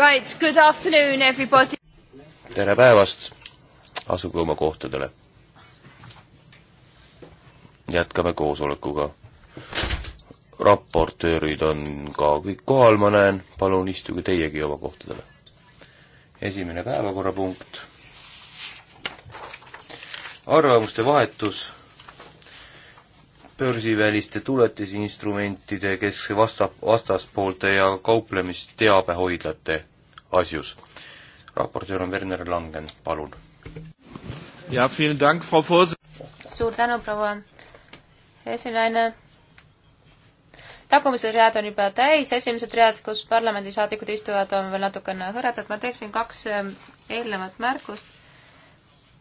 Right, good afternoon everybody. tere päevast, asuge oma kohtadele. jätkame koosolekuga. raportöörid on ka kõik kohal, ma näen, palun istuge teiegi oma kohtadele. esimene päevakorrapunkt. arvamuste vahetus börsiväliste tuletisinstrumentide keskse vasta, vastaspoolte ja kauplemisteabehoidlate asjus. raportöör on Werner Langen, palun. suur tänu, proua esinaine tagumised read on juba täis, esimesed read, kus parlamendisaadikud istuvad, on veel natukene hõredad. ma teeksin kaks ähm, eelnevat märkust.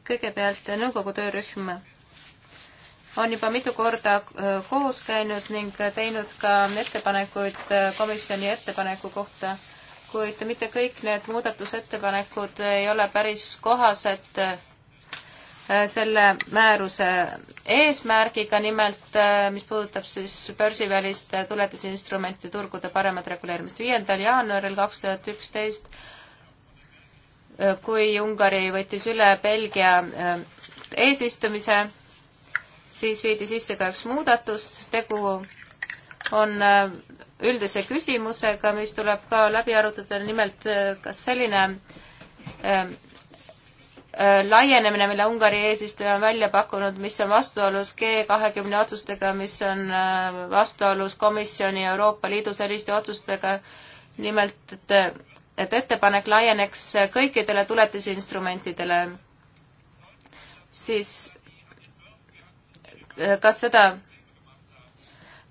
kõigepealt äh, nõukogu töörühm on juba mitu korda äh, koos käinud ning teinud ka ettepanekuid äh, komisjoni ettepaneku kohta kuid mitte kõik need muudatusettepanekud ei ole päris kohased äh, selle määruse eesmärgiga, nimelt äh, mis puudutab siis börsiväliste tuletisinstrumentide turgude paremat reguleerimist. viiendal jaanuaril kaks tuhat üksteist, äh, kui Ungari võttis üle Belgia eesistumise, siis viidi sisse ka üks muudatus, tegu on üldise küsimusega, mis tuleb ka läbi arutada, nimelt äh, kas selline äh, äh, laienemine, mille Ungari eesistuja on välja pakkunud, mis on vastuolus G kahekümne otsustega, mis on äh, vastuolus komisjoni Euroopa Liidu selliste otsustega, nimelt, et, et ettepanek laieneks kõikidele tuletisinstrumentidele, siis äh, kas seda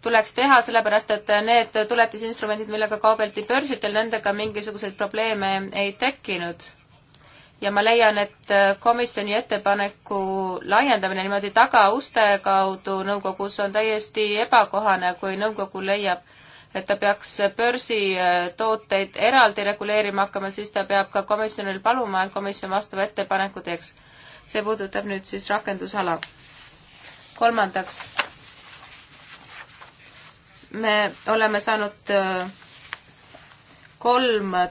tuleks teha, sellepärast et need tuletisinstrumendid, millega kaubeldi börsitel, nendega mingisuguseid probleeme ei tekkinud. ja ma leian, et komisjoni ettepaneku laiendamine niimoodi tagauste kaudu nõukogus on täiesti ebakohane, kui nõukogu leiab, et ta peaks börsitooteid eraldi reguleerima hakkama, siis ta peab ka komisjonil paluma, et komisjon vastava ettepaneku teeks. see puudutab nüüd siis rakendusala. kolmandaks me oleme saanud äh, kolm äh,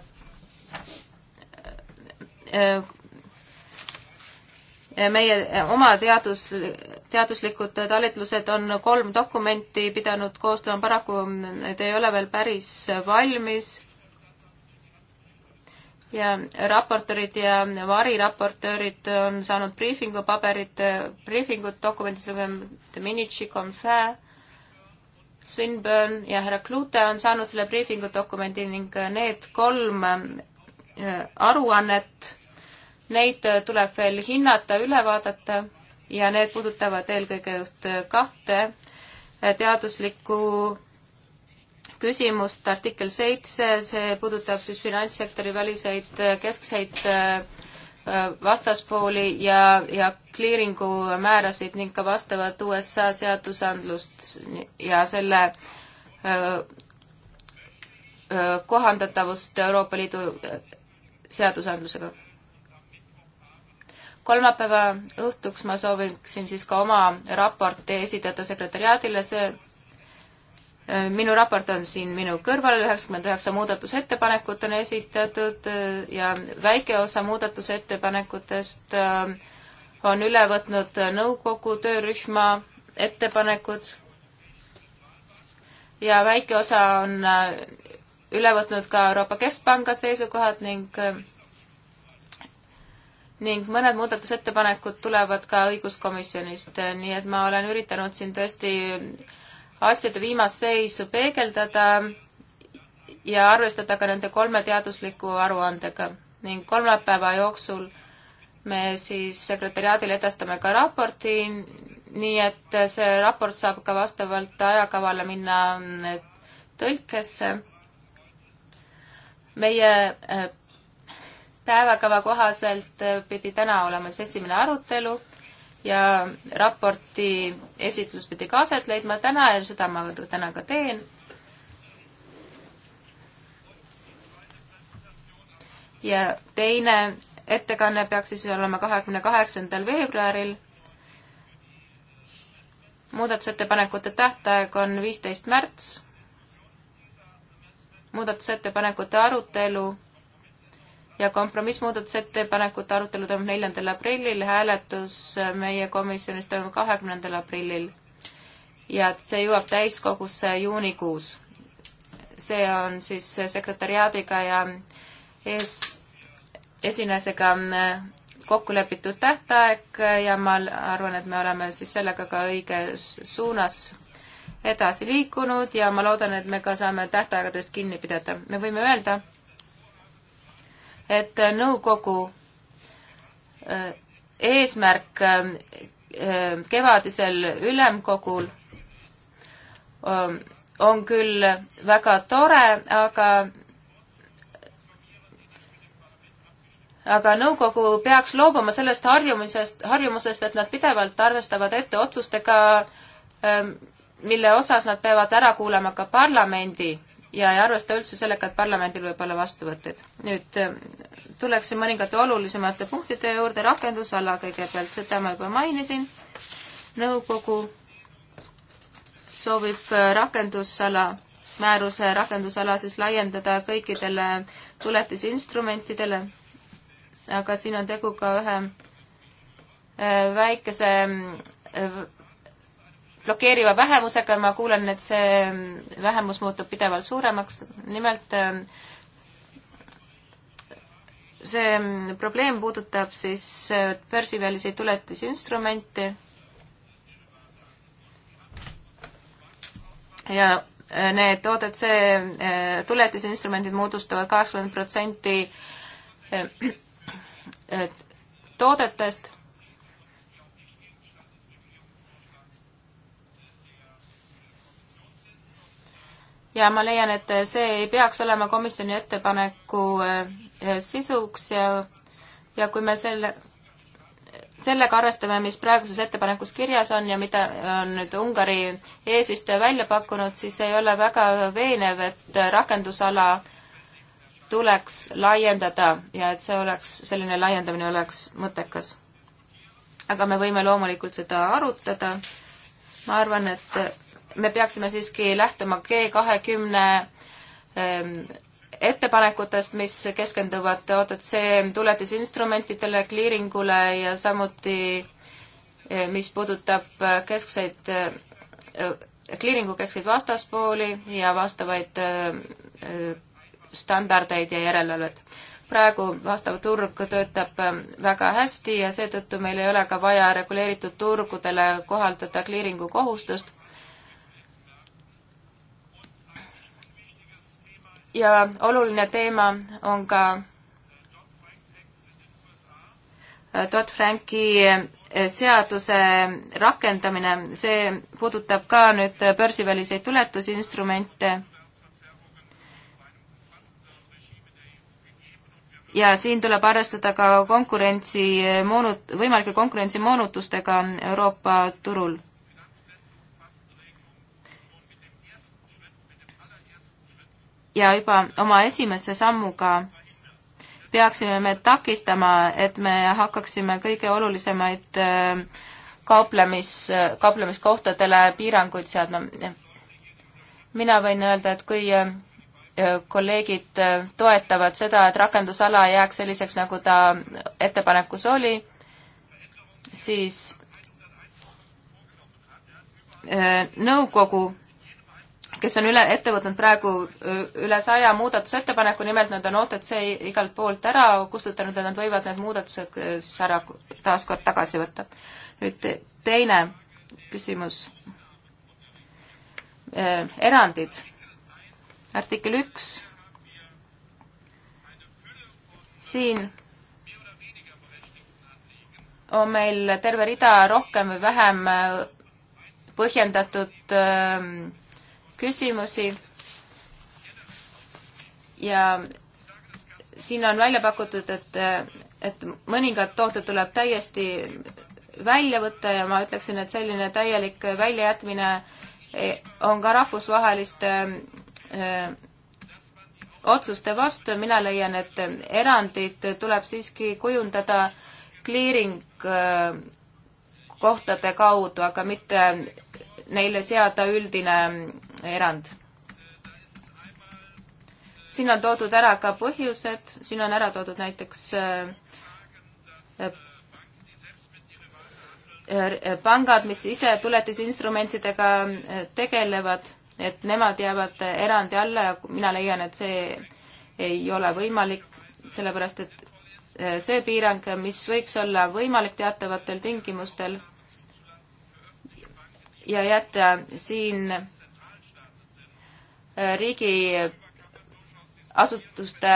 äh, meie oma teadus, teaduslikud talitlused on kolm dokumenti pidanud koostama, paraku mm, need ei ole veel päris valmis ja raportöörid ja variraportöörid on saanud briifingupaberid, briifingud, dokumendid, nagu minitši, konfää Swinburne ja härra Klute on saanud selle briifingudokumendi ning äh, need kolm äh, aruannet, neid äh, tuleb veel hinnata, üle vaadata ja need puudutavad eelkõige just kahte teaduslikku küsimust, artikkel seitse, see puudutab siis finantssektori väliseid keskseid Äh, vastaspooli ja, ja clearingu määrasid ning ka vastavat USA seadusandlust ja selle äh, äh, kohandatavust Euroopa Liidu seadusandlusega. kolmapäeva õhtuks ma sooviksin siis ka oma raporti esitada sekretäriaadile, see minu raport on siin minu kõrval, üheksakümmend üheksa muudatusettepanekut on esitatud äh, ja väike osa muudatusettepanekutest äh, on üle võtnud nõukogu töörühma ettepanekud ja väike osa on äh, üle võtnud ka Euroopa Keskpanga seisukohad ning ning mõned muudatusettepanekud tulevad ka õiguskomisjonist, nii et ma olen üritanud siin tõesti äh, asjade viimast seisu peegeldada ja arvestada ka nende kolme teadusliku aruandega ning kolmapäeva jooksul me siis sekretäriaadile edastame ka raporti, nii et see raport saab ka vastavalt ajakavale minna tõlkesse. meie äh, päevakava kohaselt pidi täna olema siis esimene arutelu ja raporti esitlus pidi ka aset leidma täna ja seda ma täna ka teen. ja teine ettekanne peaks siis olema kahekümne kaheksandal veebruaril. muudatusettepanekute tähtaeg on viisteist märts. muudatusettepanekute arutelu ja kompromissmuudatusettepanekute arutelu toimub neljandal aprillil, hääletus meie komisjonis toimub kahekümnendal aprillil ja et see jõuab täiskogusse juunikuus. see on siis sekretäriaadiga ja ees, esinesega kokku lepitud tähtaeg ja ma arvan, et me oleme siis sellega ka õiges suunas edasi liikunud ja ma loodan, et me ka saame tähtaegadest kinni pidada. me võime öelda, et nõukogu äh, eesmärk äh, äh, kevadisel ülemkogul on küll väga tore, aga aga nõukogu peaks loobuma sellest harjumisest, harjumusest, et nad pidevalt arvestavad ette otsustega, mille osas nad peavad ära kuulama ka parlamendi ja ei arvesta üldse sellega, et parlamendil võib olla vastuvõtteid. nüüd äh, tuleksin mõningate olulisemate punktide juurde, rakendusala kõigepealt, seda ma juba mainisin, nõukogu soovib äh, rakendusala, määruse rakendusala siis laiendada kõikidele tuletisinstrumentidele, aga siin on tegu ka ühe äh, väikese blokeeriva vähemusega ja ma kuulen, et see vähemus muutub pidevalt suuremaks, nimelt äh, see probleem puudutab siis äh, börsiväliseid tuletisinstrumente ja äh, need OTC tuletisinstrumendid moodustavad kaheksakümmend protsenti toodetest ja ma leian, et see ei peaks olema komisjoni ettepaneku eh, eh, sisuks ja, ja kui me selle, sellega arvestame, mis praeguses ettepanekus kirjas on ja mida on nüüd Ungari eesistuja välja pakkunud, siis ei ole väga veenev, et rakendusala tuleks laiendada ja et see oleks, selline laiendamine oleks mõttekas. aga me võime loomulikult seda arutada. ma arvan, et me peaksime siiski lähtuma G kahekümne ähm, ettepanekutest, mis keskenduvad OTC tuletisinstrumentidele, kliiringule ja samuti äh, mis puudutab äh, keskseid, kliiringu äh, keskseid vastaspooli ja vastavaid standardeid ja järelevalvet. praegu vastav turg töötab ähm, väga hästi ja seetõttu meil ei ole ka vaja reguleeritud turgudele kohaldada kliiringu kohustust ja oluline teema on ka äh, Dodd-Franki äh, seaduse rakendamine, see puudutab ka nüüd börsiväliseid tuletusinstrumente. ja siin tuleb arvestada ka konkurentsi äh, moonut-, võimalike konkurentsimoonutustega Euroopa turul ja juba oma esimese sammuga peaksime me takistama, et me hakkaksime kõige olulisemaid äh, kauplemis, äh, kauplemiskohtadele piiranguid seadma. mina võin öelda, et kui äh, kolleegid toetavad seda, et rakendusala jääks selliseks, nagu ta ettepanekus oli, siis nõukogu kes on üle, ette võtnud praegu üle saja muudatusettepaneku, nimelt nad on OTC igalt poolt ära kustutanud ja nad võivad need muudatused siis ära taaskord tagasi võtta. nüüd teine küsimus. erandid. artikkel üks. siin on meil terve rida rohkem või vähem põhjendatud äh, küsimusi ja siin on välja pakutud, et, et mõningad tooted tuleb täiesti välja võtta ja ma ütleksin, et selline täielik väljajätmine on ka rahvusvaheliste öö, äh, otsuste vastu, mina leian, et erandid tuleb siiski kujundada clearing äh, kohtade kaudu, aga mitte neile seada üldine erand. siin on toodud ära ka põhjused, siin on ära toodud näiteks äh, äh, äh, pangad, mis ise tuletisinstrumentidega tegelevad, et nemad jäävad erandi alla ja mina leian, et see ei ole võimalik, sellepärast et see piirang, mis võiks olla võimalik teatavatel tingimustel ja jätta siin riigi asutuste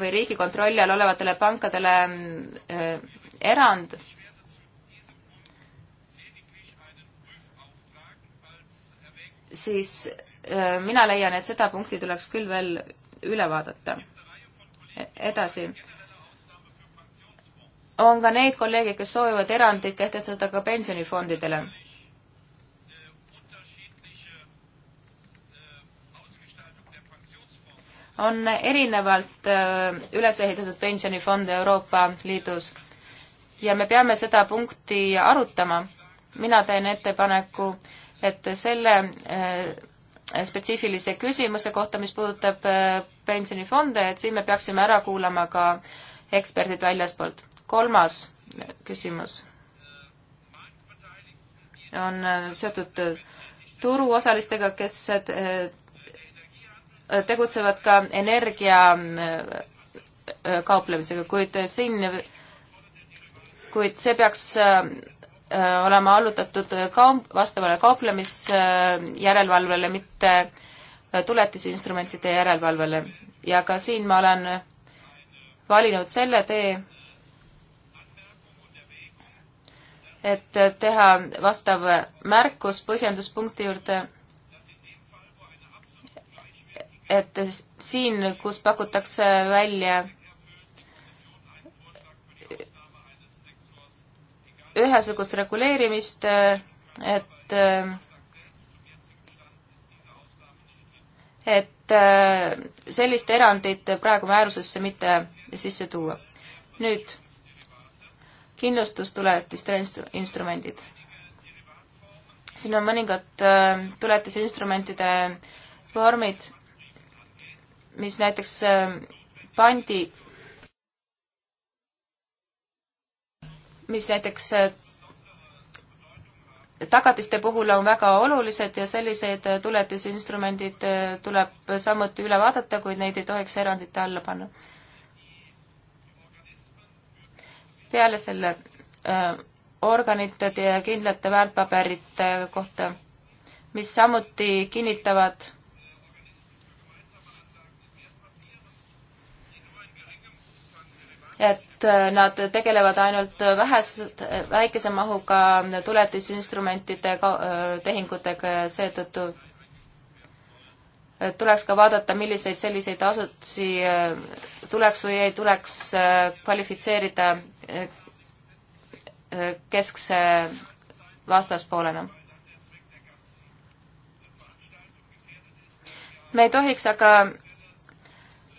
või riigi kontrolli all olevatele pankadele äh, erand. siis äh, mina leian, et seda punkti tuleks küll veel üle vaadata. edasi. on ka neid kolleege, kes soovivad erandit kehtestada ka pensionifondidele on erinevalt äh, üles ehitatud pensionifonde Euroopa Liidus. ja me peame seda punkti arutama. mina teen ettepaneku, et selle äh, spetsiifilise küsimuse kohta, mis puudutab äh, pensionifonde, et siin me peaksime ära kuulama ka eksperdid väljaspoolt. kolmas küsimus on seotud turuosalistega, kes tegutsevad ka energia äh, kauplemisega, kuid siin, kuid see peaks äh, olema allutatud kaum-, vastavale kauplemisjärelevalvele, mitte tuletisinstrumentide järelevalvele. ja ka siin ma olen valinud selle tee, et teha vastav märkus põhjenduspunkti juurde et siin, kus pakutakse välja ühesugust reguleerimist, et et sellist erandit praegu määrusesse mitte sisse tuua. nüüd kindlustustuletusinstrumendid. siin on mõningad tuletisinstrumentide vormid mis näiteks ähm, pandi, mis näiteks äh, tagatiste puhul on väga olulised ja sellised äh, tuletisinstrumendid äh, tuleb samuti üle vaadata, kuid neid ei tohiks erandite alla panna. peale selle äh, organite ja kindlate väärtpaberite kohta, mis samuti kinnitavad et äh, nad tegelevad ainult vähest, väikese mahuga tuletisinstrumentide äh, tehingutega ja seetõttu äh, tuleks ka vaadata, milliseid selliseid asutusi tuleks või ei tuleks kvalifitseerida keskse vastaspoolena. me ei tohiks aga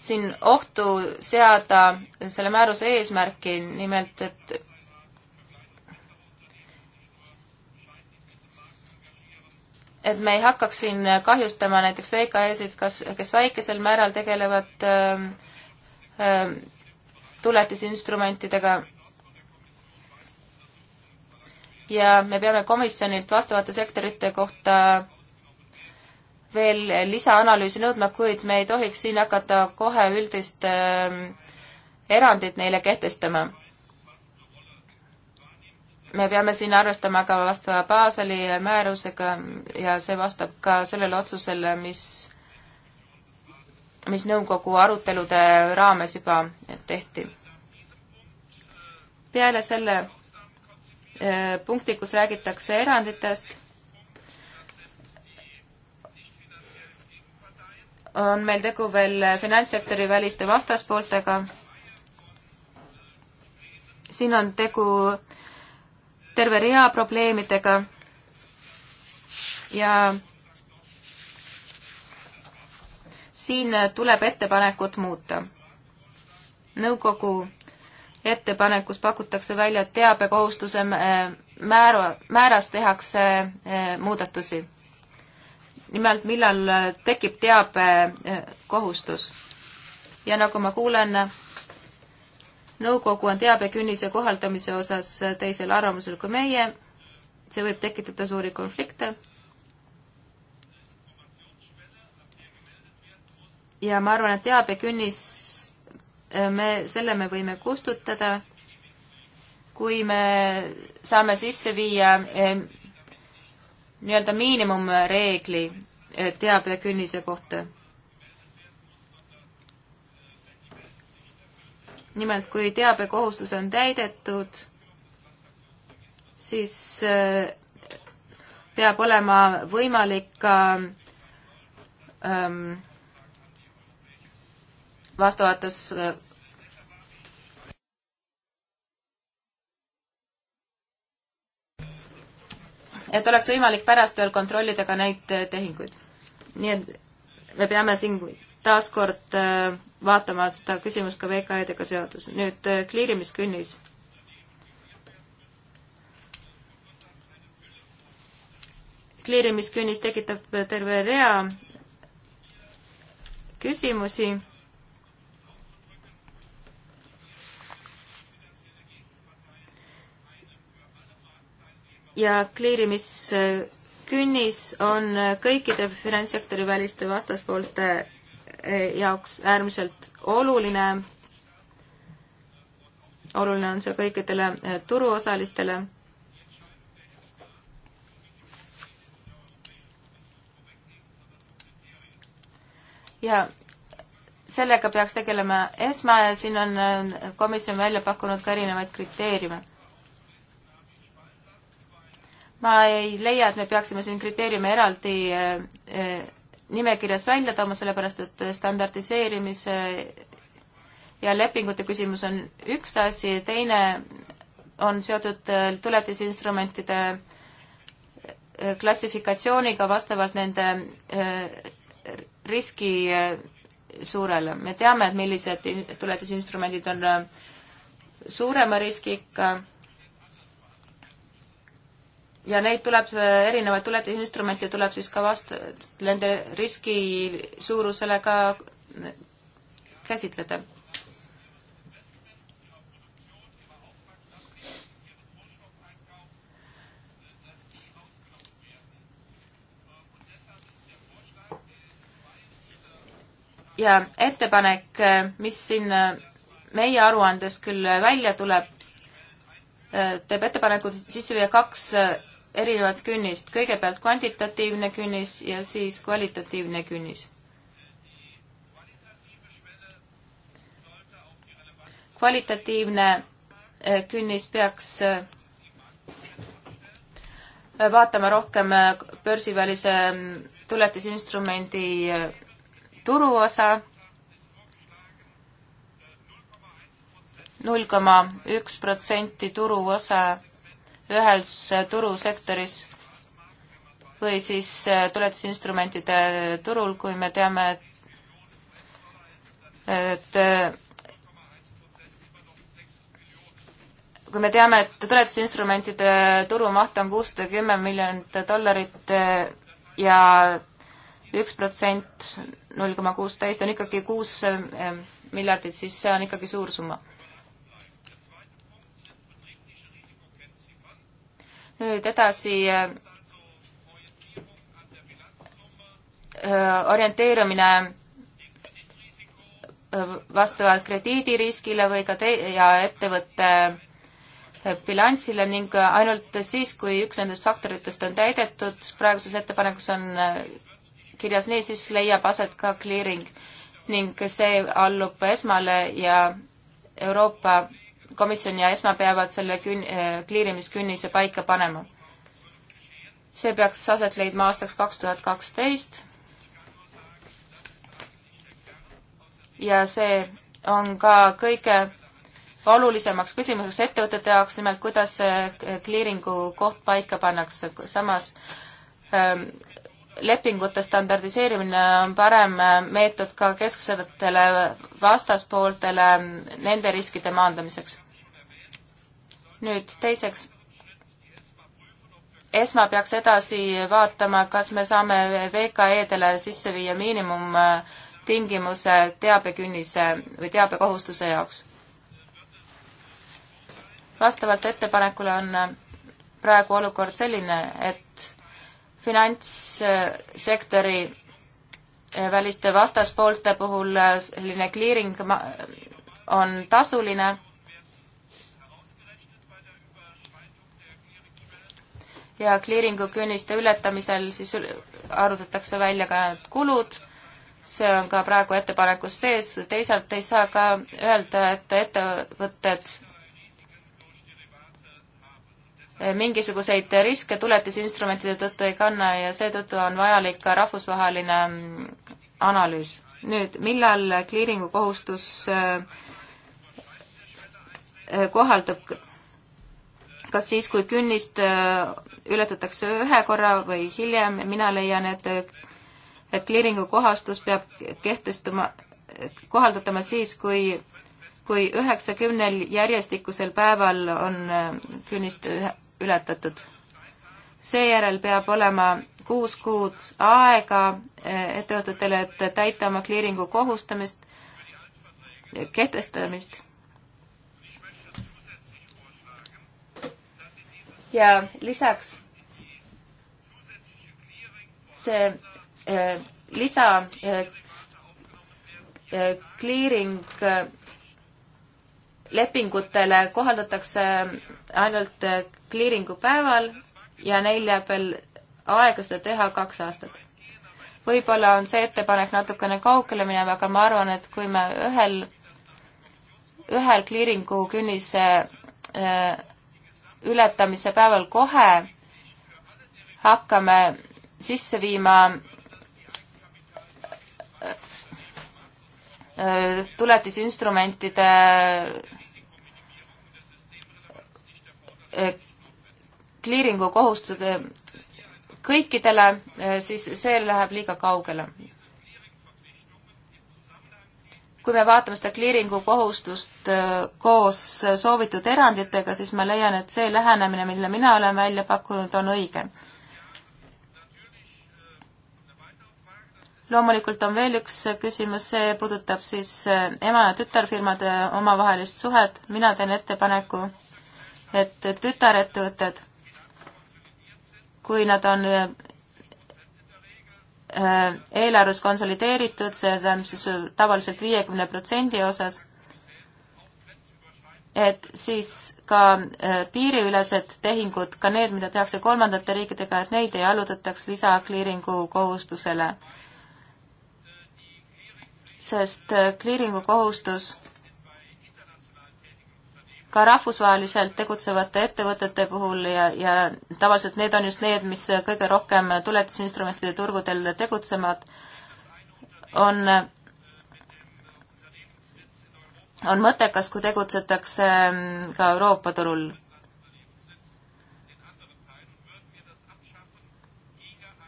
siin ohtu seada selle määruse eesmärki, nimelt et et me ei hakkaks siin kahjustama näiteks VKE-sid, kas, kes väikesel määral tegelevad äh, äh, tuletisinstrumentidega. ja me peame komisjonilt vastavate sektorite kohta veel lisaanalüüsi nõudma, kuid me ei tohiks siin hakata kohe üldist ähm, erandit neile kehtestama. me peame siin arvestama ka vastava Baseli määrusega ja see vastab ka sellele otsusele, mis, mis nõukogu arutelude raames juba tehti. peale selle äh, punkti, kus räägitakse eranditest on meil tegu veel finantssektori väliste vastaspooltega. siin on tegu terve rea probleemidega ja siin tuleb ettepanekut muuta. nõukogu ettepanekus pakutakse välja, et teabekohustuse määra, määras tehakse eh, muudatusi nimelt, millal äh, tekib teabekohustus. Äh, ja nagu ma kuulen, nõukogu on teabekünnise kohaldamise osas äh, teisel arvamusel kui meie, see võib tekitada suuri konflikte. ja ma arvan, et teabekünnis, me, selle me võime kustutada, kui me saame sisse viia nii-öelda miinimumreegli eh, teabekünnise kohta. nimelt, kui teabekohustus on täidetud, siis eh, peab olema võimalik ka ähm, vastavates eh, et oleks võimalik pärast veel kontrollida ka neid äh, tehinguid. nii et me peame siin taaskord äh, vaatama seda küsimust ka VKE-dega seoses. nüüd äh, kliirimiskünnis. kliirimiskünnis tekitab terve rea küsimusi ja kliirimiskünnis on kõikide finantssektori väliste vastaspoolte eh, jaoks äärmiselt oluline. oluline on see kõikidele eh, turuosalistele. ja sellega peaks tegelema ESMA ja siin on eh, komisjon välja pakkunud ka erinevaid kriteeriume ma ei leia, et me peaksime siin kriteeriume eraldi eh, eh, nimekirjas välja tooma, sellepärast et standardiseerimise ja lepingute küsimus on üks asi, teine on seotud eh, tuletisinstrumentide klassifikatsiooniga vastavalt nende riski suurele. me teame, et millised tuletisinstrumendid on suurema riskiga ja neid tuleb, erinevaid tuletisinstrumente tuleb siis ka vast-, nende riski suurusele ka käsitleda. ja ettepanek, mis siin meie aruandes küll välja tuleb, teeb ettepaneku sisse viia kaks erinevat künnist, kõigepealt kvantitatiivne künnis ja siis kvalitatiivne künnis. kvalitatiivne eh, künnis peaks eh, vaatama rohkem eh, börsivälise mm, tuletisinstrumendi turuosa null koma üks protsenti turuosa ühes turusektoris või siis äh, tuletusinstrumentide turul, kui me teame, et et äh, kui me teame, et tuletusinstrumentide turumaht on kuussada kümme miljonit dollarit äh, ja üks protsent, null koma kuusteist on ikkagi kuus miljardit, siis see on ikkagi suur summa. Nüüd edasi äh, äh, orienteerumine äh, vastavalt krediidiriskile või ka te- ja ettevõtte bilansile ning ainult siis, kui üks nendest faktoritest on täidetud, praeguses ettepanekus on kirjas nii, siis leiab aset ka clearing ning see allub esmale ja Euroopa komisjon ja ESMA peavad selle kün-, äh, kliirimiskünnise paika panema. see peaks aset leidma aastaks kaks tuhat kaksteist ja see on ka kõige olulisemaks küsimuseks ettevõtete jaoks, nimelt kuidas see kliiringu koht paika pannakse, samas ähm, lepingute standardiseerimine on parem äh, meetod ka kesksetele vastaspooltele äh, nende riskide maandamiseks nüüd teiseks, esma peaks edasi vaatama, kas me saame VKE-dele sisse viia miinimumtingimuse teabekünnise või teabekohustuse jaoks. vastavalt ettepanekule on praegu olukord selline, et finantssektori väliste vastaspoolte puhul selline clearing on tasuline ja clearing'u künniste ületamisel siis arvutatakse välja ka kulud, see on ka praegu ettepanekus sees, teisalt ei saa ka öelda, et ettevõtted mingisuguseid riske tuletisinstrumentide tõttu ei kanna ja seetõttu on vajalik ka rahvusvaheline mm, analüüs. nüüd, millal clearing'u kohustus äh, äh, kohaldub kas siis, kui künnist äh, ületatakse ühe korra või hiljem, mina leian, et et kliiringu kohastus peab kehtestuma, kohaldatama siis, kui kui üheksakümnel järjestikusel päeval on äh, künnist ületatud. seejärel peab olema kuus kuud aega äh, ettevõtetele, et täita oma kliiringu kohustamist, kehtestamist ja lisaks see äh, lisa äh, äh clearing äh, lepingutele kohaldatakse ainult äh, clearingu päeval ja neil jääb veel aega seda teha kaks aastat. võib-olla on see ettepanek natukene kaugele minev, aga ma arvan, et kui me ühel, ühel clearingu künnise äh, ületamise päeval kohe hakkame sisse viima äh, tuletisinstrumentide kliiringu äh, kohustused äh, kõikidele, siis see läheb liiga kaugele kui me vaatame seda clearing'u kohustust äh, koos äh, soovitud eranditega, siis ma leian, et see lähenemine, mille mina olen välja pakkunud, on õige. loomulikult on veel üks äh, küsimus, see puudutab siis ema- ja tütarfirmade omavahelist suhet, mina teen ettepaneku, et tütarettevõtted, kui nad on Äh, eelarves konsolideeritud, see tähendab siis äh, tavaliselt viiekümne protsendi osas, et siis ka äh, piiriülesed tehingud, ka need, mida tehakse kolmandate riikidega, et neid ei allutataks lisakliiringu kohustusele. sest kliiringu kohustus ka rahvusvaheliselt tegutsevate ettevõtete puhul ja, ja tavaliselt need on just need, mis kõige rohkem tuletisinstrumentide turgudel tegutsevad, on, on mõttekas, kui tegutsetakse mm, ka Euroopa turul.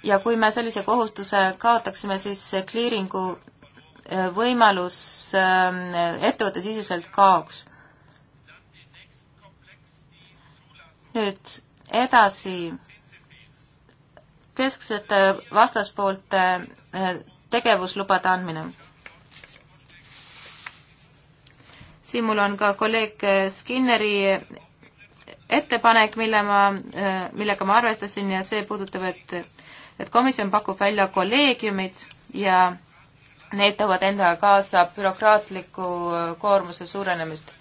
ja kui me sellise kohustuse kaotaksime, siis clearing'u eh, võimalus mm, ettevõttesiseselt kaoks nüüd edasi kesksete vastaspoolte eh, tegevuslubade andmine. siin mul on ka kolleeg Skinneri ettepanek, mille ma, eh, millega ma arvestasin ja see puudutab, et, et komisjon pakub välja kolleegiumid ja need toovad endaga kaasa bürokraatliku eh, koormuse suurenemist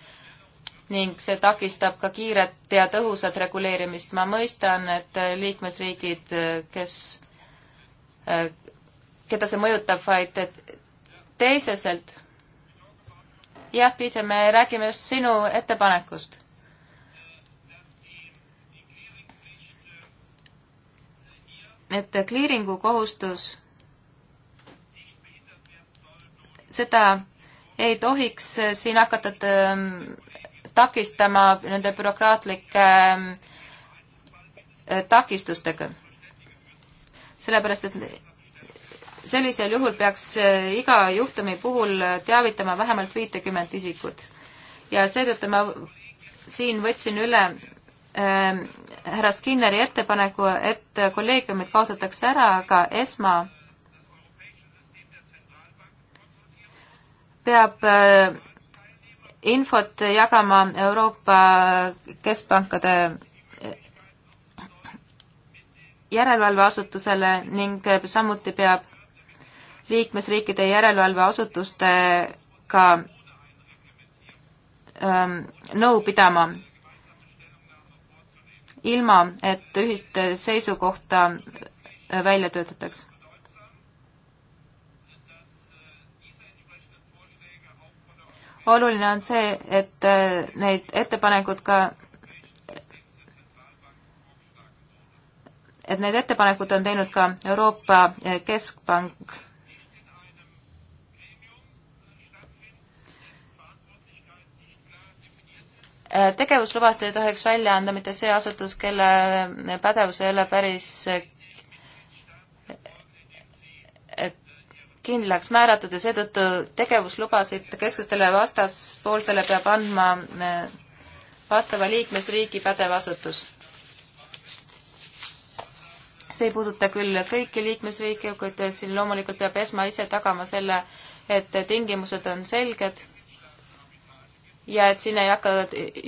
ning see takistab ka kiiret ja tõhusat reguleerimist. ma mõistan, et liikmesriigid, kes, keda see mõjutab, vaid teiseselt. jah, Peter, me räägime just sinu ettepanekust. et kliiringu kohustus, seda ei tohiks siin hakata ähm, takistama nende bürokraatlike ähm, äh, takistustega. sellepärast, et sellisel juhul peaks äh, iga juhtumi puhul teavitama vähemalt viitekümmet isikut. ja seetõttu ma siin võtsin üle äh, härra Skinneri ettepaneku, et kolleegiumid kaotatakse ära, aga ESMA peab äh, infot jagama Euroopa keskpankade järelevalveasutusele ning samuti peab liikmesriikide järelevalveasutustega ähm, nõu pidama, ilma et ühist seisukohta välja töötataks oluline on see, et äh, neid ettepanekud ka et need ettepanekud on teinud ka Euroopa äh, Keskpank. Äh, tegevuslubast ei tohiks välja anda mitte see asutus, kelle pädevus ei ole päris kindlaks määratud ja seetõttu tegevuslubasid kesksetele vastaspooltele peab andma eh, vastava liikmesriigi pädev asutus. see ei puuduta küll kõiki liikmesriike, kuid siin loomulikult peab ESMA ise tagama selle, et tingimused on selged ja et siin ei hakka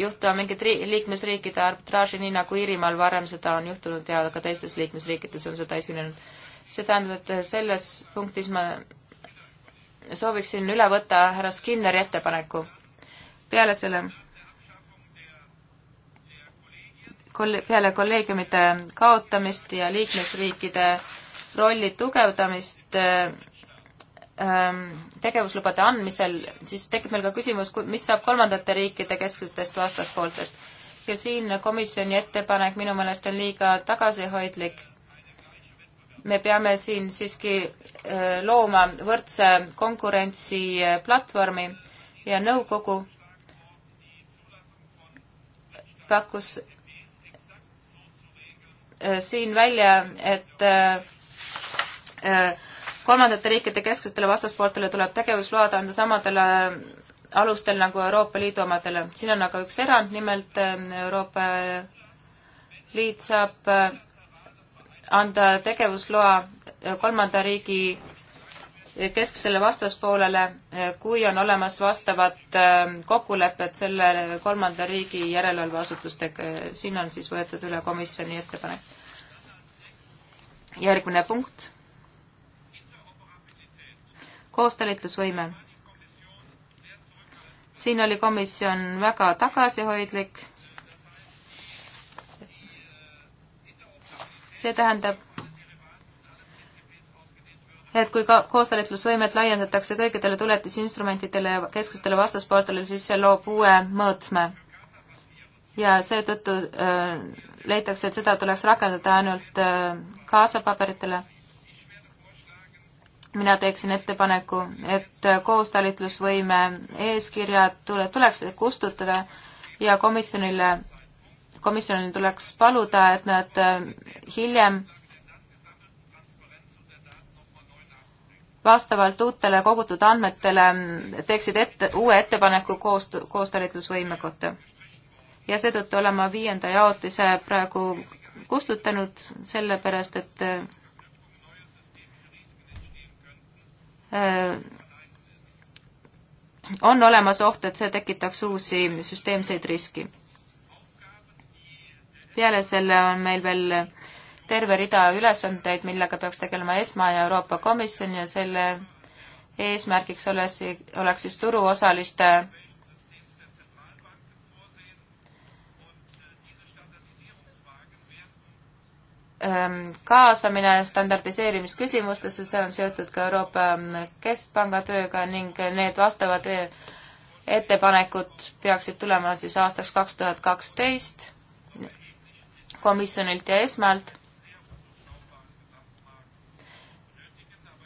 juhtuma mingit liikmesriikide arbitraaži, nii nagu Iirimaal varem seda on juhtunud ja ka teistes liikmesriikides on seda esinenud see tähendab, et selles punktis ma sooviksin üle võtta härra Skinneri ettepaneku. peale selle koll-, peale kolleegiumite kaotamist ja liikmesriikide rolli tugevdamist ähm, tegevuslubade andmisel, siis tekib meil ka küsimus, mis saab kolmandate riikide kesksetest vastaspooltest. ja siin komisjoni ettepanek minu meelest on liiga tagasihoidlik me peame siin siiski äh, looma võrdse konkurentsiplatvormi ja nõukogu pakkus äh, siin välja, et äh, kolmandate riikide kesksetele vastaspooltele tuleb tegevusload anda samadele alustel nagu Euroopa Liidu omadele. siin on aga üks erand, nimelt Euroopa Liit saab anda tegevusloa äh, kolmanda riigi äh, kesksele vastaspoolele, äh, kui on olemas vastavad kokkulepped selle kolmanda riigi järelevalveasutustega. siin on siis võetud üle komisjoni ettepanek. järgmine punkt. koostalitlusvõime. siin oli komisjon väga tagasihoidlik see tähendab, et kui ka koostalitlusvõimet laiendatakse kõikidele tuletisinstrumentidele ja keskustele vastaspooltele, siis see loob uue mõõtme. ja seetõttu äh, leitakse, et seda tuleks rakendada ainult äh, kaasapaberitele. mina teeksin ettepaneku, et äh, koostalitlusvõime eeskirjad tule, tuleks kustutada ja komisjonile komisjonil tuleks paluda, et nad äh, hiljem vastavalt uutele kogutud andmetele mm, teeksid ette, uue ettepaneku koost-, koostalitlusvõime kohta. ja seetõttu olen ma viienda jaotise praegu kustutanud, sellepärast et äh, äh on olemas oht, et see tekitaks uusi süsteemseid riski peale selle on meil veel terve rida ülesandeid, millega peaks tegelema ESMA ja Euroopa Komisjon ja selle eesmärgiks oleks, oleks siis turuosaliste ähm, kaasamine standardiseerimisküsimustesse, see on seotud ka Euroopa ähm, Keskpanga tööga ning need vastavad äh, ettepanekud peaksid tulema siis aastaks kaks tuhat kaksteist komisjonilt ja esmalt.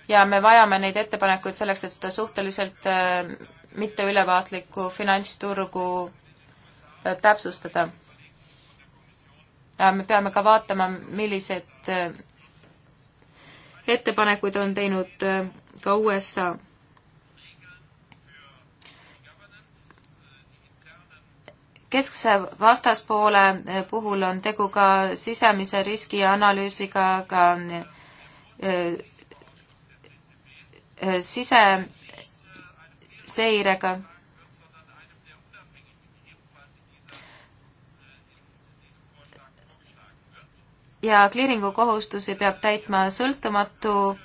ja me vajame neid ettepanekuid selleks, et seda suhteliselt äh, mitteülevaatlikku finantsturgu äh, täpsustada. me peame ka vaatama, millised äh, ettepanekuid on teinud ka USA keskse vastaspoole eh, puhul on tegu ka sisemise riski analüüsiga, ka eh, eh, siseseirega. ja kliiringu kohustusi peab täitma sõltumatu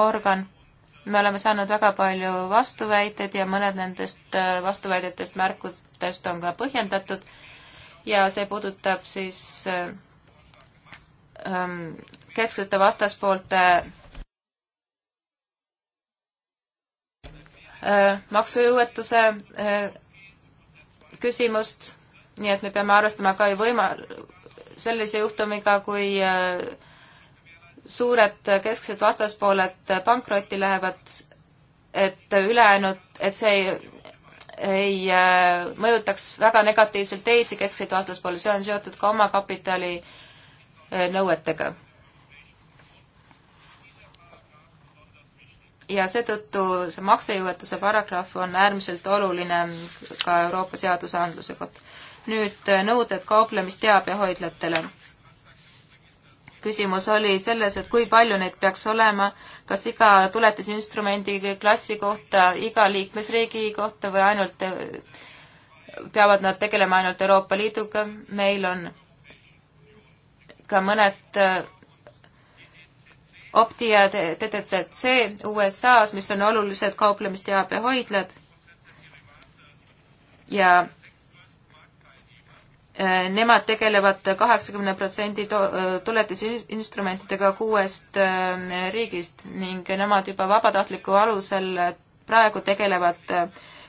organ me oleme saanud väga palju vastuväiteid ja mõned nendest äh, vastuväidetest märkudest on ka põhjendatud ja see puudutab siis äh, ähm, kesksete vastaspoolte äh, maksujõuetuse äh, küsimust, nii et me peame arvestama ka ju võima-, sellise juhtumiga, kui äh, suured kesksed vastaspooled pankrotti lähevad, et ülejäänud, et see ei, ei äh, mõjutaks väga negatiivselt teisi keskseid vastaspoole, see on seotud ka omakapitali äh, nõuetega. ja seetõttu see maksejõuetuse paragrahv on äärmiselt oluline ka Euroopa seadusandluse kohta. nüüd äh, nõuded kauplemisteabe hoidlatele küsimus oli selles, et kui palju neid peaks olema, kas iga tuletisinstrumendi klassi kohta, iga liikmesriigi kohta või ainult, peavad nad tegelema ainult Euroopa Liiduga, meil on ka mõned Opti ja TTCC USA-s, mis on olulised kauplemisteabe hoidlad ja Äh, nemad tegelevad kaheksakümne protsendi äh, tuletisinstrumentidega kuuest äh, riigist ning nemad juba vabatahtliku alusel praegu tegelevad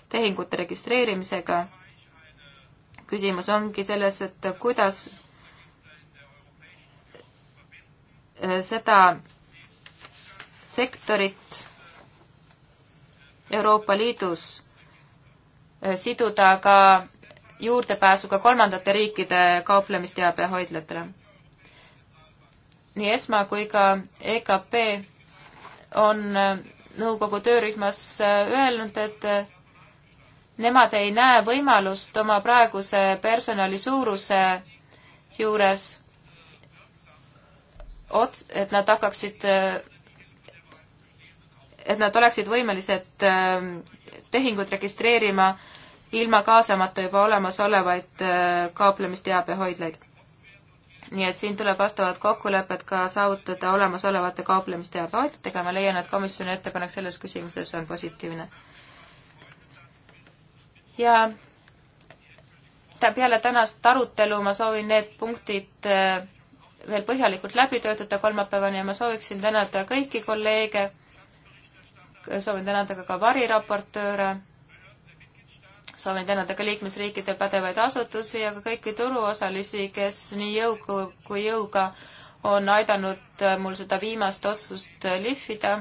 tehingute registreerimisega. küsimus ongi selles, et kuidas seda sektorit Euroopa Liidus siduda ka juurdepääsu ka kolmandate riikide kauplemisteabe hoidlatele. nii ESMA kui ka EKP on äh, nõukogu töörühmas äh, öelnud, et äh, nemad ei näe võimalust oma praeguse personali suuruse juures ots-, et nad hakkaksid, et nad oleksid võimelised tehingut registreerima äh, ilma kaasamata juba olemasolevaid äh, kauplemisteabehoidlaid. nii et siin tuleb vastavad kokkulepped ka saavutada olemasolevate kauplemisteabehoidlatega, ma leian, et komisjoni ettepanek selles küsimuses on positiivne. ja peale tänast arutelu ma soovin need punktid äh, veel põhjalikult läbi töötada kolmapäevani ja ma sooviksin tänada kõiki kolleege, soovin tänada ka, ka variraportööre soovin tänada ka liikmesriikide pädevaid asutusi ja ka kõiki turuosalisi, kes nii jõuga kui jõuga on aidanud mul seda viimast otsust lihvida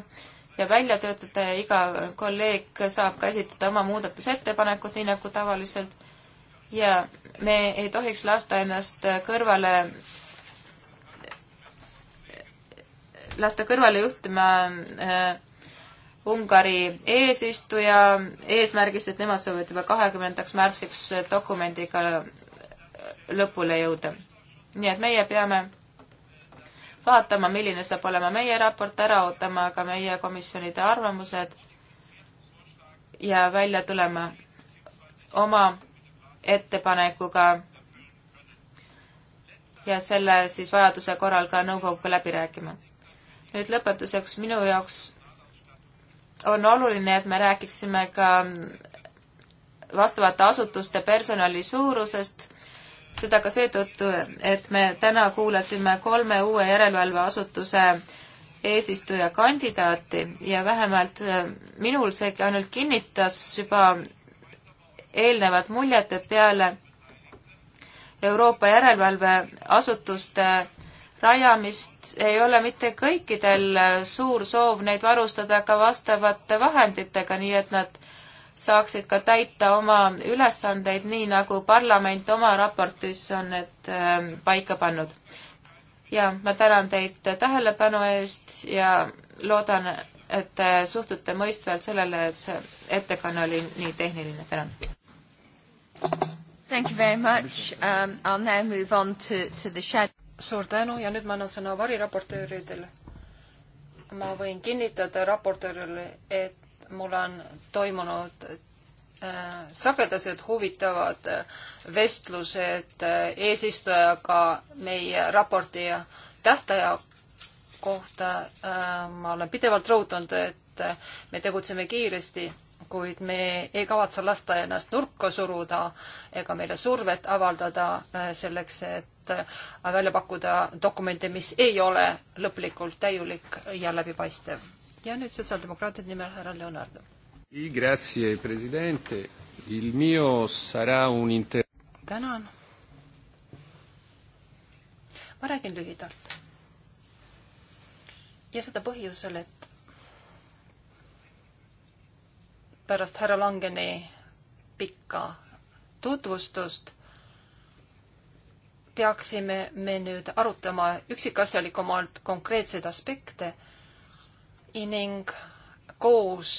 ja välja töötada ja iga kolleeg saab ka esitada oma muudatusettepanekud, nii nagu tavaliselt. ja me ei tohiks lasta ennast kõrvale, lasta kõrvale juhtima äh, Ungari eesistuja eesmärgist, et nemad soovivad juba kahekümnendaks märtsiks dokumendiga lõpule jõuda. nii et meie peame vaatama, milline saab olema meie raport, ära ootama ka meie komisjonide arvamused ja välja tulema oma ettepanekuga ja selle siis vajaduse korral ka nõukoguga läbi rääkima. nüüd lõpetuseks minu jaoks on oluline, et me räägiksime ka vastavate asutuste personali suurusest, seda ka seetõttu, et me täna kuulasime kolme uue järelevalveasutuse eesistuja kandidaati ja vähemalt äh, minul see ainult kinnitas juba eelnevat muljet, et peale Euroopa järelevalveasutuste rajamist ei ole mitte kõikidel suur soov neid varustada ka vastavate vahenditega, nii et nad saaksid ka täita oma ülesandeid, nii nagu parlament oma raportis on need ähm, paika pannud. ja ma tänan teid tähelepanu eest ja loodan, et te suhtute mõistvalt sellele, et see ettekanne oli nii tehniline. tänan. Thank you very much. Um, I'll now move on to, to the shadow suur tänu ja nüüd ma annan sõna variraportööridele. ma võin kinnitada raportöörile, et mul on toimunud äh, sagedased huvitavad äh, vestlused äh, eesistujaga meie raporti tähtaja kohta. ma olen pidevalt rõhutanud, et me tegutseme kiiresti, kuid me ei kavatse lasta ennast nurka suruda ega meile survet avaldada selleks, et Äh, välja pakkuda dokumente, mis ei ole lõplikult täiulik ja läbipaistev. ja nüüd sotsiaaldemokraatide nimel härra Leonardo. tänan. ma räägin lühidalt. ja seda põhjusel, et pärast härra Langeni pikka tutvustust peaksime me nüüd arutama üksikasjalikumalt konkreetseid aspekte ning koos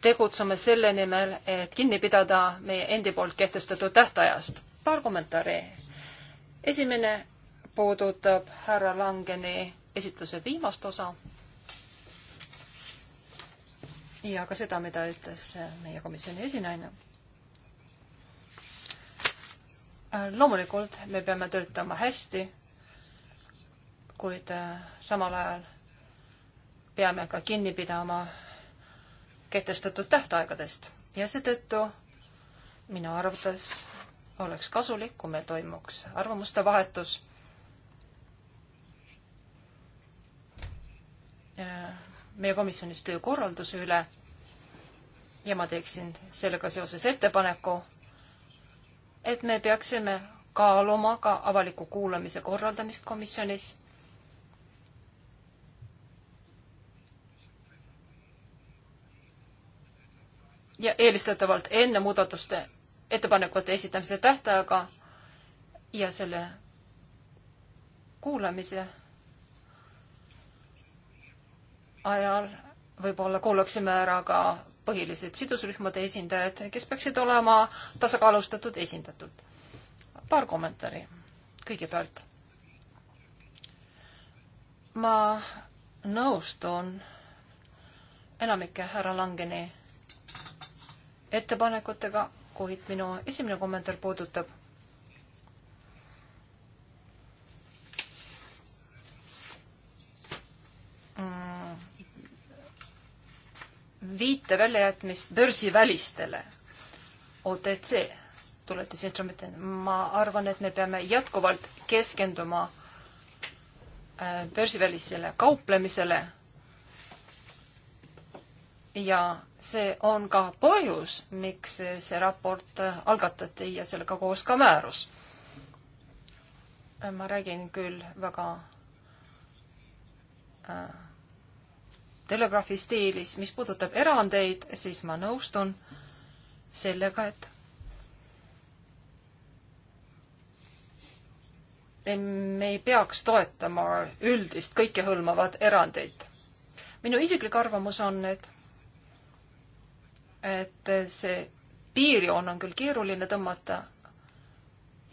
tegutseme selle nimel, et kinni pidada meie endi poolt kehtestatud tähtajast. paar kommentaari. esimene puudutab härra Langeni esitluse viimast osa ja ka seda, mida ütles meie komisjoni esinaine Äh, loomulikult me peame töötama hästi, kuid äh, samal ajal peame ka kinni pidama kehtestatud tähtaegadest ja seetõttu minu arvates oleks kasulik, kui meil toimuks arvamuste vahetus. meie komisjonis töökorralduse üle ja ma teeksin sellega seoses ettepaneku et me peaksime kaaluma ka avaliku kuulamise korraldamist komisjonis. ja eelistatavalt enne muudatuste ettepanekute esitamise tähtaega ja selle kuulamise ajal võib-olla kuulaksime ära ka põhilised sidusrühmade esindajad, kes peaksid olema tasakaalustatud esindatud. paar kommentaari kõigepealt. ma nõustun enamike härra Langeni ettepanekutega, kuid minu esimene kommentaar puudutab viite väljajätmist börsivälistele OTC tuletisinstrumentidele. ma arvan, et me peame jätkuvalt keskenduma äh, börsivälisele kauplemisele. ja see on ka põhjus, miks see raport äh, algatati ja sellega koos ka määrus. Äh, ma räägin küll väga äh, telegraafi stiilis. mis puudutab erandeid, siis ma nõustun sellega, et me ei peaks toetama üldist kõikehõlmavat erandit. minu isiklik arvamus on, et, et see piirjoon on küll keeruline tõmmata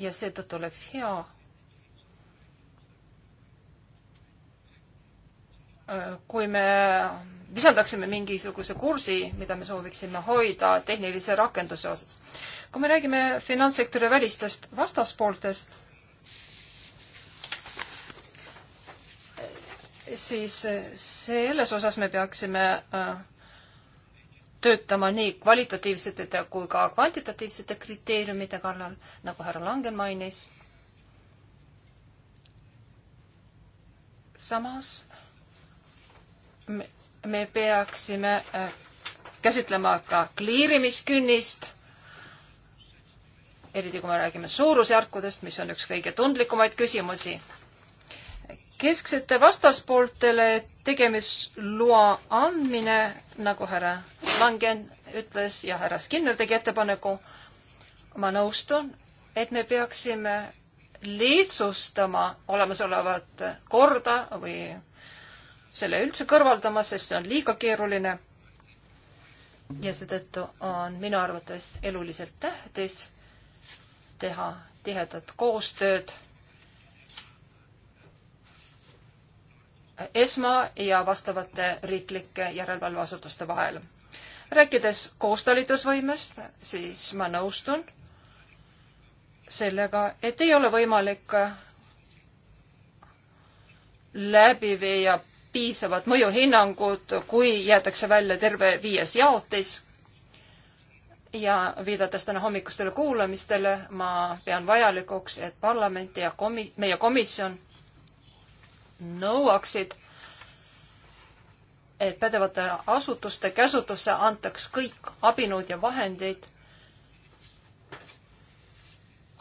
ja seetõttu oleks hea, kui me lisandaksime mingisuguse kursi, mida me sooviksime hoida tehnilise rakenduse osas. kui me räägime finantssektori välistest vastaspooltest, siis selles osas me peaksime äh, töötama nii kvalitatiivsete kui ka kvantitatiivsete kriteeriumide kallal, nagu härra Langen mainis. samas me peaksime äh, käsitlema ka kliirimiskünnist, eriti kui me räägime suurusjärkudest, mis on üks kõige tundlikumaid küsimusi. kesksete vastaspooltele tegemisloa andmine, nagu härra Langen ütles ja härra Skinner tegi ettepaneku, ma nõustun, et me peaksime lihtsustama olemasolevat korda või selle üldse kõrvaldama, sest see on liiga keeruline. ja seetõttu on minu arvates eluliselt tähtis teha tihedat koostööd ESMA ja vastavate riiklike järelevalveasutuste vahel. rääkides koostalitusvõimest, siis ma nõustun sellega, et ei ole võimalik läbi viia piisavat mõjuhinnangut, kui jäetakse välja terve viies jaotis. ja viidates täna hommikustele kuulamistele, ma pean vajalikuks, et parlament ja komi-, meie komisjon nõuaksid, et pädevate asutuste käsutusse antaks kõik abinõud ja vahendid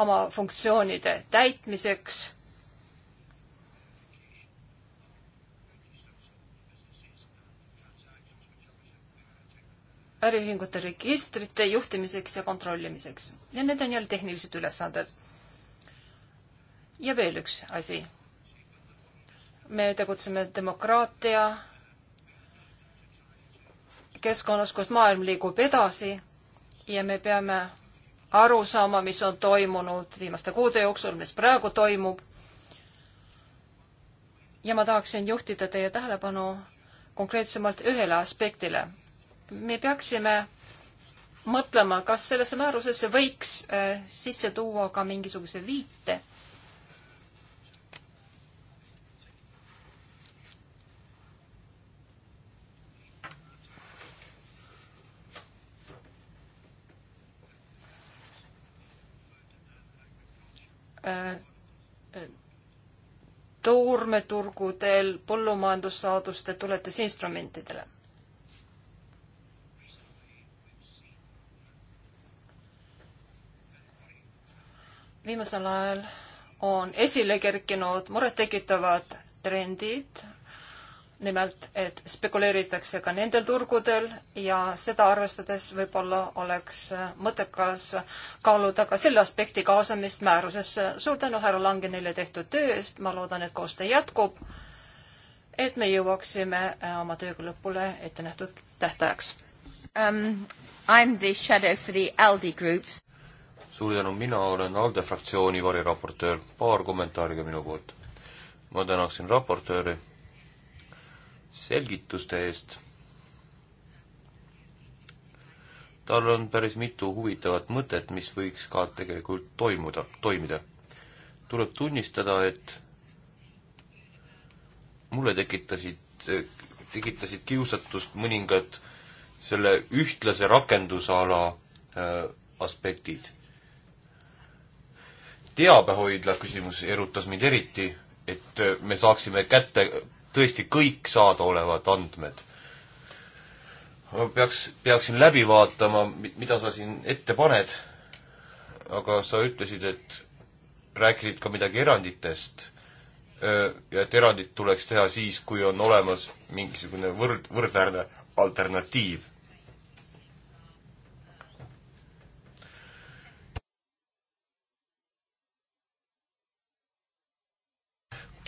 oma funktsioonide täitmiseks äriühingute registrite juhtimiseks ja kontrollimiseks. ja need on jälle tehnilised ülesanded. ja veel üks asi. me tegutseme demokraatia keskkonnas, kus maailm liigub edasi ja me peame aru saama, mis on toimunud viimaste kuude jooksul, mis praegu toimub. ja ma tahaksin juhtida teie tähelepanu konkreetsemalt ühele aspektile me peaksime mõtlema, kas sellesse määrusesse võiks äh, sisse tuua ka mingisuguse viite äh, äh, toormeturgudel põllumajandussaaduste tuletisinstrumentidele viimasel ajal on esile kerkinud murettekitavad trendid, nimelt, et spekuleeritakse ka nendel turgudel ja seda arvestades võib-olla oleks mõttekas kaaluda ka selle aspekti kaasamist määrusesse. suur tänu härra Langenile tehtud töö eest, ma loodan, et koostöö jätkub, et me jõuaksime äh, oma tööga lõpule ettenähtud tähtajaks um,. I am the shadow for the ALDE groups suur tänu, mina olen ALDE fraktsiooni variraportöör, paar kommentaari ka minu poolt. ma tänaksin raportööri selgituste eest. tal on päris mitu huvitavat mõtet, mis võiks ka tegelikult toimuda, toimida. tuleb tunnistada, et mulle tekitasid, tekitasid kiusatust mõningad selle ühtlase rakendusala äh, aspektid teabehoidla küsimus erutas mind eriti, et me saaksime kätte tõesti kõik saadaolevad andmed. ma peaks, peaksin läbi vaatama, mida sa siin ette paned, aga sa ütlesid, et rääkisid ka midagi eranditest ja et erandid tuleks teha siis, kui on olemas mingisugune võrd, võrdväärne alternatiiv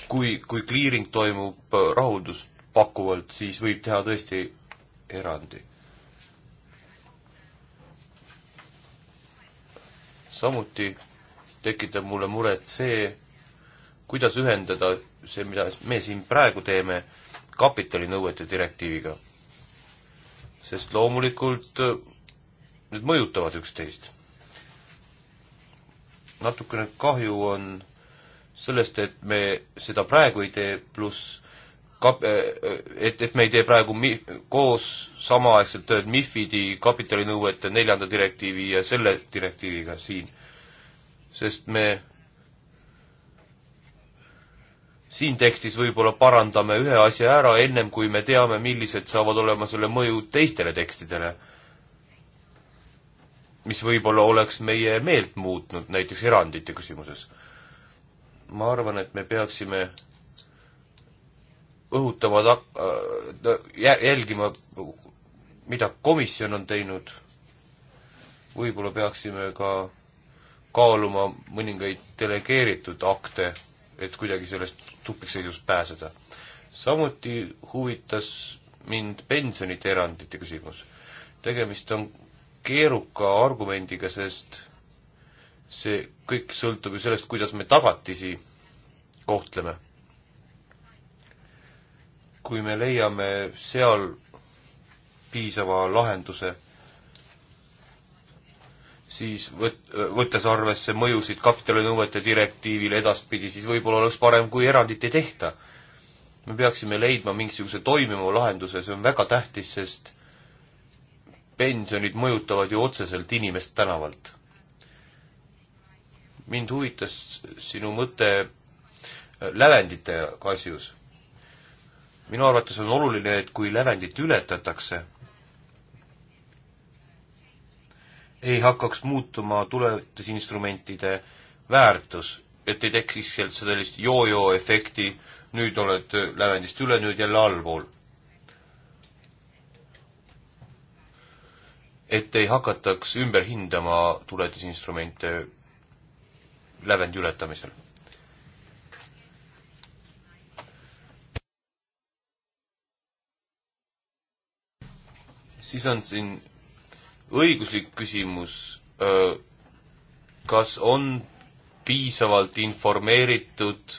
kui, kui clearing toimub äh, rahuldust pakkuvalt, siis võib teha tõesti erandi. samuti tekitab mulle muret see, kuidas ühendada see, mida me siin praegu teeme, kapitalinõuete direktiiviga. sest loomulikult äh, need mõjutavad üksteist. natukene kahju on sellest, et me seda praegu ei tee, pluss kap-, äh, äh, et, et me ei tee praegu mi-, koos samaaegselt tööd MIFID-i kapitalinõuete neljanda direktiivi ja selle direktiiviga siin. sest me siin tekstis võib-olla parandame ühe asja ära, ennem kui me teame, millised saavad olema selle mõjud teistele tekstidele. mis võib-olla oleks meie meelt muutnud, näiteks erandite küsimuses ma arvan, et me peaksime õhutama tak-, äh, jälgima, mida komisjon on teinud, võib-olla peaksime ka kaaluma mõningaid delegeeritud akte, et kuidagi sellest tupikseisust pääseda. samuti huvitas mind pensionite erandite küsimus. tegemist on keeruka argumendiga, sest see kõik sõltub ju sellest, kuidas me tagatisi kohtleme. kui me leiame seal piisava lahenduse, siis võt-, võttes arvesse mõjusid kapitalinõuete direktiivile edaspidi, siis võib-olla oleks parem, kui erandit ei tehta. me peaksime leidma mingisuguse toimiva lahenduse, see on väga tähtis, sest pensionid mõjutavad ju otseselt inimest tänavalt mind huvitas sinu mõte lävendite asjus. minu arvates on oluline, et kui lävendit ületatakse, ei hakkaks muutuma tuletisinstrumentide väärtus, et ei tekiks sellist joo-joo efekti, nüüd oled lävendist üle, nüüd jälle allpool. et ei hakataks ümber hindama tuletisinstrumente lävendi ületamisel. siis on siin õiguslik küsimus, kas on piisavalt informeeritud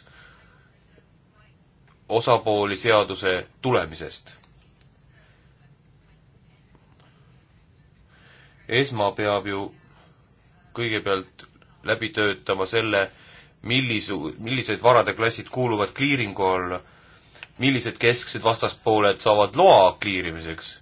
osapooli seaduse tulemisest? esma peab ju kõigepealt läbi töötama selle, millisu-, millised varade klassid kuuluvad kliiringu alla, millised kesksed vastaspooled saavad loa kliirimiseks.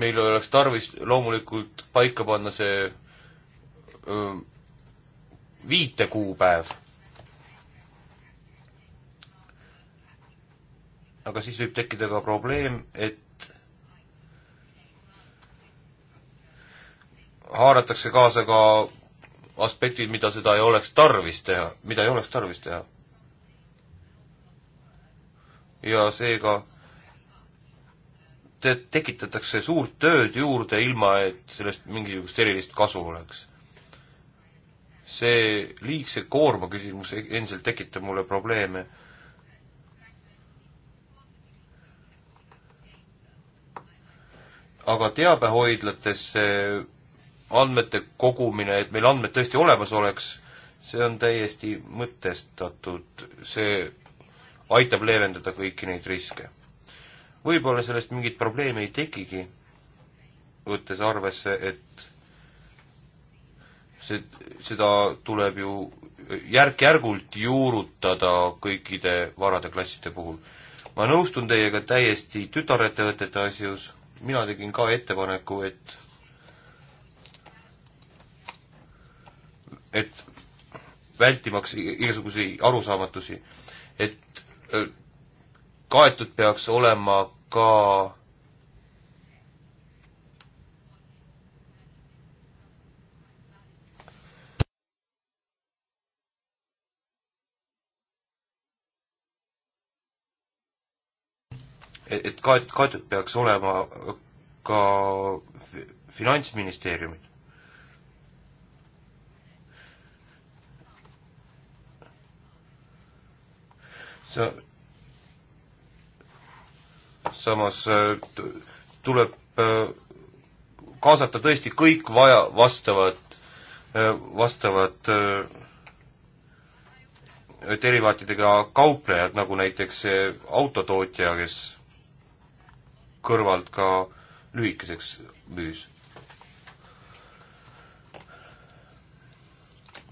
meil oleks tarvis loomulikult paika panna see öö, viitekuupäev aga siis võib tekkida ka probleem, et haaratakse kaasa ka aspektid, mida seda ei oleks tarvis teha, mida ei oleks tarvis teha. ja seega te tekitatakse suurt tööd juurde, ilma et sellest mingisugust erilist kasu oleks. see liigse koorma küsimus endiselt tekitab mulle probleeme aga teabehoidlatesse andmete kogumine, et meil andmed tõesti olemas oleks, see on täiesti mõtestatud, see aitab leevendada kõiki neid riske. võib-olla sellest mingit probleemi ei tekigi, võttes arvesse, et see, seda tuleb ju järk-järgult juurutada kõikide varade klasside puhul. ma nõustun teiega täiesti tütarettevõtete asjus mina tegin ka ettepaneku, et et vältimaks igasuguseid arusaamatusi, et äh, kaetud peaks olema ka et kaet-, kaetud peaks olema ka finantsministeeriumid. sa, samas äh, tuleb äh, kaasata tõesti kõik vaja, vastavad, äh, vastavad derivaatidega kauplejad, nagu näiteks see autotootja, kes kõrvalt ka lühikeseks müüs.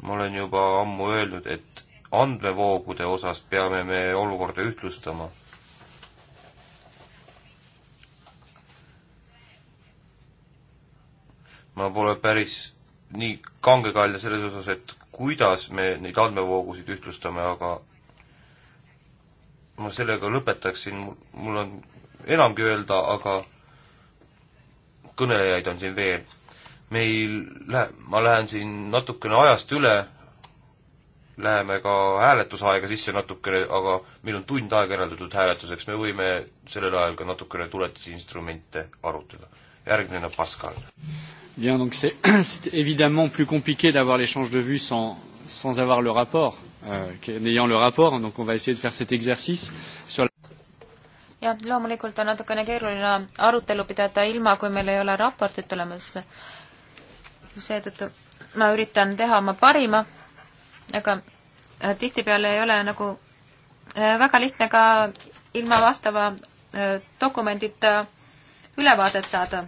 ma olen juba ammu öelnud, et andmevoogude osas peame me olukorda ühtlustama ma pole päris nii kangekaelne selles osas, et kuidas me neid andmevoogusid ühtlustame, aga ma sellega lõpetaksin, mul on enamgi öelda, aga kõnelejaid on siin veel. meil lähe-, ma lähen siin natukene ajast üle, läheme ka hääletusaega sisse natukene, aga meil on tund aega eraldatud hääletuseks, me võime sellel ajal ka natukene tuletusinstrumente arutada. järgmine on Pascal. Bien, donc c'est évidemment plus compliqué d'avoir l'échange de vues sans, sans avoir le rapport, euh, n'ayant le rapport, donc on va essayer de faire cet exercice sur jah, loomulikult on natukene keeruline arutelu pidada ilma, kui meil ei ole raportit olemas. seetõttu ma üritan teha oma parima, aga äh, tihtipeale ei ole nagu äh, väga lihtne ka ilma vastava äh, dokumendita ülevaadet saada.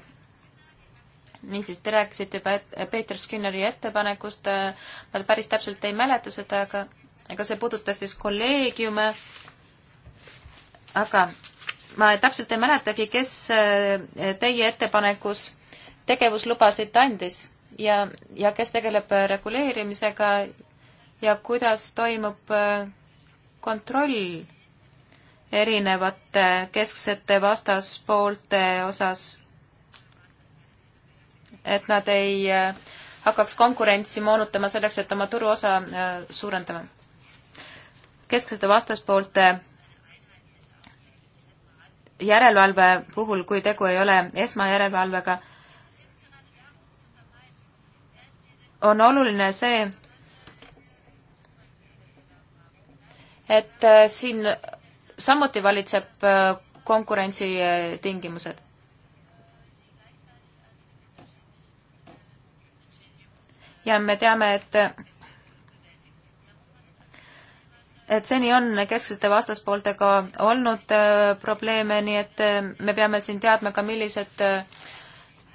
niisiis, te rääkisite juba Peeter Skinneri ettepanekust, ma päris täpselt ei mäleta seda, aga, aga see puudutas siis kolleegiume, aga ma täpselt ei mäletagi, kes äh, teie ettepanekus tegevuslubasid andis ja, ja kes tegeleb äh, reguleerimisega ja kuidas toimub äh, kontroll erinevate kesksete vastaspoolte osas, et nad ei hakkaks konkurentsi moonutama selleks, et oma turuosa suurendama. kesksete vastaspoolte järelevalve puhul, kui tegu ei ole esmajärelevalvega, on oluline see, et äh, siin samuti valitseb äh, konkurentsitingimused. ja me teame, et et seni on kesksete vastaspooltega olnud äh, probleeme, nii et äh, me peame siin teadma ka, millised äh,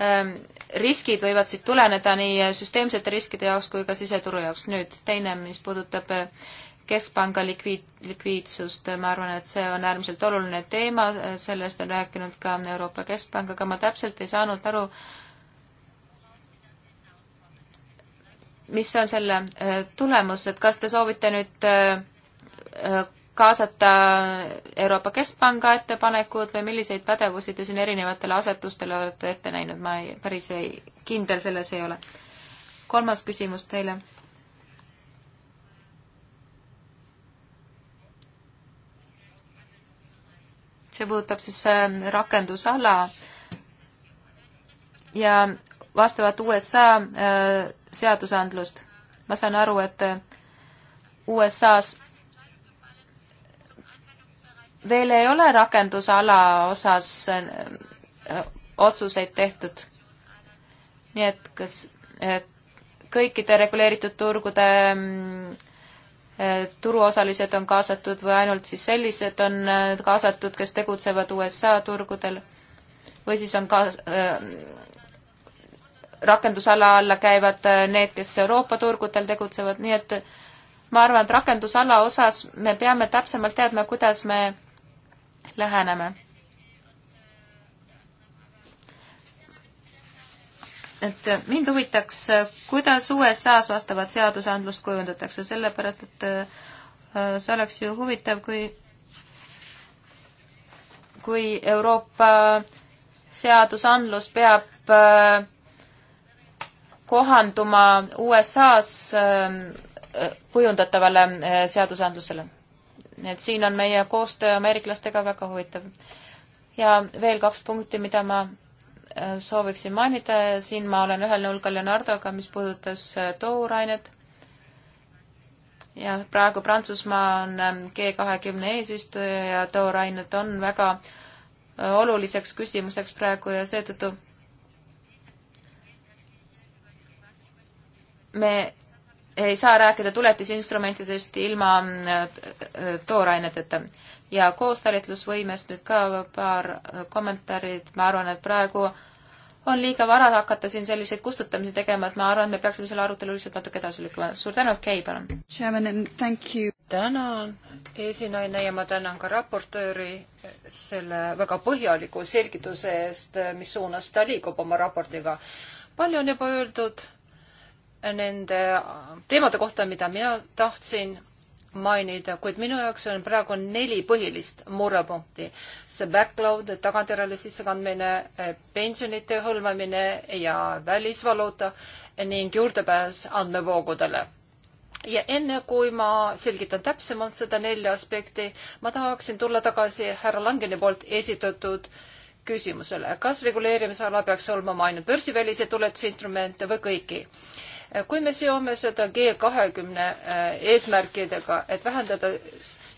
ähm, riskid võivad siit tuleneda nii süsteemsete riskide jaoks kui ka siseturu jaoks. nüüd teine, mis puudutab keskpanga likviid, likviidsust, ma arvan, et see on äärmiselt oluline teema, sellest on rääkinud ka Euroopa Keskpank, aga ma täpselt ei saanud aru, mis on selle tulemus, et kas te soovite nüüd Äh, kaasata Euroopa Keskpanga ettepanekud või milliseid pädevusi te siin erinevatele asetustele olete ette näinud, ma ei, päris ei, kindel selles ei ole. kolmas küsimus teile. see puudutab siis äh, rakendusala ja vastavat USA äh, seadusandlust. ma saan aru, et USA-s veel ei ole rakendusala osas äh, otsuseid tehtud. nii et kas kõikide reguleeritud turgude mm, äh, turuosalised on kaasatud või ainult siis sellised on äh, kaasatud, kes tegutsevad USA turgudel või siis on ka rakendusala alla käivad need, kes Euroopa turgudel tegutsevad, nii et ma arvan, et rakendusala osas me peame täpsemalt teadma, kuidas me läheneme. et mind huvitaks, kuidas USA-s vastavat seadusandlust kujundatakse, sellepärast et äh, see oleks ju huvitav, kui, kui Euroopa seadusandlus peab äh, kohanduma USA-s äh, kujundatavale seadusandlusele et siin on meie koostöö ameeriklastega väga huvitav. ja veel kaks punkti, mida ma äh, sooviksin mainida ja siin ma olen ühel nõul ka Leonardoga, mis puudutas äh, toorainet. ja praegu Prantsusmaa on ähm, G kahekümne eesistuja ja toorainet on väga äh, oluliseks küsimuseks praegu ja seetõttu me ei saa rääkida tuletisinstrumentidest ilma äh, tooraineteta. ja koostalitlusvõimest nüüd ka paar kommentaari, et ma arvan, et praegu on liiga vara hakata siin selliseid kustutamisi tegema, et ma arvan, et me peaksime selle arutelu lihtsalt natuke edasi lükkama. suur tänu, Kei, palun! tänan, esinaine, ja ma tänan ka raportööri selle väga põhjaliku selgituse eest, mis suunas ta liigub oma raportiga. palju on juba öeldud nende teemade kohta, mida mina tahtsin mainida, kuid minu jaoks on praegu neli põhilist murepunkti. see backload, tagantjärele sissekandmine, pensionite hõlmamine ja välisvaluuta ning juurdepääs andmevoogudele. ja enne, kui ma selgitan täpsemalt seda nelja aspekti, ma tahaksin tulla tagasi härra Langeni poolt esitatud küsimusele, kas reguleerimisala peaks olema ainult börsiväliseid tuletusinstrumente või kõiki kui me seome seda G kahekümne äh, eesmärkidega, et vähendada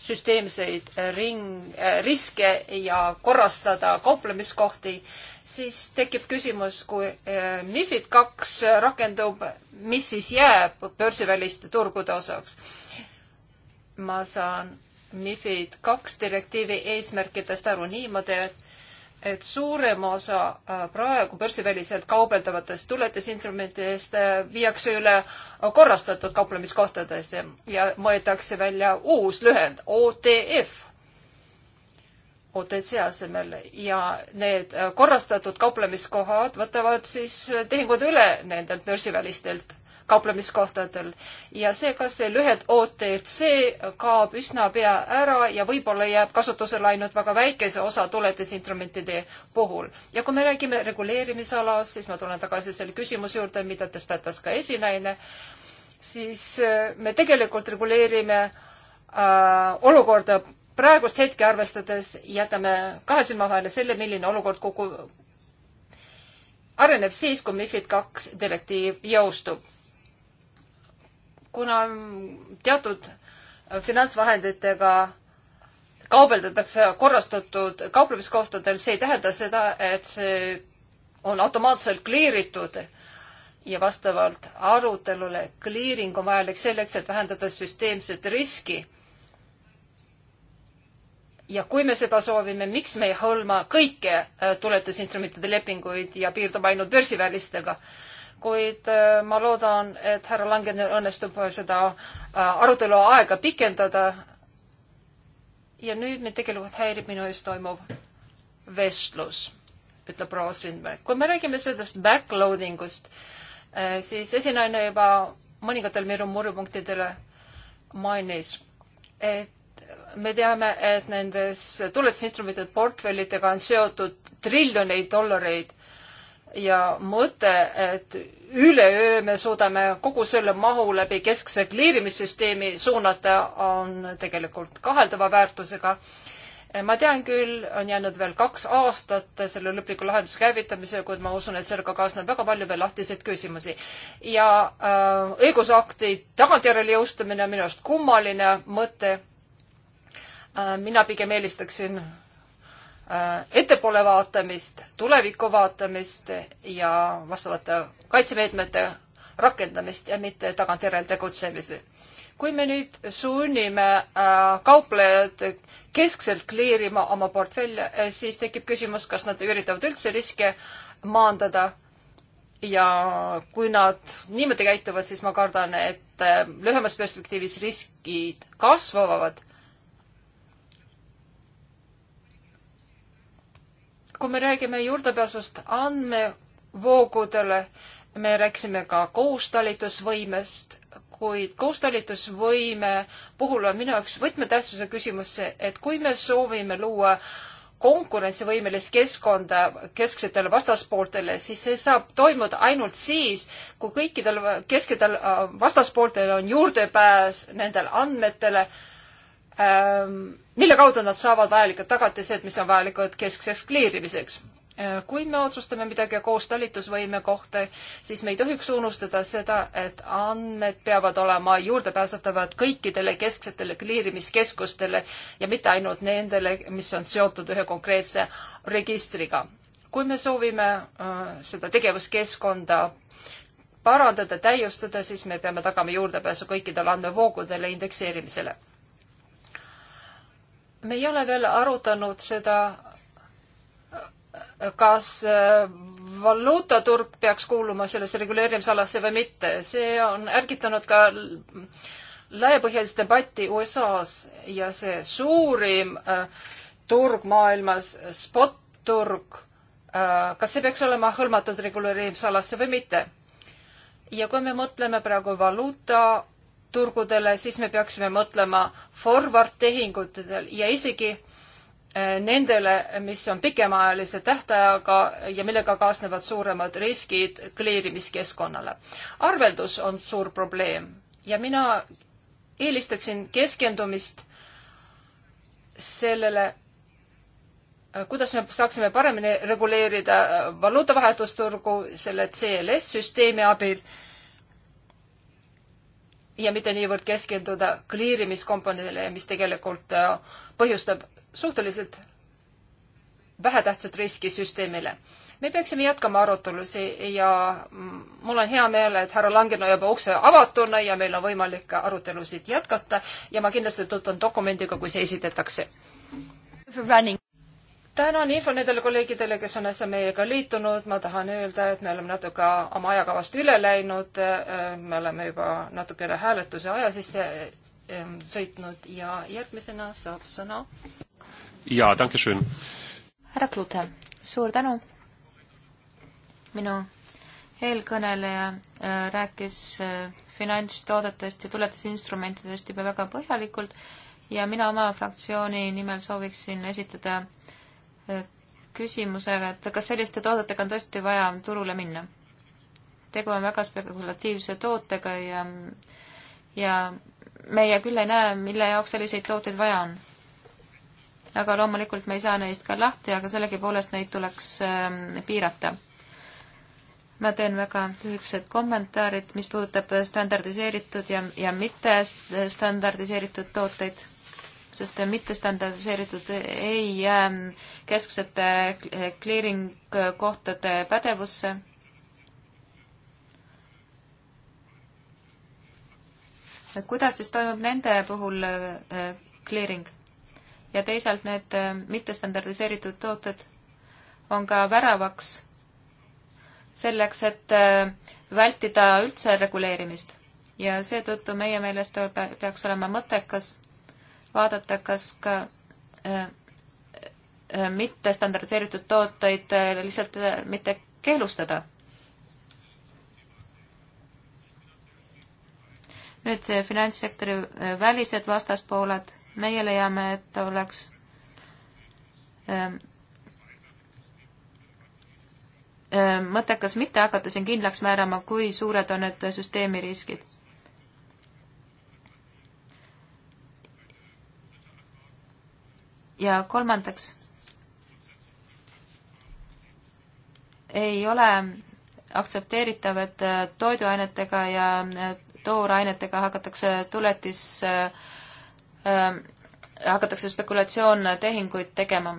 süsteemseid äh, ring, äh, riske ja korrastada kauplemiskohti, siis tekib küsimus, kui MIFID kaks rakendub, mis siis jääb börsiväliste turgude osaks? ma saan MIFID kaks direktiivi eesmärkidest aru niimoodi, et et suurem osa äh, praegu börsiväliselt kaubeldavatest tuletisinstrumentidest äh, viiakse üle korrastatud kauplemiskohtadesse ja mõeldakse välja uus lühend OTF OTC asemel ja need äh, korrastatud kauplemiskohad võtavad siis tehingud üle nendelt börsivälistelt kauplemiskohtadel ja seega see lühend OTC kaob üsna pea ära ja võib-olla jääb kasutusele ainult väga väikese osa tuletisinstrumentide puhul. ja kui me räägime reguleerimisalast, siis ma tulen tagasi selle küsimuse juurde, mida tõstatas ka esinaine, siis äh, me tegelikult reguleerime äh, olukorda praegust hetke arvestades jätame kahe silma vahele selle, milline olukord kogu areneb siis, kui MIFID kaks direktiiv jõustub kuna teatud finantsvahenditega kaubeldatakse korrastatud kauplemiskohtadel, see ei tähenda seda, et see on automaatselt kliiritud ja vastavalt arutelule kliiring on vajalik selleks, et vähendada süsteemset riski. ja kui me seda soovime, miks me ei hõlma kõiki äh, tuletusinstrumentide lepinguid ja piirdume ainult börsivälistega? kuid äh, ma loodan, et härra Langenil õnnestub seda äh, arutelu aega pikendada. ja nüüd mind tegelikult häirib minu ees toimuv vestlus, ütleb proua Svindberg. kui me räägime sellest backloading ust, äh, siis esinaine juba mõningatel minu murepunktidele mainis, et me teame, et nendes tuletusinstrumentide portfellidega on seotud triljoneid dollareid ja mõte, et üleöö me suudame kogu selle mahu läbi keskse kliirimissüsteemi suunata, on tegelikult kaheldava väärtusega. ma tean küll, on jäänud veel kaks aastat selle lõpliku lahenduse käivitamisega, kuid ma usun, et sellega kaasneb väga palju veel lahtiseid küsimusi. ja äh, õigusakti tagantjärele jõustamine on minu arust kummaline mõte äh,. mina pigem eelistaksin Äh, ettepoole vaatamist, tulevikku vaatamist ja vastavate kaitsemeetmete rakendamist ja mitte tagantjärele tegutsemisi. kui me nüüd sunnime äh, kauplejad keskselt kleerima oma portfelle, äh, siis tekib küsimus, kas nad üritavad üldse riske maandada ja kui nad niimoodi käituvad, siis ma kardan, et lühemas perspektiivis riskid kasvavad kui me räägime juurdepääsust andmevoogudele, me rääkisime ka koostalitusvõimest, kuid koostalitusvõime puhul on minu jaoks võtmetähtsuse küsimus see, et kui me soovime luua konkurentsivõimelist keskkonda kesksetele vastaspooltele, siis see saab toimuda ainult siis, kui kõikidel keskedel äh, vastaspooltel on juurdepääs nendele andmetele Ähm, mille kaudu nad saavad vajalikud tagatised, mis on vajalikud keskseks kliirimiseks. Äh, kui me otsustame midagi koos talitusvõime kohta, siis me ei tohiks unustada seda, et andmed peavad olema juurdepääsetavad kõikidele kesksetele kliirimiskeskustele ja mitte ainult nendele, mis on seotud ühe konkreetse registriga. kui me soovime äh, seda tegevuskeskkonda parandada, täiustada, siis me peame tagama juurdepääsu kõikidele andmevoogudele indekseerimisele me ei ole veel arutanud seda, kas äh, valuutaturg peaks kuuluma sellesse reguleerimisalasse või mitte. see on ärgitanud ka laiapõhjalist debatti USA-s ja see suurim äh, turg maailmas, spot-turg äh,, kas see peaks olema hõlmatud reguleerimisalasse või mitte? ja kui me mõtleme praegu valuuta turgudele, siis me peaksime mõtlema forward tehingutele ja isegi eh, nendele, mis on pikemaajalise tähtajaga ja millega kaasnevad suuremad riskid kleerimiskeskkonnale. arveldus on suur probleem ja mina eelistaksin keskendumist sellele, eh, kuidas me saaksime paremini reguleerida eh, valuutavahetusturgu selle CLS-süsteemi abil ja mitte niivõrd keskenduda kliirimiskomponendile, mis tegelikult äh, põhjustab suhteliselt vähetähtsat riski süsteemile. me peaksime jätkama arutelusi ja mul on hea meel, et härra Langen on juba ukse avatuna ja meil on võimalik arutelusid jätkata ja ma kindlasti tutvun dokumendiga, kui see esitatakse tänan info nendele kolleegidele, kes on äsja meiega liitunud, ma tahan öelda, et me oleme natuke oma ajakavast üle läinud, me oleme juba natuke üle hääletuse aja sisse sõitnud ja järgmisena saab sõna. jaa, dankeschön. härra Klute, suur tänu. minu eelkõneleja äh, rääkis äh, finantstoodetest ja tuletisinstrumentidest juba väga põhjalikult ja mina oma fraktsiooni nimel sooviksin esitada küsimusega, et kas selliste toodetega on tõesti vaja turule minna? tegu on väga spekulatiivse tootega ja, ja meie küll ei näe, mille jaoks selliseid tooteid vaja on. aga loomulikult me ei saa neist ka lahti, aga sellegipoolest neid tuleks äh, piirata. ma teen väga lühikesed kommentaarid, mis puudutab standardiseeritud ja, ja mitte standardiseeritud tooteid sest mittestandardiseeritud ei jää kesksete clearing kohtade pädevusse. et kuidas siis toimub nende puhul äh, clearing ja teisalt need äh, mittestandardiseeritud tooted on ka väravaks selleks, et äh, vältida üldse reguleerimist ja seetõttu meie meelest peaks olema mõttekas vaadata, kas ka äh, äh, mitte standardiseeritud tooteid äh, lihtsalt mitte keelustada. nüüd finantssektori välised vastaspooled, meie leiame, et oleks ähm, mõttekas mitte hakata siin kindlaks määrama, kui suured on need süsteemi riskid ja kolmandaks ei ole aktsepteeritav, et äh, toiduainetega ja äh, toorainetega hakatakse tuletis äh, äh,, hakatakse spekulatsioontehinguid tegema.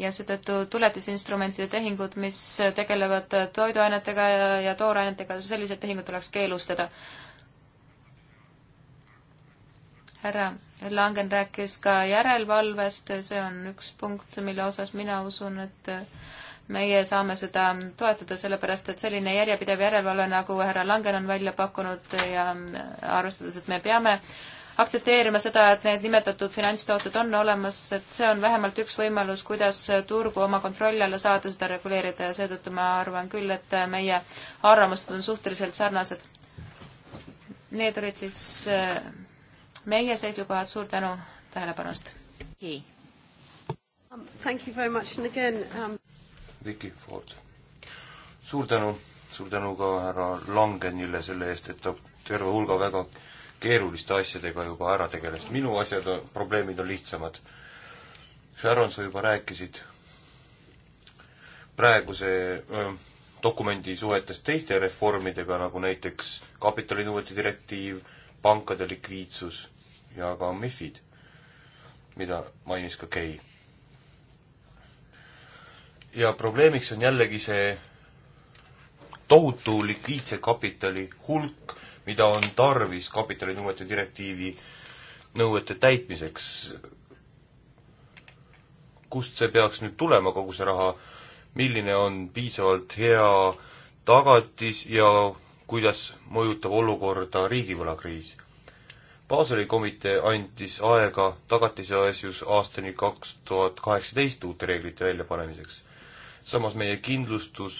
ja seetõttu tuletisinstrumentide tehingud, mis tegelevad toiduainetega ja, ja toorainetega, sellised tehingud tuleks keelustada. härra Langen rääkis ka järelevalvest, see on üks punkt, mille osas mina usun, et meie saame seda toetada, sellepärast et selline järjepidev järelevalve, nagu härra Langen on välja pakkunud ja arvestades, et me peame aktsepteerima seda, et need nimetatud finantstooted on olemas, et see on vähemalt üks võimalus, kuidas turgu oma kontrolli alla saada, seda reguleerida ja seetõttu ma arvan küll, et meie arvamused on suhteliselt sarnased. Need olid siis meie seisukohad, suur tänu tähelepanu eest! Um, um, Vicky Ford, suur tänu, suur tänu ka härra Langenile selle eest, et ta terve hulga väga keeruliste asjadega juba ära tegeles. minu asjad, probleemid on lihtsamad. Sharon, sa juba rääkisid praeguse öö, dokumendi suhetes teiste reformidega, nagu näiteks kapitalinõuete direktiiv, pankade likviidsus ja ka MIFID, mida mainis ka Kei. ja probleemiks on jällegi see tohutu likviidse kapitali hulk, mida on tarvis kapitalinõuete direktiivi nõuete täitmiseks. kust see peaks nüüd tulema, kogu see raha, milline on piisavalt hea tagatis ja kuidas mõjutab olukorda riigivõlakriis? Baseli komitee andis aega tagatise asjus aastani kaks tuhat kaheksateist uute reeglite väljapanemiseks. samas meie kindlustus,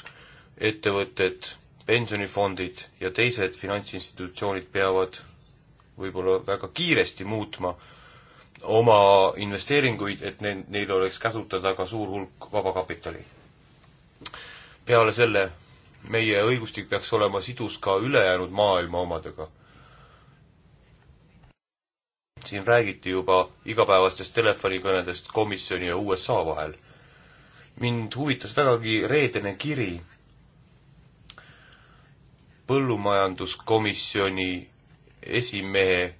ettevõtted, pensionifondid ja teised finantsinstitutsioonid peavad võib-olla väga kiiresti muutma oma investeeringuid, et neil, neil oleks käsutada ka suur hulk vabakapitali. peale selle, meie õigustik peaks olema sidus ka ülejäänud maailma omadega siin räägiti juba igapäevastest telefonikõnedest komisjoni ja USA vahel. mind huvitas vägagi reedene kiri põllumajanduskomisjoni esimehe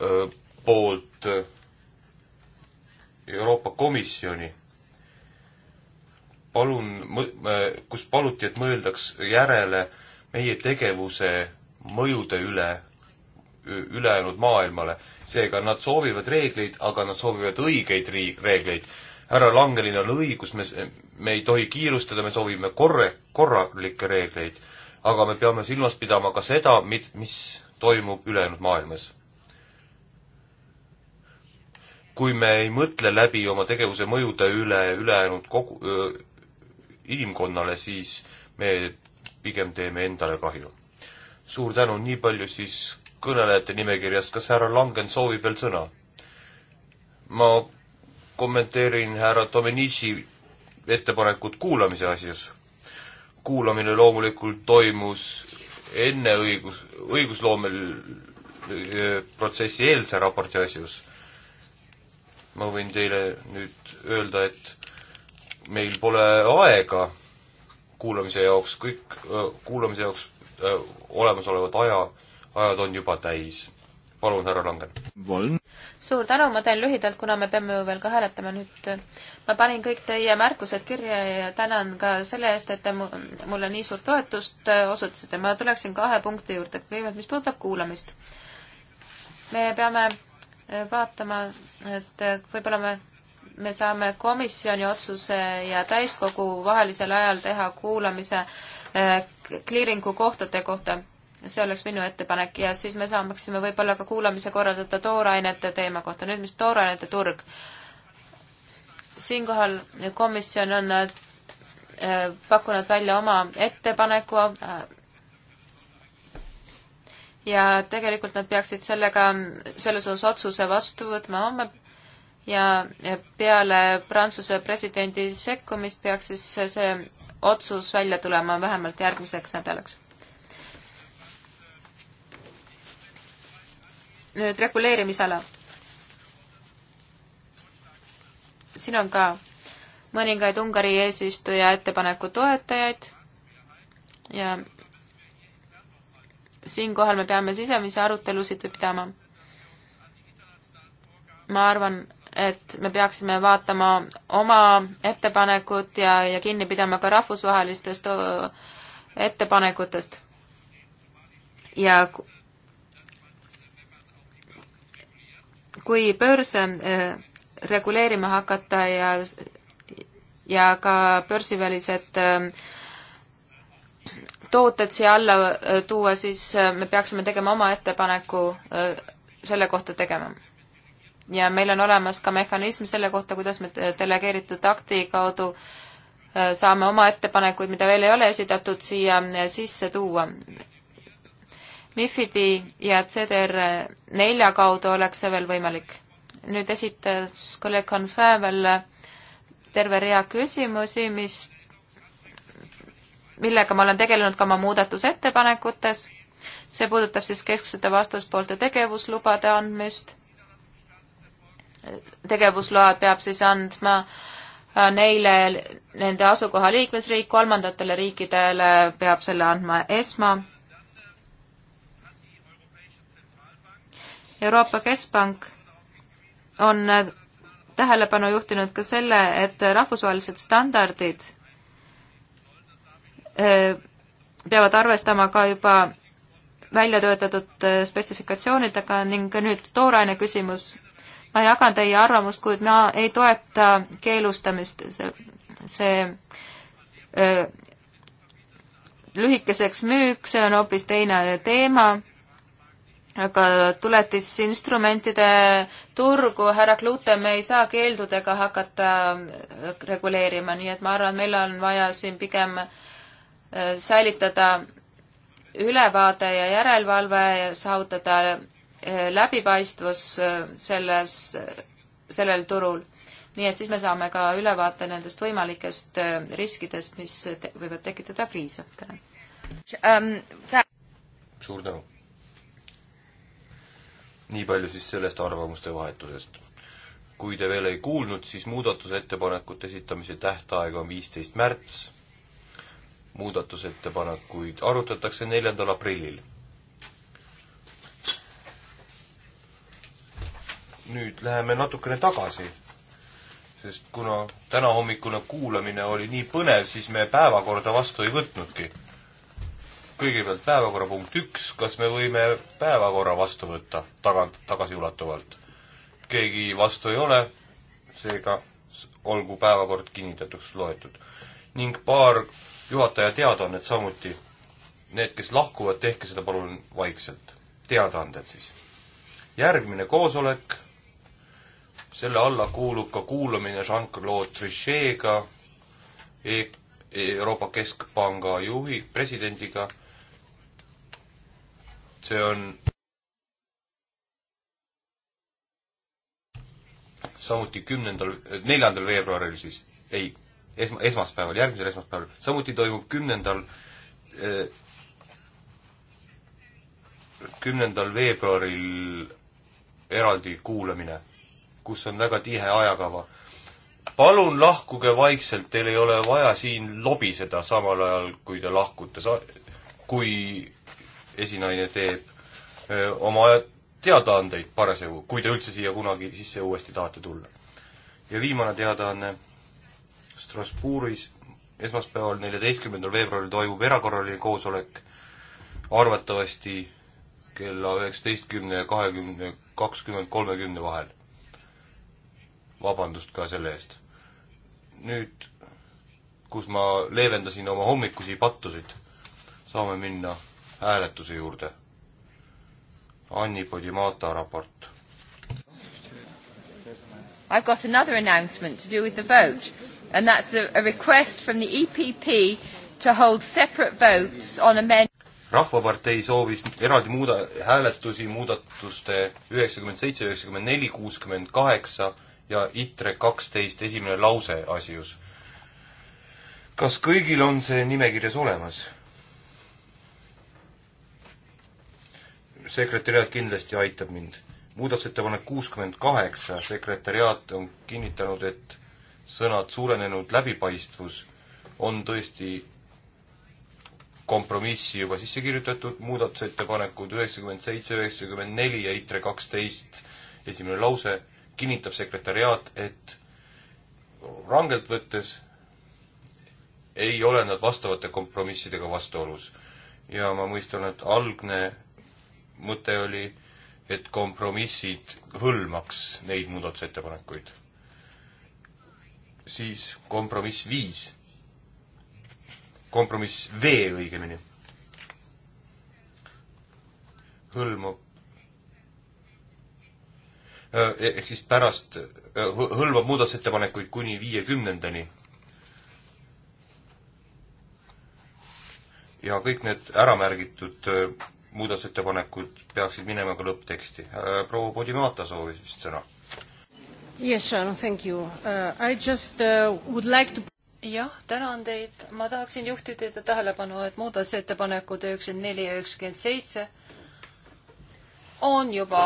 öö, poolt Euroopa Komisjoni palun, kus paluti, et mõeldaks järele meie tegevuse mõjude üle ülejäänud maailmale. seega nad soovivad reegleid, aga nad soovivad õigeid rii-, reegleid. härra Langelin on õigus, me, me ei tohi kiirustada, me soovime korre-, korralikke reegleid. aga me peame silmas pidama ka seda, mid-, mis toimub ülejäänud maailmas. kui me ei mõtle läbi oma tegevuse mõjude üle ülejäänud kogu, inimkonnale, siis me pigem teeme endale kahju. suur tänu, nii palju siis kõnelejate nimekirjast, kas härra Langen soovib veel sõna? ma kommenteerin härra Domenici ettepanekut kuulamise asjus. kuulamine loomulikult toimus enne õigus, õigusloomel äh, protsessi eelse raporti asjus. ma võin teile nüüd öelda, et meil pole aega kuulamise jaoks, kõik äh, kuulamise jaoks äh, olemasolevat aja ajad on juba täis. palun, härra Langen. suur tänu, ma teen lühidalt, kuna me peame ju veel ka hääletama nüüd. ma panin kõik teie märkused kirja ja tänan ka selle eest, et te mulle nii suurt toetust äh, osutasite. ma tuleksin kahe punkti juurde, kõigepealt, mis puudutab kuulamist. me peame äh, vaatama, et äh, võib-olla me me saame komisjoni otsuse ja täiskogu vahelisel ajal teha kuulamise kliiringu kohtade kohta see oleks minu ettepanek ja siis me saaksime võib-olla ka kuulamise korraldada toorainete teema kohta. nüüd, mis toorainete turg? siinkohal komisjon on äh, pakkunud välja oma ettepaneku äh, ja tegelikult nad peaksid sellega, selles osas otsuse vastu võtma homme ja peale Prantsuse presidendi sekkumist peaks siis see otsus välja tulema vähemalt järgmiseks nädalaks nüüd reguleerimisala. siin on ka mõningaid Ungari eesistuja ettepaneku toetajaid ja siinkohal me peame sisemisi arutelusid pidama. ma arvan, et me peaksime vaatama oma ettepanekut ja, ja kinni pidama ka rahvusvahelistest ettepanekutest. ja kui börse äh, reguleerima hakata ja, ja ka börsivälised äh, tooted siia alla äh, tuua, siis me peaksime tegema oma ettepaneku selle kohta tegema. ja meil on olemas ka mehhanism selle kohta, kuidas me delegeeritud akti kaudu saame oma ettepanekuid, mida veel ei ole esitatud, siia sisse tuua. MIFID-i ja CDR nelja kaudu oleks see veel võimalik. nüüd esitas kolleeg Confä veel terve rea küsimusi, mis, millega ma olen tegelenud ka oma muudatusettepanekutes. see puudutab siis kesksete vastaspoolte tegevuslubade andmist. tegevusloa peab siis andma neile nende asukoha liikmesriik, kolmandatele riikidele peab selle andma ESMA Euroopa Keskpank on tähelepanu juhtinud ka selle, et rahvusvahelised standardid eh, peavad arvestama ka juba välja töötatud eh, spetsifikatsioonidega ning nüüd tooraine küsimus. ma jagan teie arvamust, kuid ma ei toeta keelustamist, see, see eh, lühikeseks müük, see on hoopis teine teema aga tuletisinstrumentide turgu, härra Klute, me ei saa keeldudega hakata äh, reguleerima, nii et ma arvan, meil on vaja siin pigem äh, säilitada ülevaade ja järelevalve ja saavutada äh, läbipaistvus selles, sellel turul. nii et siis me saame ka ülevaate nendest võimalikest riskidest, mis te võivad tekitada kriise. Um, suur tänu nii palju siis sellest arvamuste vahetusest. kui te veel ei kuulnud, siis muudatusettepanekute esitamise tähtaeg on viisteist märts, muudatusettepanekuid arutatakse neljandal aprillil. nüüd läheme natukene tagasi, sest kuna tänahommikune kuulamine oli nii põnev, siis me päevakorda vastu ei võtnudki kõigepealt päevakorrapunkt üks, kas me võime päevakorra vastu võtta tagant, tagasiulatuvalt? keegi vastu ei ole, seega olgu päevakord kinnitatuks loetud. ning paar juhataja teadaannet samuti. Need, kes lahkuvad, tehke seda palun vaikselt. teadaanded siis. järgmine koosolek, selle alla kuulub ka kuulamine Jean-Claude Trichet'ga e, Euroopa Keskpanga juhi, presidendiga see on samuti kümnendal, neljandal veebruaril siis, ei, esma, esmaspäeval, järgmisel esmaspäeval, samuti toimub kümnendal, eh, kümnendal veebruaril eraldi kuulamine, kus on väga tihe ajakava. palun lahkuge vaikselt, teil ei ole vaja siin lobiseda samal ajal, kui te lahkute, sa-, kui esinaine teeb öö, oma teadaandeid parasjagu, kui te üldse siia kunagi sisse uuesti tahate tulla. ja viimane teadaanne Strasbourgis esmaspäeval, neljateistkümnendal veebruaril toimub erakorraline koosolek, arvatavasti kella üheksateistkümne ja kahekümne, kakskümmend, kolmekümne vahel. vabandust ka selle eest. nüüd, kus ma leevendasin oma hommikusi pattusid, saame minna hääletuse juurde. Anni Podimata raport. I've got another announcement to do with the vote and that's a, a request from the EPP to hold separate votes on amend- rahvapartei soovis eraldi muuda-, hääletusi muudatuste üheksakümmend seitse, üheksakümmend neli, kuuskümmend kaheksa ja ITRE kaksteist esimene lause asjus. kas kõigil on see nimekirjas olemas? sekretäriaat kindlasti aitab mind. muudatusettepanek kuuskümmend kaheksa, sekretäriaat on kinnitanud, et sõnad suurenenud läbipaistvus on tõesti kompromissi juba sisse kirjutatud, muudatusettepanekud üheksakümmend seitse, üheksakümmend neli ja ITRE kaksteist, esimene lause, kinnitab sekretäriaat, et rangelt võttes ei ole nad vastavate kompromissidega vastuolus. ja ma mõistan, et algne mõte oli, et kompromissid hõlmaks neid muudatusettepanekuid. siis kompromiss viis, kompromiss V õigemini, hõlmab eh, ehk siis pärast eh, hõlmab muudatusettepanekuid kuni viiekümnendani. ja kõik need ära märgitud eh, muudatusettepanekud peaksid minema ka lõppteksti. Äh, proua Podimata soovis vist sõna. Yes, Sharon, thank you uh,. I just uh, would like to jah, tänan teid. ma tahaksin juhtida teie tähelepanu, et muudatusettepanekud üheksakümmend neli ja üheksakümmend seitse on juba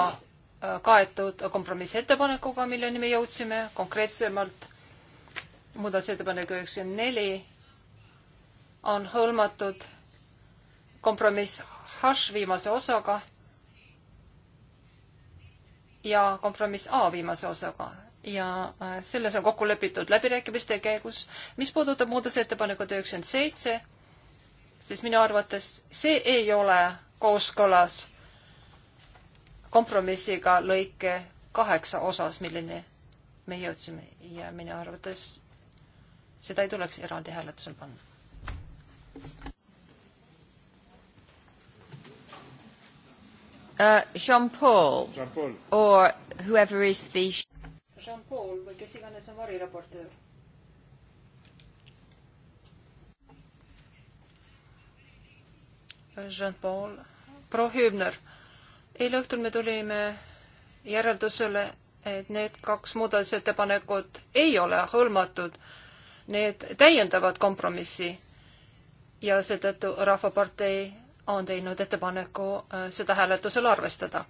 kaetud kompromissettepanekuga, milleni me jõudsime, konkreetsemalt muudatusettepanek üheksakümmend neli on hõlmatud kompromiss H viimase osaga ja kompromiss A viimase osaga ja äh, selles on kokku lepitud läbirääkimiste käigus. mis puudutab muudatusettepanekut üheksakümmend seitse, siis minu arvates see ei ole kooskõlas kompromissiga lõike kaheksa osas, milleni me jõudsime ja minu arvates seda ei tuleks eraldi hääletusel panna. uh, Jean-Paul Jean or whoever is the Jean-Paul või kes iganes on variraportöör. Jean-Paul, proua Hübner, eile õhtul me tulime järeldusele, et need kaks muudatusettepanekut ei ole hõlmatud. Need täiendavad kompromissi ja seetõttu Rahvapartei on teinud ettepaneku äh, seda hääletusel arvestada.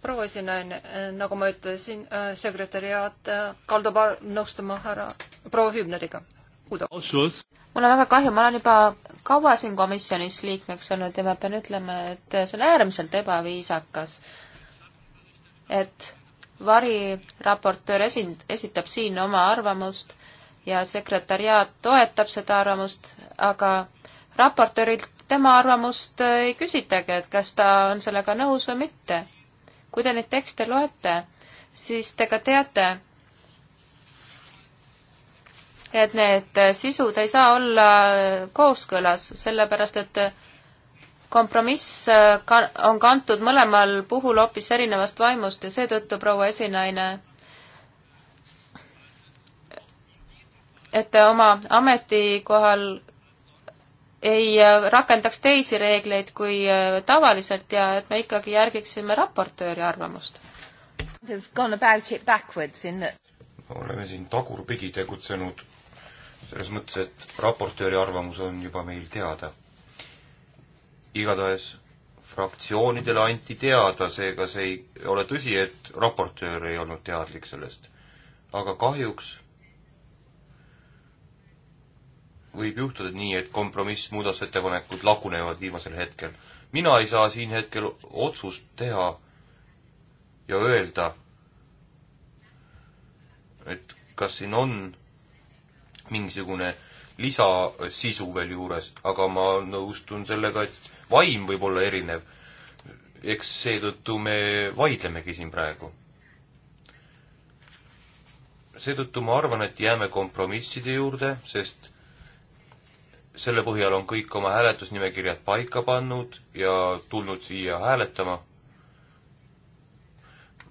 proua esinaine, äh, nagu ma ütlesin, äh, sekretäriaat kaldub nõustuma härra proua Hübneriga. mul on väga kahju, ma olen juba kaua siin komisjonis liikmeks olnud ja ma pean ütlema, et see on äärmiselt ebaviisakas, et variraportöör esind-, esitab siin oma arvamust ja sekretäriaat toetab seda arvamust, aga raportöörilt tema arvamust ei küsitagi, et kas ta on sellega nõus või mitte. kui te neid tekste loete, siis te ka teate, et need sisud ei saa olla kooskõlas, sellepärast et kompromiss on kantud mõlemal puhul hoopis erinevast vaimust ja seetõttu, proua esinaine, et te oma ametikohal ei äh, rakendaks teisi reegleid kui äh, tavaliselt ja et me ikkagi järgiksime raportööri arvamust. oleme siin tagurpidi tegutsenud, selles mõttes, et raportööri arvamus on juba meil teada. igatahes fraktsioonidele anti teada, seega see ei ole tõsi, et raportöör ei olnud teadlik sellest. aga kahjuks võib juhtuda nii, et kompromissmuudatusettepanekud lagunevad viimasel hetkel. mina ei saa siin hetkel otsust teha ja öelda, et kas siin on mingisugune lisasisu veel juures, aga ma nõustun sellega, et vaim võib olla erinev. eks seetõttu me vaidlemegi siin praegu. seetõttu ma arvan, et jääme kompromisside juurde, sest selle põhjal on kõik oma hääletusnimekirjad paika pannud ja tulnud siia hääletama.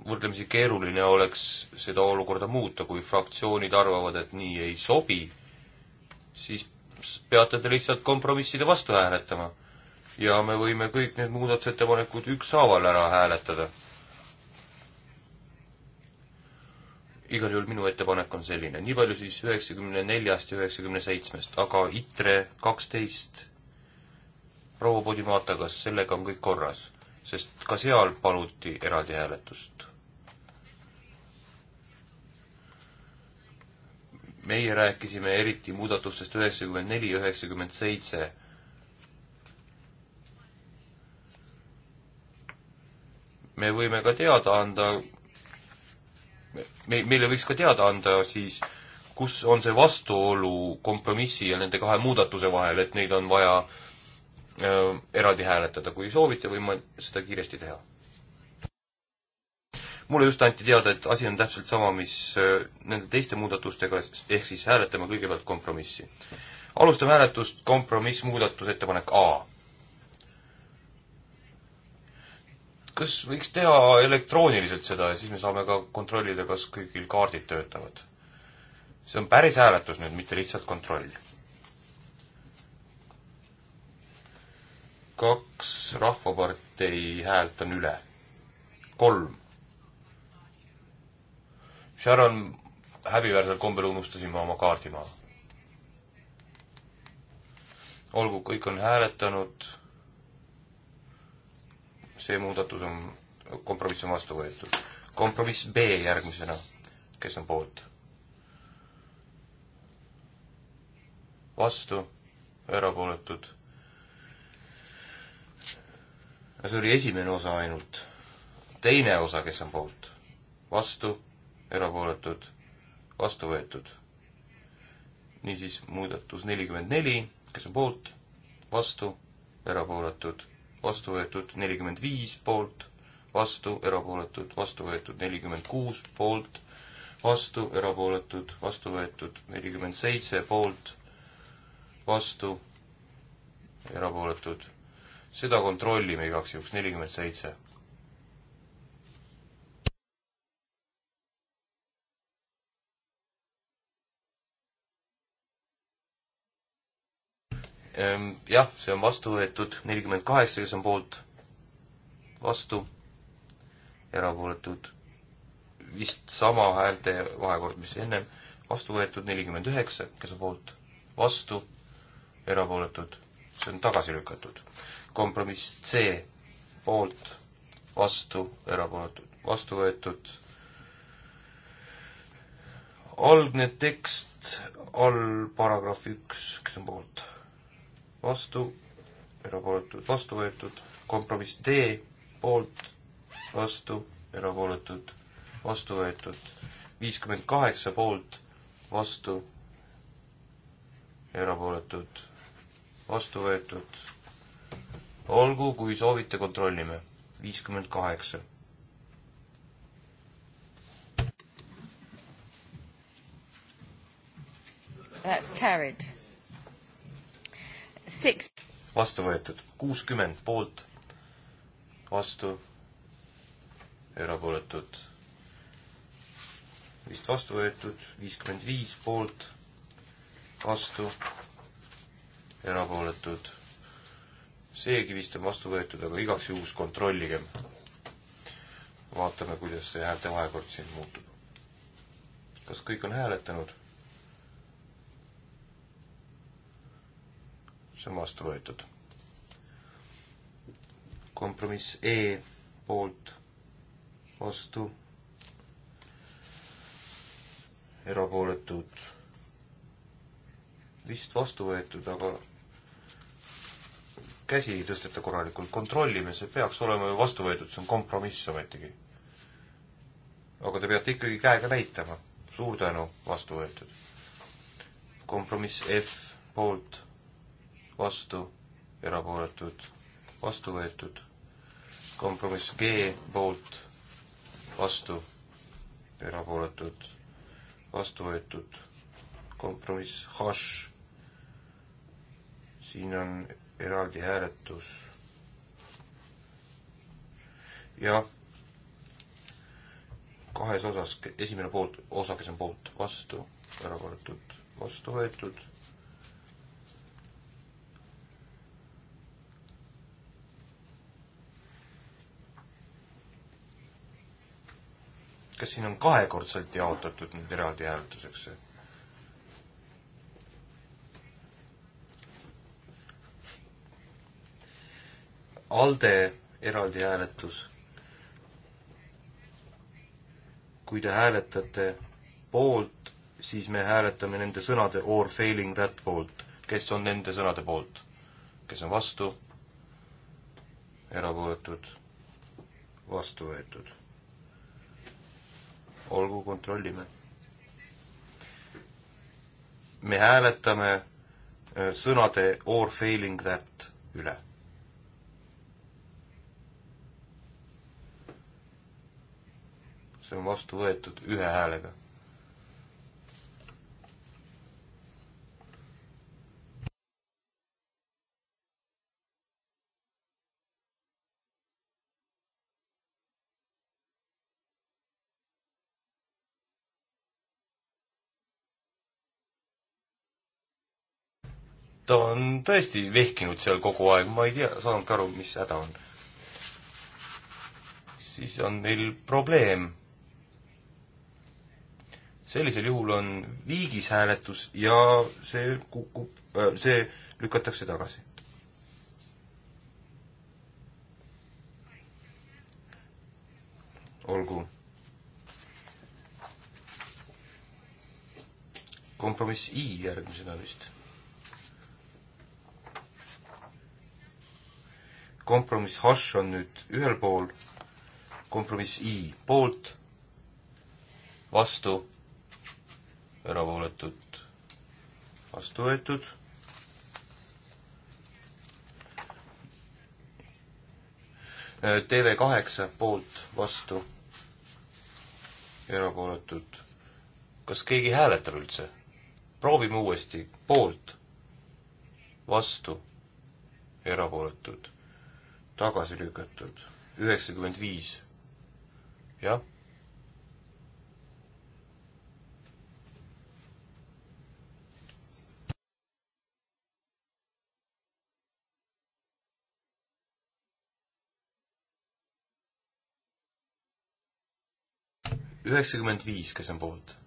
võrdlemisi keeruline oleks seda olukorda muuta, kui fraktsioonid arvavad, et nii ei sobi, siis peate te lihtsalt kompromisside vastu hääletama. ja me võime kõik need muudatusettepanekud ükshaaval ära hääletada igal juhul minu ettepanek on selline, nii palju siis üheksakümne neljast ja üheksakümne seitsmest, aga ITRE kaksteist, proua Podimata, kas sellega on kõik korras? sest ka seal paluti eraldi hääletust. meie rääkisime eriti muudatustest üheksakümmend neli, üheksakümmend seitse me võime ka teada anda, me, meile võiks ka teada anda siis, kus on see vastuolu kompromissi ja nende kahe muudatuse vahel, et neid on vaja äh, eraldi hääletada, kui soovite, võime seda kiiresti teha. mulle just anti teada, et asi on täpselt sama, mis äh, nende teiste muudatustega, ehk siis hääletame kõigepealt kompromissi. alustame hääletust, kompromiss, muudatusettepanek A kas võiks teha elektrooniliselt seda ja siis me saame ka kontrollida, kas kõigil kaardid töötavad? see on päris hääletus nüüd, mitte lihtsalt kontroll. kaks Rahvapartei häält on üle. kolm. Sharon, häbiväärsel kombel unustasin ma oma kaardi maha. olgu, kõik on hääletanud see muudatus on, kompromiss on vastu võetud. kompromiss B järgmisena, kes on poolt? vastu, erapooletud. see oli esimene osa ainult. teine osa, kes on poolt? vastu, erapooletud, vastu võetud. niisiis muudatus nelikümmend neli, kes on poolt, vastu, erapooletud vastu võetud nelikümmend viis poolt, vastu erapooletud, vastu võetud nelikümmend kuus poolt, vastu erapooletud, vastu võetud nelikümmend seitse poolt, vastu erapooletud. seda kontrollime igaks juhuks, nelikümmend seitse Ehm, jah, see on vastu võetud, nelikümmend kaheksa, kes on poolt, vastu, erapooletud, vist sama häälte vahekord, mis ennem, vastu võetud nelikümmend üheksa, kes on poolt, vastu, erapooletud, see on tagasi lükatud. kompromiss C, poolt, vastu, erapooletud, vastu võetud algne tekst all paragrahv üks, kes on poolt vastu, erapooletud, vastu võetud, kompromiss D poolt, vastu, erapooletud, vastu võetud, viiskümmend kaheksa poolt, vastu, erapooletud, vastu võetud, olgu, kui soovite, kontrollime, viiskümmend kaheksa. That's carried vastu võetud kuuskümmend poolt, vastu, erapooletud vist vastu võetud, viiskümmend viis poolt, vastu, erapooletud. seegi vist on vastu võetud, aga igaks juhuks kontrolligem. vaatame, kuidas see häälte vahekord siin muutub. kas kõik on hääletanud? see on vastu võetud. kompromiss E poolt, vastu, erapooletud, vist vastu võetud, aga käsi ei tõsteta korralikult, kontrollime, see peaks olema ju vastu võetud, see on kompromiss ometigi. aga te peate ikkagi käega näitama. suur tänu, vastu võetud. kompromiss F poolt vastu, erapooletud, vastu võetud. kompromiss G poolt, vastu, erapooletud, vastu võetud. kompromiss H, siin on eraldi hääletus. jah, kahes osas, esimene poolt, osa, kes on poolt, vastu, erapooletud, vastu võetud kas siin on kahekordselt jaotatud nüüd eraldi hääletuseks? ALDE eraldi hääletus. kui te hääletate poolt, siis me hääletame nende sõnade or failing that poolt, kes on nende sõnade poolt, kes on vastu, erapooletud, vastu võetud olgu, kontrollime. me hääletame äh, sõnade or failing that üle. see on vastu võetud ühe häälega ta on tõesti vehkinud seal kogu aeg, ma ei tea, saanudki aru, mis häda on. siis on meil probleem. sellisel juhul on viigis hääletus ja see kukub, äh, see lükatakse tagasi. olgu. kompromiss I järgmisena vist kompromiss H on nüüd ühel pool, kompromiss I poolt, vastu, erapooletud, vastu võetud. TV kaheksa poolt, vastu, erapooletud. kas keegi hääletab üldse? proovime uuesti, poolt, vastu, erapooletud tagasi lükatud. üheksakümmend viis. jah. üheksakümmend viis, kes on poolt?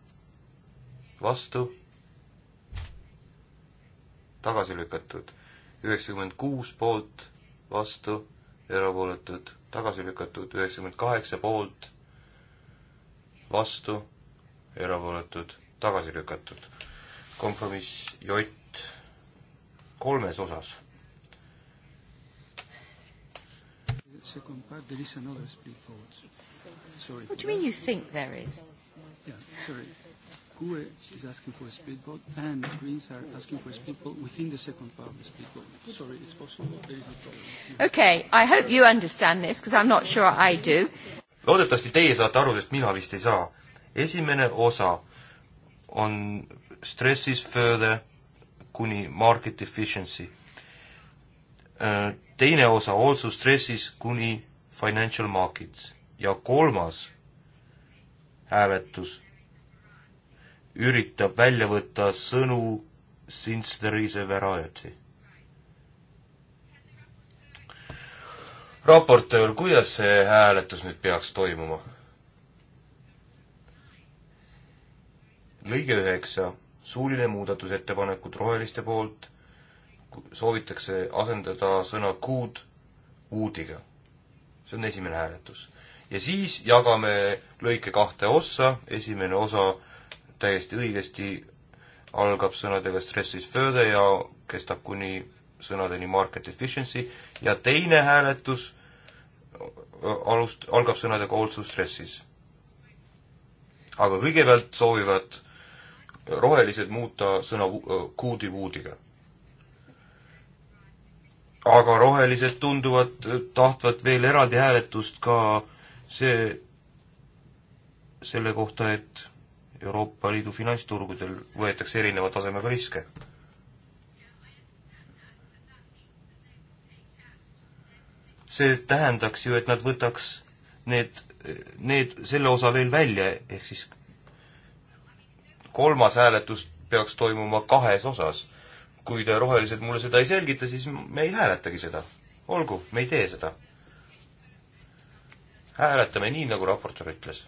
vastu? tagasi lükatud. üheksakümmend kuus poolt, vastu erapooletud, tagasi lükatud, üheksakümmend kaheksa poolt, vastu, erapooletud, tagasi lükatud. kompromiss J kolmes osas. Second part, there is another split vote. Sorry. What do you mean you think there is? Yeah, sorry. GUE is asking for a speed vote, and Greens are asking for a speed vote within the second part of the speed vote. Sorry, it's possible. There is no problem. Okay, I hope you understand this, because I'm not sure I do. loodetavasti teie saate aru, sest mina vist ei saa. esimene osa on stresses further kuni market efficiency. Äh, teine osa also stresses kuni financial markets ja kolmas hääletus üritab välja võtta sõnu Sinsterise Verajatsi. raportöör, kuidas see hääletus nüüd peaks toimuma? lõige üheksa, suuline muudatusettepanekud roheliste poolt soovitakse asendada sõna good uud'iga. see on esimene hääletus. ja siis jagame lõike kahte ossa, esimene osa täiesti õigesti, algab sõnadega stress is further ja kestab kuni sõnadeni market efficiency ja teine hääletus alust, algab sõnadega also stressis. aga kõigepealt soovivad rohelised muuta sõna kuudi vuudiga. aga rohelised tunduvad tahtvat veel eraldi hääletust ka see, selle kohta, et Euroopa Liidu finantsturgudel võetakse erineva tasemega riske. see tähendaks ju, et nad võtaks need, need, selle osa veel välja, ehk siis kolmas hääletus peaks toimuma kahes osas. kui te, rohelised, mulle seda ei selgita, siis me ei hääletagi seda. olgu, me ei tee seda. hääletame nii, nagu raportöör ütles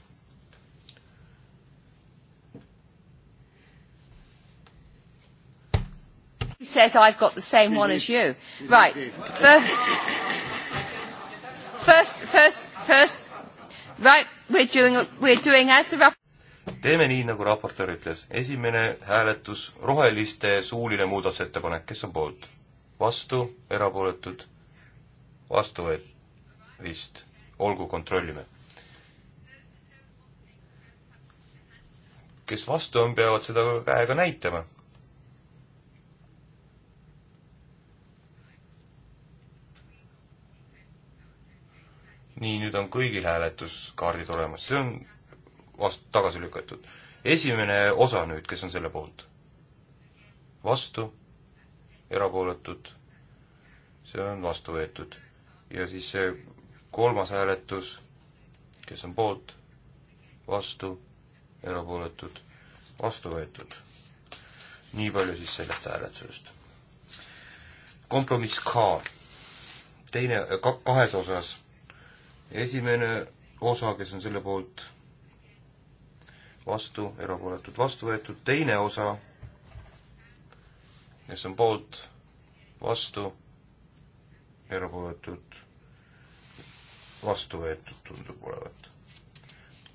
Who says I've got the same one as you? Right. First, first, first, right, we are doing, we are doing as the rap-. teeme nii, nagu raportöör ütles. esimene hääletus, roheliste suuline muudatusettepanek, kes on poolt? vastu, erapooletud? vastu või vist? olgu, kontrollime. kes vastu on, peavad seda käega näitama nii, nüüd on kõigil hääletuskaardid olemas, see on vast-, tagasi lükatud. esimene osa nüüd, kes on selle poolt? vastu, erapooletud, see on vastu võetud. ja siis see kolmas hääletus, kes on poolt, vastu, erapooletud, vastu võetud. nii palju siis sellest hääletusest. kompromiss K, teine, kahes osas esimene osa, kes on selle poolt vastu, erapooletud vastu võetud, teine osa, kes on poolt, vastu, erapooletud vastu võetud, tundub olevat.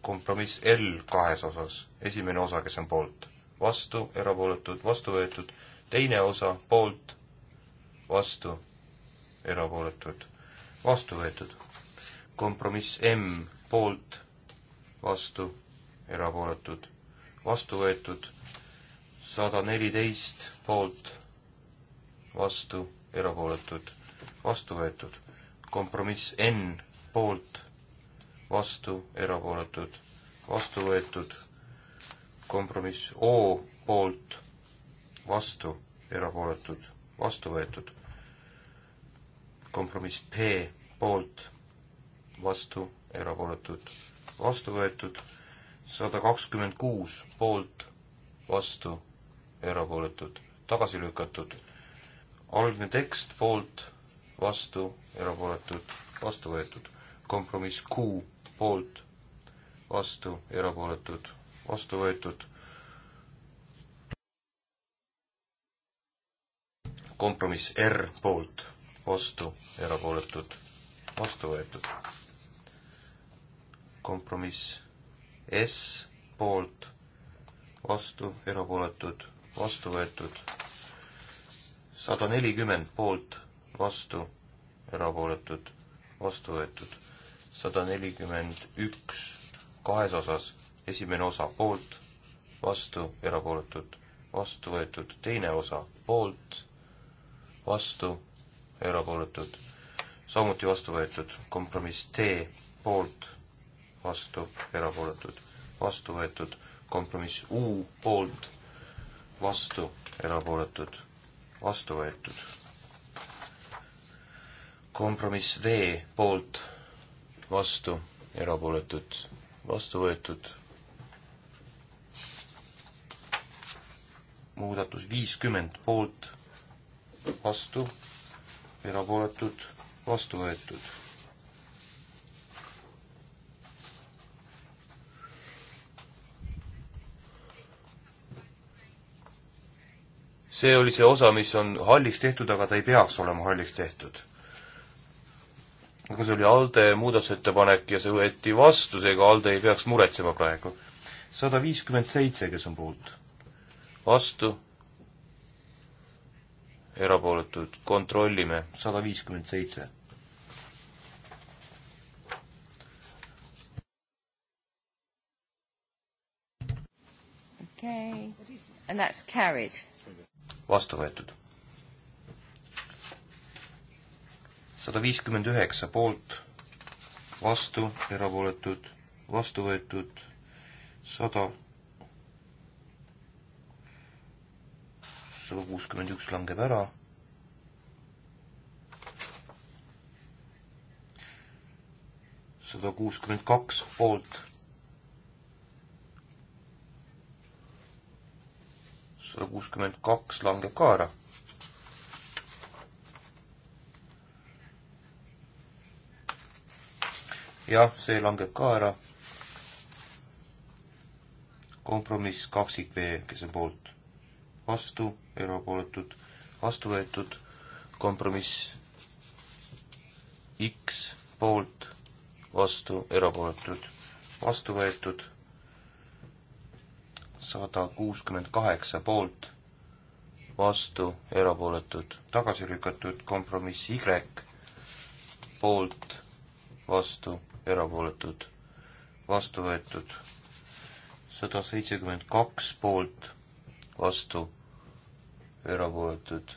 kompromiss L kahes osas, esimene osa, kes on poolt, vastu, erapooletud, vastu võetud, teine osa, poolt, vastu, erapooletud, vastu võetud kompromiss M poolt, vastu, erapooletud, vastu võetud, sada neliteist poolt, vastu, erapooletud, vastu võetud, kompromiss N poolt, vastu, erapooletud, vastu võetud, kompromiss O poolt, vastu, erapooletud, vastu võetud, kompromiss P poolt vastu, erapooletud, vastu võetud, sada kakskümmend kuus poolt, vastu, erapooletud, tagasi lükatud. algne tekst poolt, vastu, erapooletud, vastu võetud. kompromiss Q poolt, vastu, erapooletud, vastu võetud. kompromiss R poolt, vastu, erapooletud, vastu võetud kompromiss S poolt, vastu, erapooletud, vastu võetud. sada nelikümmend poolt, vastu, erapooletud, vastu võetud. sada nelikümmend üks kahes osas, esimene osa poolt, vastu, erapooletud, vastu võetud, teine osa poolt, vastu, erapooletud, samuti vastu võetud, kompromiss T poolt vastu, erapooletud, vastu võetud, kompromiss U poolt, vastu, erapooletud, vastu võetud. kompromiss V poolt, vastu, erapooletud, vastu võetud. muudatus viiskümmend poolt, vastu, erapooletud, vastu võetud see oli see osa, mis on halliks tehtud, aga ta ei peaks olema halliks tehtud. aga see oli ALDE muudatusettepanek ja see võeti vastu, seega ALDE ei peaks muretsema praegu. sada viiskümmend seitse, kes on poolt. vastu. erapooletud, kontrollime, sada viiskümmend seitse. Okay, and that's carried vastu võetud. sada viiskümmend üheksa poolt, vastu, erapooletud, vastu võetud, sada, sada kuuskümmend üks langeb ära sada kuuskümmend kaks poolt sada kuuskümmend kaks langeb ka ära. jah, see langeb ka ära. kompromiss kaksik V, kes on poolt, vastu, erapooletud, vastu võetud, kompromiss X poolt, vastu, erapooletud, vastu võetud sada kuuskümmend kaheksa poolt, vastu, erapooletud, tagasi lükatud, kompromiss Y poolt, vastu, erapooletud, vastu võetud, sada seitsekümmend kaks poolt, vastu, erapooletud,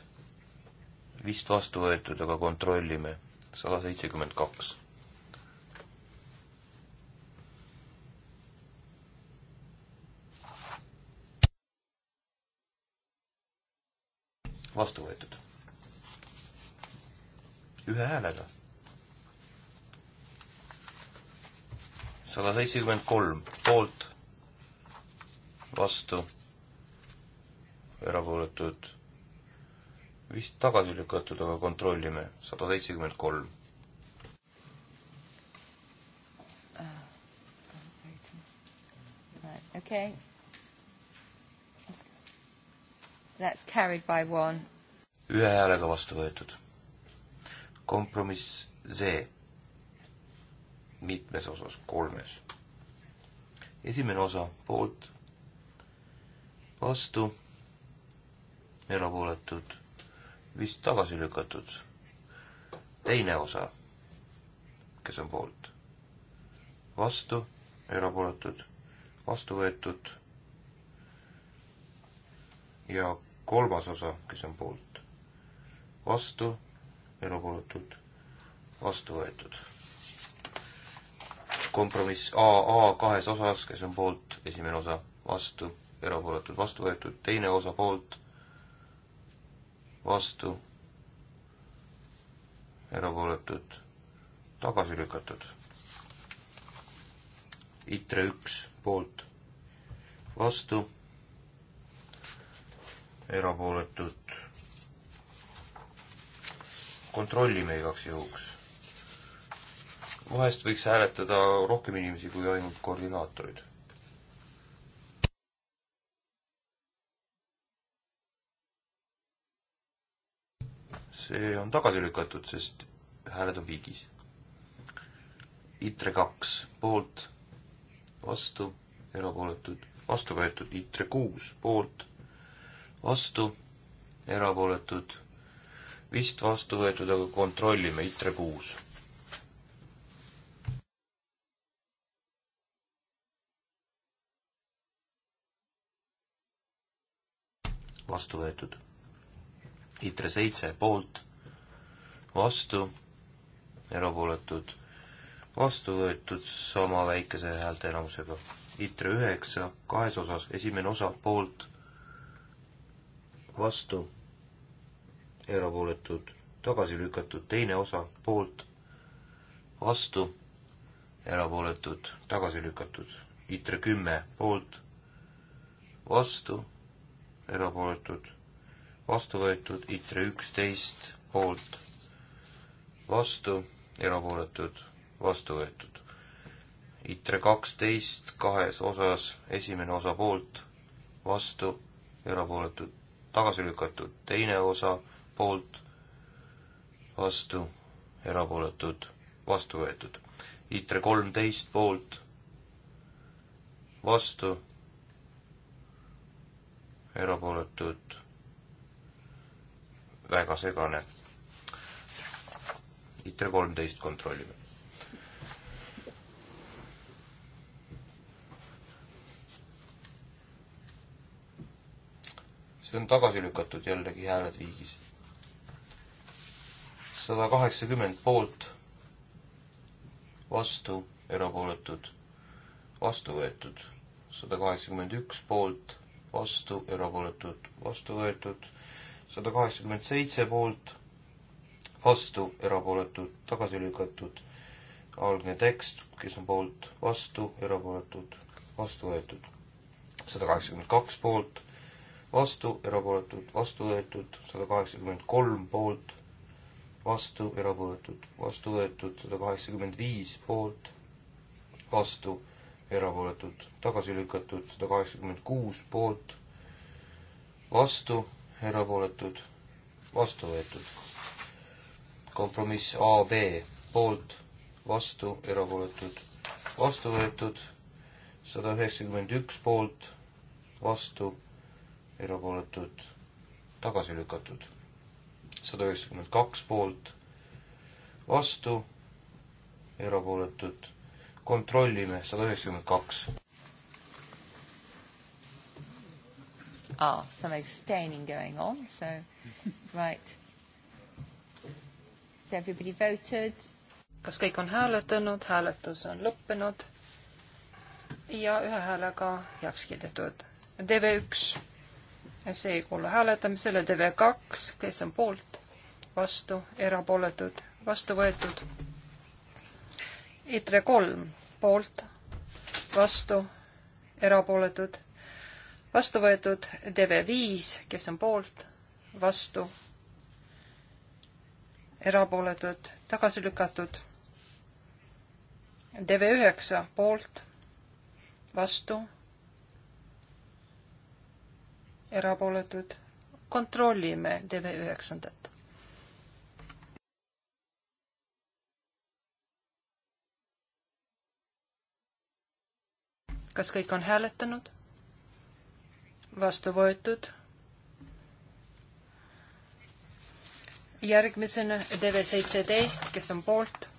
vist vastu võetud, aga kontrollime, sada seitsekümmend kaks vastu võetud. ühe häälega. sada seitsekümmend kolm poolt, vastu, erapooletud, vist tagasi lükatud, aga kontrollime, sada seitsekümmend kolm. Okay. That's carried by one. ühe häälega vastu võetud. kompromiss Z mitmes osas, kolmes. esimene osa poolt, vastu, erapooletud, vist tagasi lükatud. teine osa, kes on poolt, vastu, erapooletud, vastu võetud ja kolmas osa, kes on poolt, vastu, erapooletud, vastu võetud. kompromiss AA kahes osas, kes on poolt, esimene osa, vastu, erapooletud, vastu võetud, teine osa poolt, vastu, erapooletud, tagasi lükatud. ITRE üks poolt, vastu erapooletut. kontrollime igaks juhuks. vahest võiks hääletada rohkem inimesi kui ainult koordinaatorid. see on tagasi lükatud, sest hääled on viigis. ITRE kaks poolt, vastu, erapooletud, vastu võetud, ITRE kuus poolt vastu, erapooletud, vist vastu võetud, aga kontrollime, ITRE kuus. vastu võetud. ITRE seitse poolt, vastu, erapooletud, vastu võetud sama väikese häälteenamusega. ITRE üheksa kahes osas, esimene osa poolt vastu, erapooletud, tagasi lükatud, teine osa poolt, vastu, erapooletud, tagasi lükatud, ITRE kümme poolt, vastu, erapooletud, vastu võetud, ITRE üksteist poolt, vastu, erapooletud, vastu võetud. ITRE kaksteist kahes osas, esimene osa poolt, vastu, erapooletud, tagasi lükatud, teine osa poolt, vastu, erapooletud, vastu võetud. ITRE kolmteist poolt, vastu, erapooletud, väga segane. ITRE kolmteist kontrollime see on tagasi lükatud jällegi hääled viigis. sada kaheksakümmend poolt, vastu, erapooletud, vastu võetud. sada kaheksakümmend üks poolt, vastu, erapooletud, vastu võetud. sada kaheksakümmend seitse poolt, vastu, erapooletud, tagasi lükatud. algne tekst, kes on poolt, vastu, erapooletud, vastu võetud. sada kaheksakümmend kaks poolt vastu, erapooletud, vastu võetud sada kaheksakümmend kolm poolt, vastu, erapooletud, vastu võetud sada kaheksakümmend viis poolt, vastu, erapooletud, tagasi lükatud sada kaheksakümmend kuus poolt, vastu, erapooletud, vastu võetud. kompromiss AB poolt, vastu, erapooletud, vastu võetud, sada üheksakümmend üks poolt, vastu, erapooletud, tagasi lükatud. sada üheksakümmend kaks poolt, vastu, erapooletud, kontrollime, sada üheksakümmend kaks. Ah, some abstaining going on, so right. Has everybody voted? kas kõik on hääletanud, hääletus on lõppenud ja ühe häälega heaks kiidetud. DV1 see ei kuulu hääletamisele, TV2, kes on poolt, vastu, erapooletud, vastu võetud. ITRE kolm, poolt, vastu, erapooletud, vastu võetud, TV5, kes on poolt, vastu, erapooletud, tagasi lükatud. TV9 poolt, vastu erapooletud. kontrollime TV üheksandat. kas kõik on hääletanud? vastu võetud. järgmisena TV seitseteist, kes on poolt,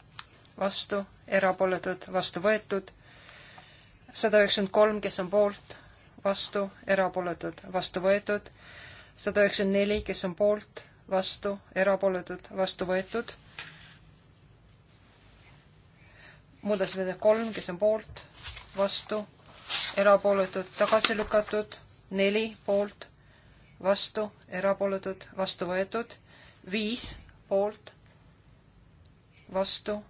vastu, erapooletud, vastu võetud. sada üheksakümmend kolm, kes on poolt vastu, erapooletud, vastu võetud, sada üheksakümmend neli, kes on poolt, vastu, erapooletud, vastu võetud, muudatusettepanek kolm, kes on poolt, vastu, erapooletud, tagasi lükatud, neli poolt, vastu, erapooletud, vastu võetud, viis poolt, vastu,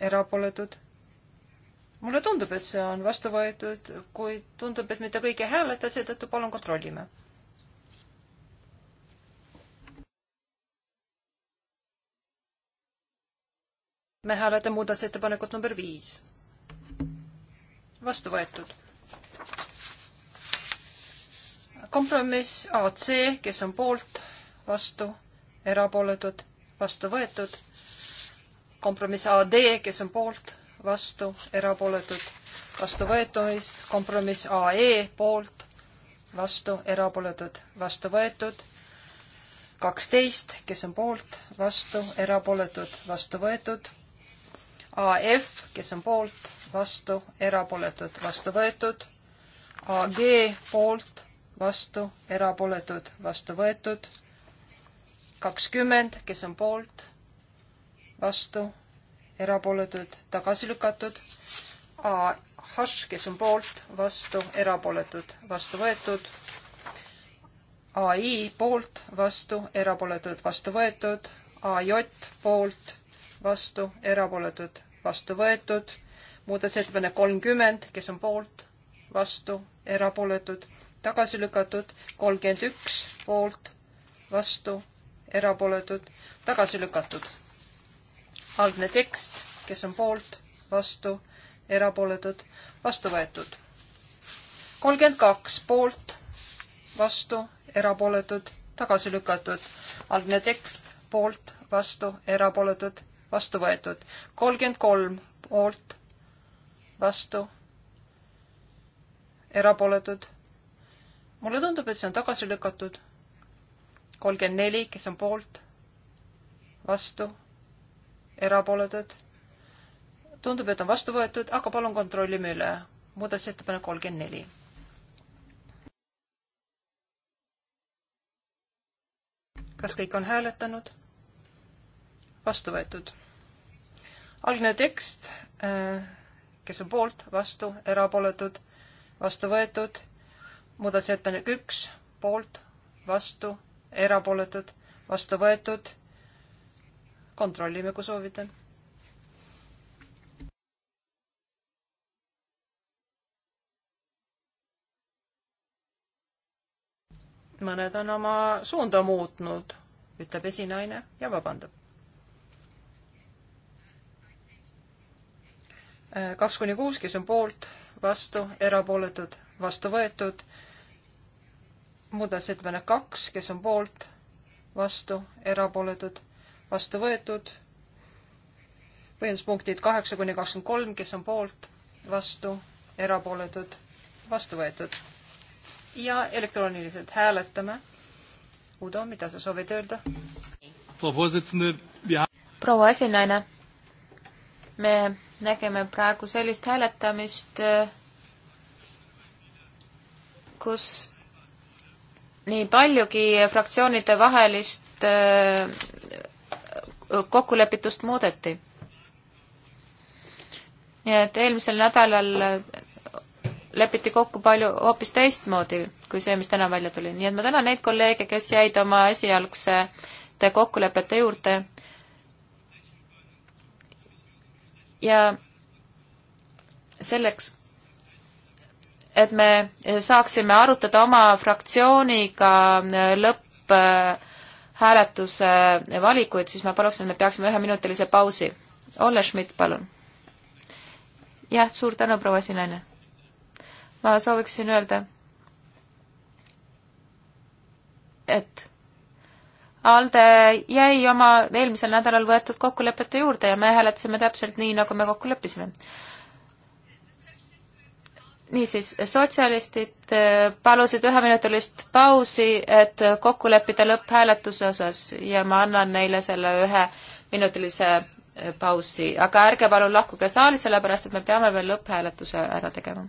erapooletud mulle tundub, et see on vastu võetud, kuid tundub, et mitte kõik ei hääleta, seetõttu palun kontrollime. me hääletame muudatusettepanekut number viis. vastu võetud. kompromiss AC, kes on poolt, vastu, erapooletud, vastu võetud. kompromiss AD, kes on poolt vastu, erapooletud, vastu võetumist, kompromiss AE poolt, vastu, erapooletud, vastu võetud, kaksteist, kes on poolt, vastu, erapooletud, vastu võetud, AF, kes on poolt, vastu, erapooletud, vastu võetud, AG poolt, vastu, erapooletud, vastu võetud, kakskümmend, kes on poolt, vastu, erapooletud, tagasi lükatud. A H, kes on poolt, vastu, erapooletud, vastu võetud. ai poolt, vastu, erapooletud, vastu võetud. aj poolt, vastu, erapooletud, vastu võetud. muudatusettepanek kolmkümmend, kes on poolt, vastu, erapooletud, tagasi lükatud. kolmkümmend üks poolt, vastu, erapooletud, tagasi lükatud algne tekst, kes on poolt, vastu, erapooletud, vastu võetud. kolmkümmend kaks poolt, vastu, erapooletud, tagasi lükatud. algne tekst, poolt, vastu, erapooletud, vastu võetud. kolmkümmend kolm poolt, vastu, erapooletud. mulle tundub, et see on tagasi lükatud. kolmkümmend neli, kes on poolt, vastu erapooletud. tundub, et on vastu võetud, aga palun kontrollime üle. muudatusettepanek kolmkümmend neli. kas kõik on hääletanud? vastu võetud. algne tekst, äh, kes on poolt, vastu, erapooletud, vastu võetud, muudatusettepanek üks, poolt, vastu, erapooletud, vastu võetud kontrollime, kui soovite. mõned on oma suunda muutnud, ütleb esinaine ja vabandab. kaks kuni kuus, kes on poolt, vastu, erapooletud, vastu võetud. muudatusettepanek kaks, kes on poolt, vastu, erapooletud vastu võetud. põhjenduspunktid kaheksa kuni kakskümmend kolm, kes on poolt, vastu, erapooletud, vastu võetud. ja elektrooniliselt hääletame. Udo, mida sa soovid öelda? proua esinaine, me nägime praegu sellist hääletamist, kus nii paljugi fraktsioonide vahelist kokkulepitust muudeti. nii et eelmisel nädalal lepiti kokku palju hoopis teistmoodi kui see, mis täna välja tuli. nii et ma tänan neid kolleege, kes jäid oma esialgsete kokkulepete juurde. ja selleks, et me saaksime arutada oma fraktsiooniga lõpp äh, hääletuse valikuid, siis ma paluksin, et me peaksime üheminutilise pausi. Olle Schmidt, palun. jah, suur tänu, proua Sinene. ma sooviksin öelda, et ALDE jäi oma eelmisel nädalal võetud kokkulepete juurde ja me hääletasime täpselt nii, nagu me kokku leppisime niisiis, sotsialistid äh, palusid üheminutilist pausi, et kokku leppida lõpphääletuse osas ja ma annan neile selle üheminutilise äh, pausi, aga ärge palun lahkuge saali, sellepärast et me peame veel lõpphääletuse ära tegema.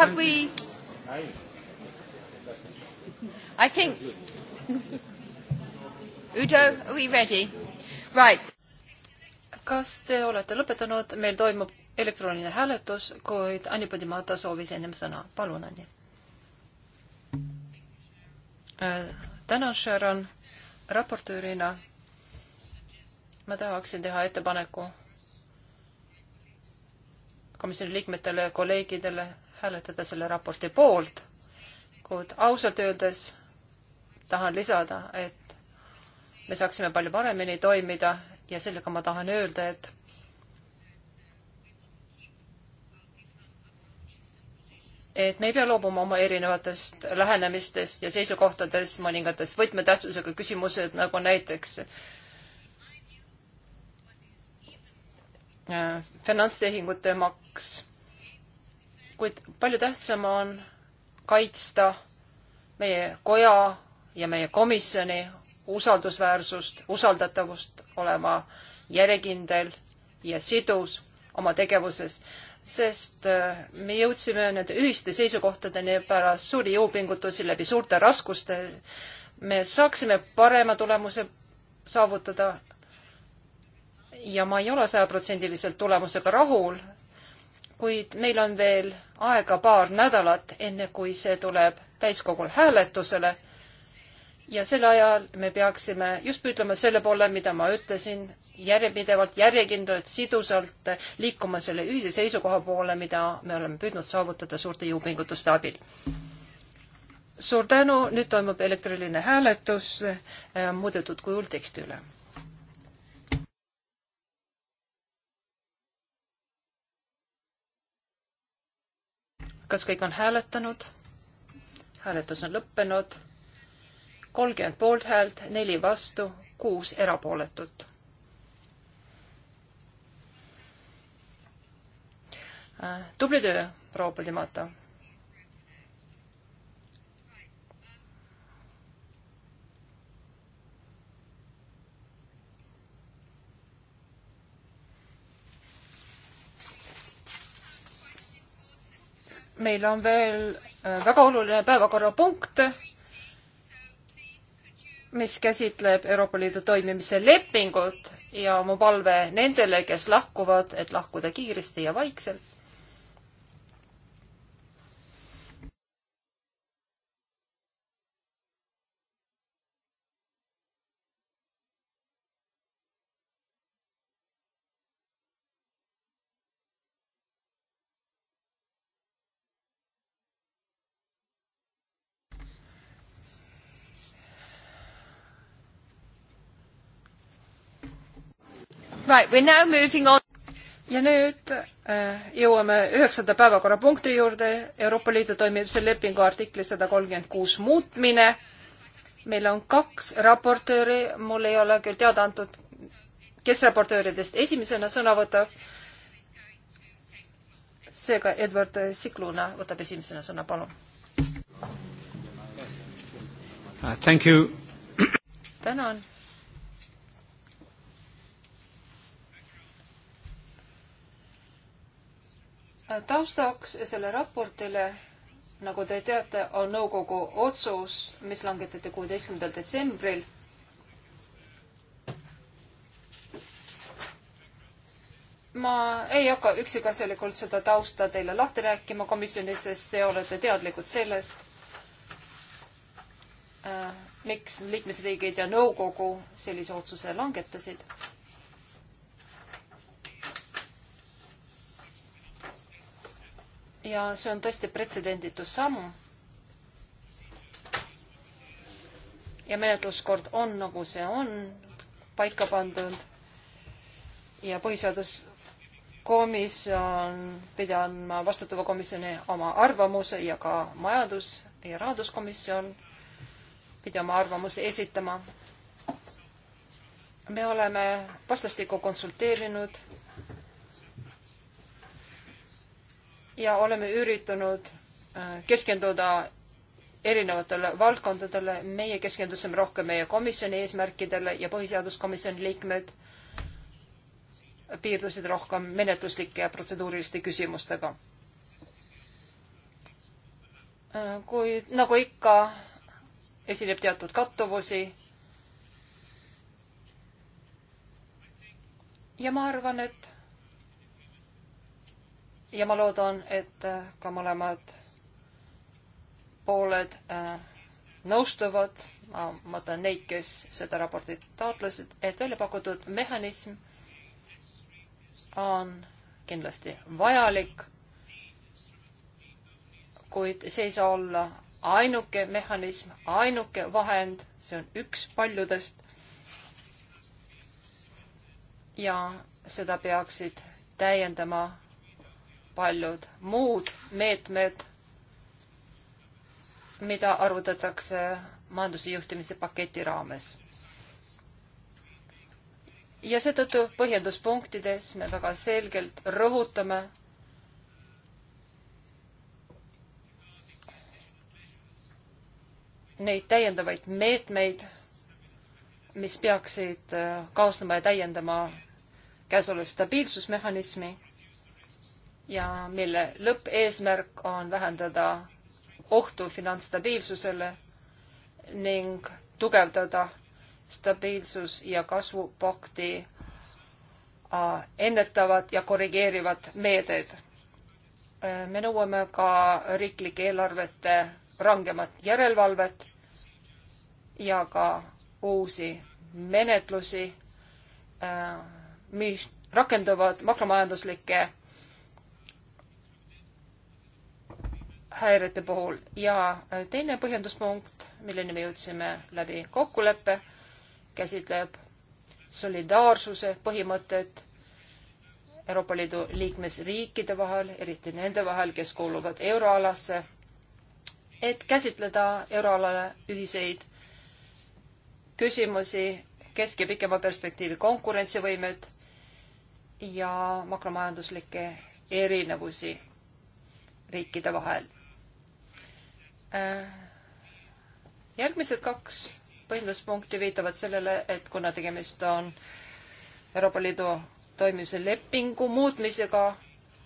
have we? I think. Udo, are we ready? Right. kas te olete lõpetanud, meil toimub elektrooniline hääletus, kuid Anni Padimata soovis ennem sõna. palun, Anni. Äh, tänan, Sharon, raportöörina ma tahaksin teha ettepaneku komisjoni liikmetele ja kolleegidele hääletada selle raporti poolt, kuid ausalt öeldes tahan lisada, et me saaksime palju paremini toimida ja sellega ma tahan öelda, et et me ei pea loobuma oma erinevatest lähenemistest ja seisukohtadest mõningates võtmetähtsusega küsimused, nagu näiteks äh, finantstehingute maks kuid palju tähtsam on kaitsta meie koja ja meie komisjoni usaldusväärsust, usaldatavust, olema järjekindel ja sidus oma tegevuses, sest äh, me jõudsime nende ühiste seisukohtadeni pärast suuri jõupingutusi läbi suurte raskuste. me saaksime parema tulemuse saavutada ja ma ei ole sajaprotsendiliselt tulemusega rahul kuid meil on veel aega paar nädalat, enne kui see tuleb täiskogul hääletusele. ja sel ajal me peaksime just püüdlema selle poole, mida ma ütlesin, järjepidevalt, järjekindlalt, sidusalt liikuma selle ühise seisukoha poole, mida me oleme püüdnud saavutada suurte jõupingutuste abil. suur tänu, nüüd toimub elektriline hääletus äh, muudetud kujul teksti üle kas kõik on hääletanud? hääletus on lõppenud. kolmkümmend poolthäält, neli vastu, kuus erapooletut. Äh, tubli töö, proua Põldimata meil on veel äh, väga oluline päevakorrapunkt, mis käsitleb Euroopa Liidu toimimise lepingut ja mu palve nendele, kes lahkuvad, et lahkuda kiiresti ja vaikselt Right, we are now moving on ja nüüd äh, jõuame üheksanda päevakorrapunkti juurde, Euroopa Liidu toimimise lepingu artikli sada kolmkümmend kuus muutmine. meil on kaks raportööri, mul ei ole küll teada antud, kes raportööridest esimesena sõna võtab. seega Edward Sikluna võtab esimesena sõna, palun. Uh, tänan taustaks selle raportile, nagu te teate, on nõukogu otsus, mis langetati kuueteistkümnendal detsembril. ma ei hakka üksikasjalikult seda tausta teile lahti rääkima komisjonis, sest te olete teadlikud sellest, äh, miks liikmesriigid ja nõukogu sellise otsuse langetasid ja see on tõesti pretsedenditu samm. ja menetluskord on, nagu see on paika pandud. ja põhiseaduskomisjon pidi andma vastutava komisjoni oma arvamuse ja ka majandus- ja rahanduskomisjon pidi oma arvamuse esitama. me oleme vastastikku konsulteerinud ja oleme üritanud äh, keskenduda erinevatele valdkondadele. meie keskendusime rohkem meie komisjoni eesmärkidele ja põhiseaduskomisjoni liikmed piirdusid rohkem menetluslike ja protseduuriliste küsimustega. Äh, kuid nagu ikka, esineb teatud kattuvusi. ja ma arvan, et ja ma loodan, et äh, ka mõlemad pooled äh, nõustuvad, ma mõtlen neid, kes seda raportit taotlesid, et välja pakutud mehhanism on kindlasti vajalik, kuid see ei saa olla ainuke mehhanism, ainuke vahend, see on üks paljudest. ja seda peaksid täiendama paljud muud meetmed, mida arvutatakse majanduse juhtimise paketi raames. ja seetõttu põhjenduspunktides me väga selgelt rõhutame neid täiendavaid meetmeid, mis peaksid äh, kaasnema ja täiendama käesolevat stabiilsusmehhanismi ja mille lõppeesmärk on vähendada ohtu finantsstabiilsusele ning tugevdada stabiilsus- ja kasvupakti äh, ennetavad ja korrigeerivad meeded. Äh, me nõuame ka riiklike eelarvete rangemat järelevalvet ja ka uusi menetlusi, äh, mis rakenduvad makromajanduslike häirete puhul ja äh, teine põhjenduspunkt, milleni me jõudsime läbi kokkuleppe, käsitleb solidaarsuse põhimõtet Euroopa Liidu liikmesriikide vahel, eriti nende vahel, kes kuuluvad euroalasse, et käsitleda euroalale ühiseid küsimusi, kesk- ja pikema perspektiivi konkurentsivõimet ja makromajanduslikke erinevusi riikide vahel Äh, järgmised kaks põhjenduspunkti viitavad sellele, et kuna tegemist on Euroopa Liidu toimimise lepingu muutmisega,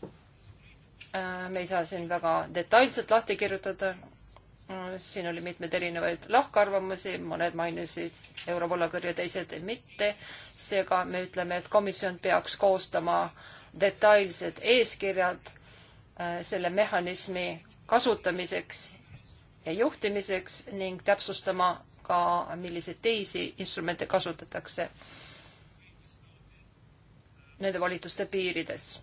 äh, me ei saa siin väga detailselt lahti kirjutada. Äh, siin oli mitmeid erinevaid lahkarvamusi, mõned mainisid eurovõlakõrje, teised mitte. seega me ütleme, et komisjon peaks koostama detailsed eeskirjad selle mehhanismi kasutamiseks ja juhtimiseks ning täpsustama ka, milliseid teisi instrumente kasutatakse nende volituste piirides.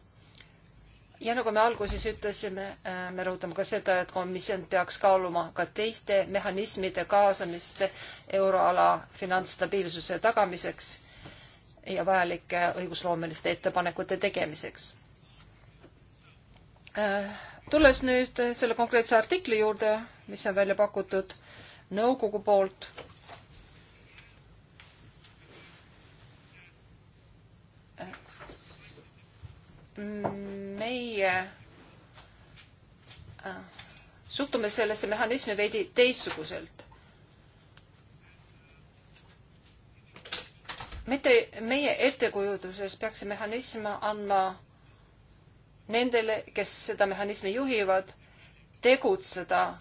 ja nagu me alguses ütlesime, äh, me rõhutame ka seda, et komisjon peaks kaaluma ka teiste mehhanismide kaasamist euroala finantsstabiilsuse tagamiseks ja vajalike õigusloomeliste ettepanekute tegemiseks äh tulles nüüd selle konkreetse artikli juurde, mis on välja pakutud nõukogu poolt, meie äh, suhtume sellesse mehhanismi veidi teistsuguselt. mitte meie ettekujutuses peaks see mehhanism andma nendele, kes seda mehhanismi juhivad, tegutseda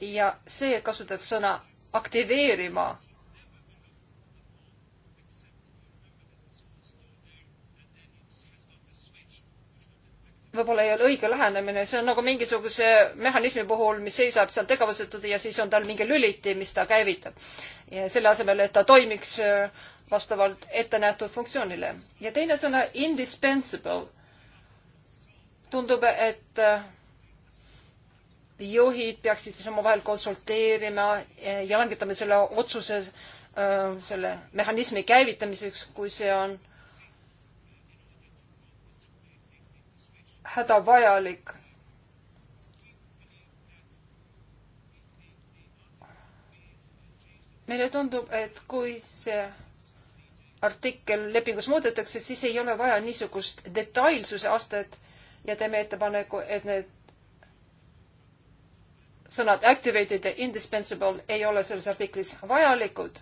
ja see, et kasutatakse sõna aktiveerima võib-olla ei ole õige lähenemine, see on nagu mingisuguse mehhanismi puhul, mis seisab seal tegevusetud ja siis on tal mingi lüliti, mis ta käivitab. selle asemel, et ta toimiks äh, vastavalt ettenähtud funktsioonile. ja teine sõna indispensable. tundub, et äh, juhid peaksid siis omavahel konsulteerima äh, ja langetama selle otsuse selle mehhanismi käivitamiseks, kui see on hädavajalik. meile tundub, et kui see artikkel lepingus muudetakse, siis ei ole vaja niisugust detailsuse astet ja teeme ettepaneku, et need sõnad activated ja indispensable ei ole selles artiklis vajalikud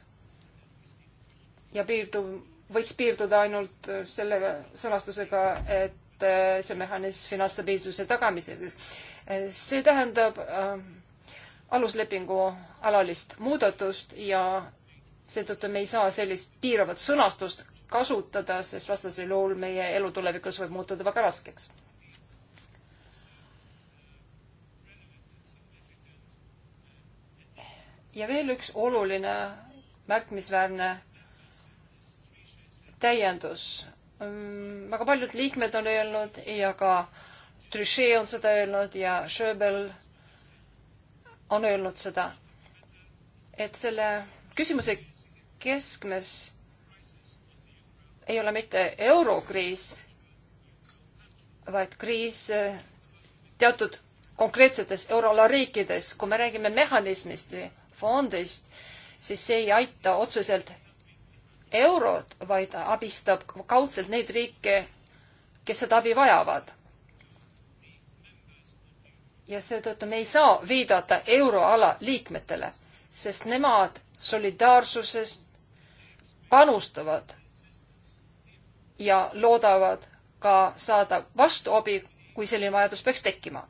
ja piirdub, võiks piirduda ainult selle sõnastusega, et Äh, see mehhanism finantsstabiilsuse tagamiseks. see tähendab äh, aluslepingu alalist muudatust ja seetõttu me ei saa sellist piiravat sõnastust kasutada, sest vastasel juhul meie elu tulevikus võib muutuda väga raskeks. ja veel üks oluline märkimisväärne täiendus Mm, väga paljud liikmed on öelnud ja ka Trichet on seda öelnud ja Schöbel on öelnud seda, et selle küsimuse keskmes ei ole mitte eurokriis, vaid kriis eh, teatud konkreetsetes euroala riikides. kui me räägime mehhanismist või fondist, siis see ei aita otseselt eurot, vaid abistab kaudselt neid riike, kes seda abi vajavad. ja seetõttu me ei saa viidata euroala liikmetele, sest nemad solidaarsusest panustavad ja loodavad ka saada vastuabi, kui selline vajadus peaks tekkima.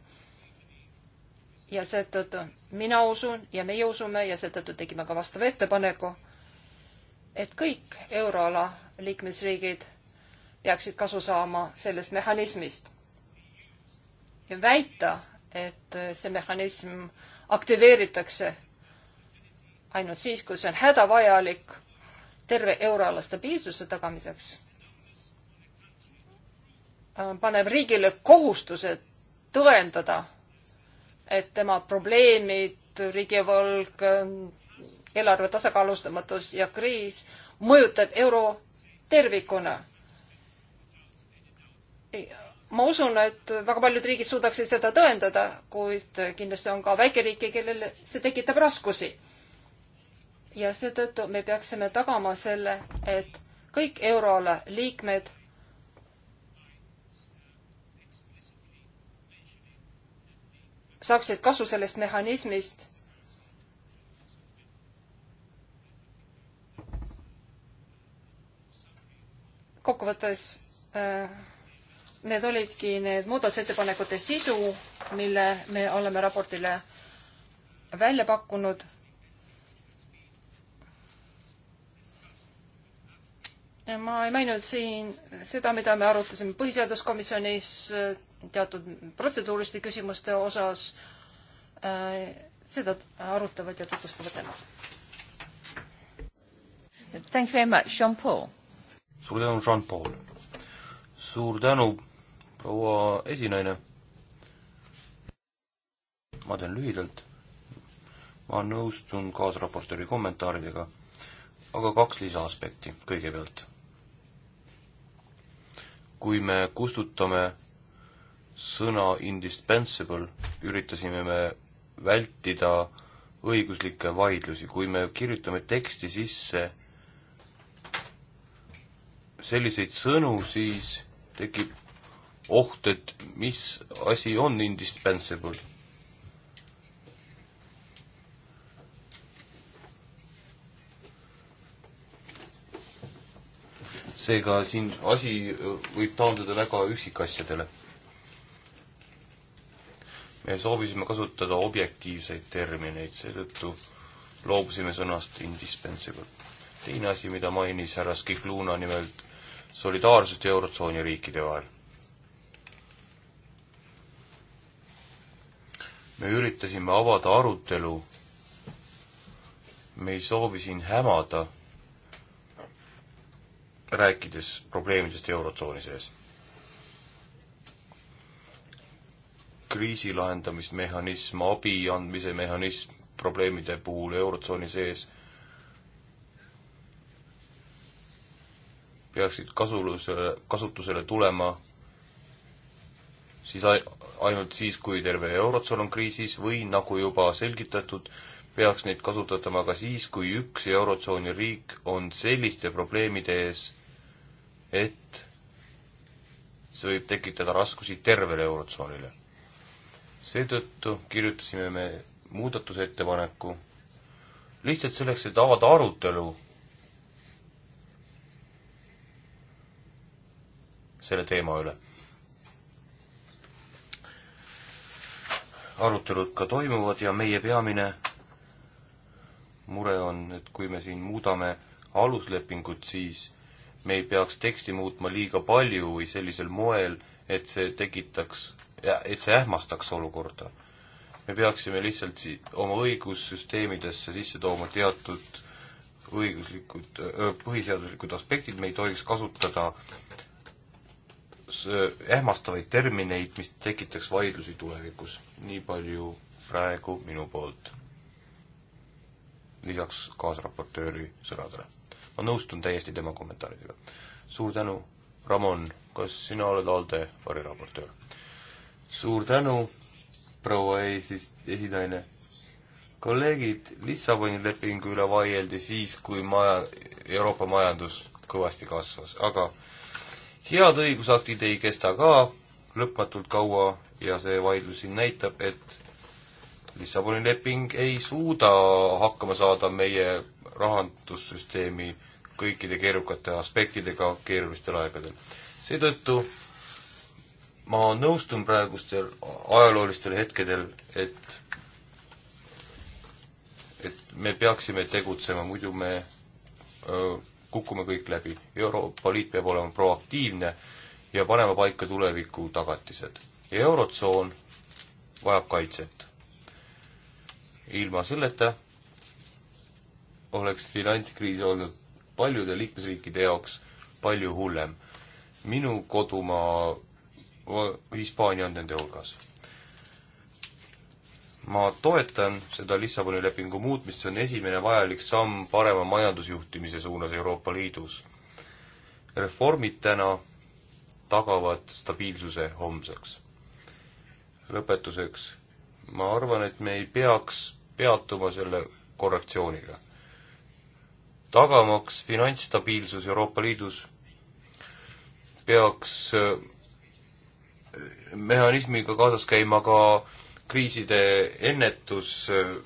ja seetõttu mina usun ja meie usume ja seetõttu tegime ka vastava ettepaneku et kõik euroala liikmesriigid peaksid kasu saama sellest mehhanismist. ja väita, et see mehhanism aktiveeritakse ainult siis, kui see on hädavajalik terve euroala stabiilsuse tagamiseks, paneb riigile kohustuse tõendada, et tema probleemid, riigivõlg, eelarve tasakaalustamatus ja kriis mõjutab euro tervikuna. ma usun, et väga paljud riigid suudaksid seda tõendada, kuid kindlasti on ka väikeriike, kellele see tekitab raskusi. ja seetõttu me peaksime tagama selle, et kõik euroala liikmed saaksid kasu sellest mehhanismist kokkuvõttes äh, need olidki need muudatusettepanekute sisu, mille me oleme raportile välja pakkunud. ma ei maininud siin seda, mida me arutasime põhiseaduskomisjonis äh, teatud protseduuriliste küsimuste osas. Äh, seda arutavad ja tutvustavad nemad. Thank you very much, Jean-Paul suur tänu, Jean-Paul. suur tänu, proua esinaine. ma teen lühidalt. ma nõustun kaasraportööri kommentaaridega, aga kaks lisaaspekti kõigepealt. kui me kustutame sõna indispensable, üritasime me vältida õiguslikke vaidlusi, kui me kirjutame teksti sisse selliseid sõnu, siis tekib oht, et mis asi on indispensable. seega siin asi võib taanduda väga üksikasjadele. me soovisime kasutada objektiivseid termineid, seetõttu loobusime sõnast indispensable. teine asi, mida mainis härra Skikluna, nimelt solidaarsust Eurotsooni riikide vahel. me üritasime avada arutelu, me ei soovi siin hämada, rääkides probleemidest Eurotsooni sees. kriisi lahendamismehhanism, abi andmise mehhanism probleemide puhul Eurotsooni sees peaksid kasulusele, kasutusele tulema siis ainult siis, kui terve Eurotsoon on kriisis või nagu juba selgitatud, peaks neid kasutatama ka siis, kui üks Eurotsooni riik on selliste probleemide ees, et see võib tekitada raskusi tervele Eurotsoonile. seetõttu kirjutasime me muudatusettepaneku lihtsalt selleks, et avada arutelu selle teema üle. arutelud ka toimuvad ja meie peamine mure on, et kui me siin muudame aluslepingut, siis me ei peaks teksti muutma liiga palju või sellisel moel, et see tekitaks, et see ähmastaks olukorda. me peaksime lihtsalt si-, oma õigussüsteemidesse sisse tooma teatud õiguslikud, põhiseaduslikud aspektid, me ei tohiks kasutada ähmastavaid termineid, mis tekitaks vaidlusi tulevikus. nii palju praegu minu poolt. lisaks kaasraportööri sõnadele. ma nõustun täiesti tema kommentaaridega. suur tänu, Ramon, kas sina oled ALDE variraportöör? suur tänu, proua esis-, esinaine. kolleegid, Lissaboni lepingu üle vaieldi siis, kui maja, Euroopa majandus kõvasti kasvas, aga head õigusaktid ei kesta ka lõpmatult kaua ja see vaidlus siin näitab, et Lissaboni leping ei suuda hakkama saada meie rahandussüsteemi kõikide keerukate aspektidega keerulistel aegadel. seetõttu ma nõustun praegustel ajaloolistel hetkedel, et et me peaksime tegutsema, muidu me öö, kukume kõik läbi. Euroopa Liit peab olema proaktiivne ja panema paika tuleviku tagatised. ja Eurotsoon vajab kaitset. ilma selleta oleks finantskriis olnud paljude liikmesriikide jaoks palju hullem. minu kodumaa Hispaania on nende hulgas ma toetan seda Lissaboni lepingu muutmist, see on esimene vajalik samm parema majandusjuhtimise suunas Euroopa Liidus. reformid täna tagavad stabiilsuse homseks. lõpetuseks, ma arvan, et me ei peaks peatuma selle korrektsiooniga. tagamaks finantsstabiilsus Euroopa Liidus peaks äh, mehhanismiga kaasas käima ka äh, kriiside ennetus äh,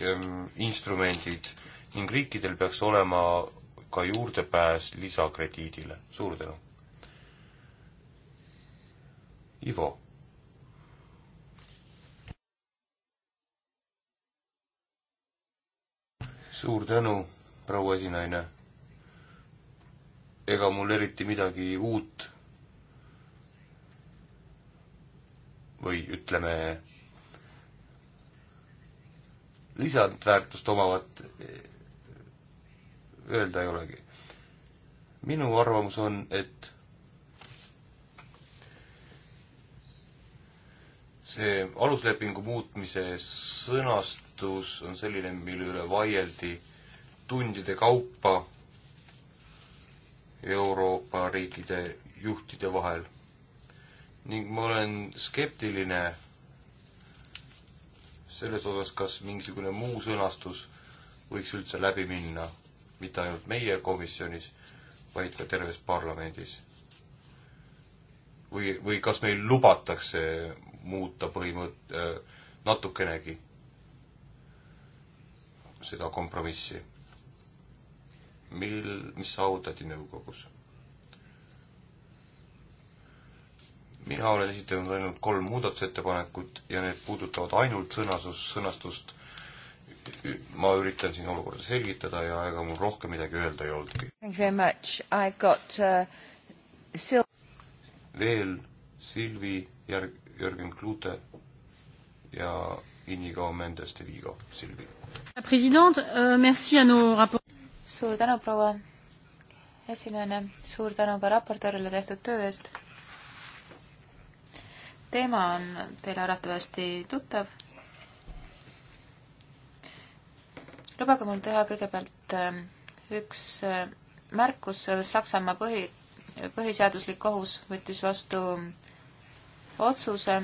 ähm, instrumendid ning riikidel peaks olema ka juurdepääs lisakrediidile. suur tänu. Ivo. suur tänu, proua esinaine. ega mul eriti midagi uut või ütleme, lisandväärtust omavat eh, öelda ei olegi. minu arvamus on, et see aluslepingu muutmise sõnastus on selline, mille üle vaieldi tundide kaupa Euroopa riikide juhtide vahel ning ma olen skeptiline selles osas, kas mingisugune muu sõnastus võiks üldse läbi minna, mitte ainult meie komisjonis, vaid ka terves parlamendis. või, või kas meil lubatakse muuta põhimõt-, äh, natukenegi seda kompromissi, mil, mis saavutati nõukogus mina olen esitanud ainult kolm muudatusettepanekut ja need puudutavad ainult sõnasus, sõnastust. ma üritan siin olukorda selgitada ja ega mul rohkem midagi öelda ei olnudki. Uh, Sil veel Silvi Järg-, Jürgen Klute ja Inigo Mendes de Vigo, Silvi. president uh,, merci à nos raport-. suur tänu, proua esinejana, suur tänu ka raportöörile tehtud töö eest teema on teile arvatavasti tuttav. lubage mul teha kõigepealt ähm, üks äh, märkus, Saksamaa põhi, põhiseaduslik kohus võttis vastu otsuse,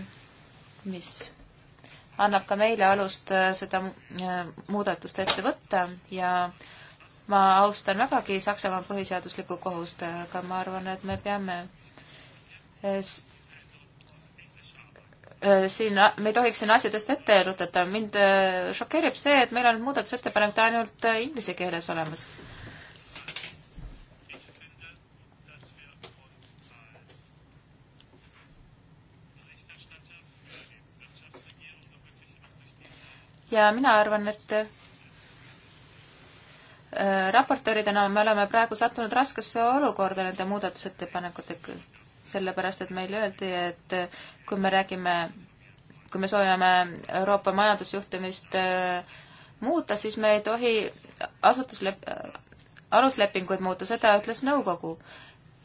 mis annab ka meile alust äh, seda äh, muudatust ette võtta ja ma austan vägagi Saksamaa põhiseaduslikku kohust, aga ma arvan, et me peame Äh, siin, me ei tohiks siin asjadest ette erutada. mind äh, šokeerib see, et meil on muudatusettepanek ainult äh, inglise keeles olemas. ja mina arvan, et raportööridena me oleme praegu sattunud raskesse olukorda nende muudatusettepanekutega sellepärast et meile öeldi, et kui me räägime, kui me soovime Euroopa majandusjuhtimist äh, muuta, siis me ei tohi asutuslep-, aluslepinguid muuta, seda ütles nõukogu.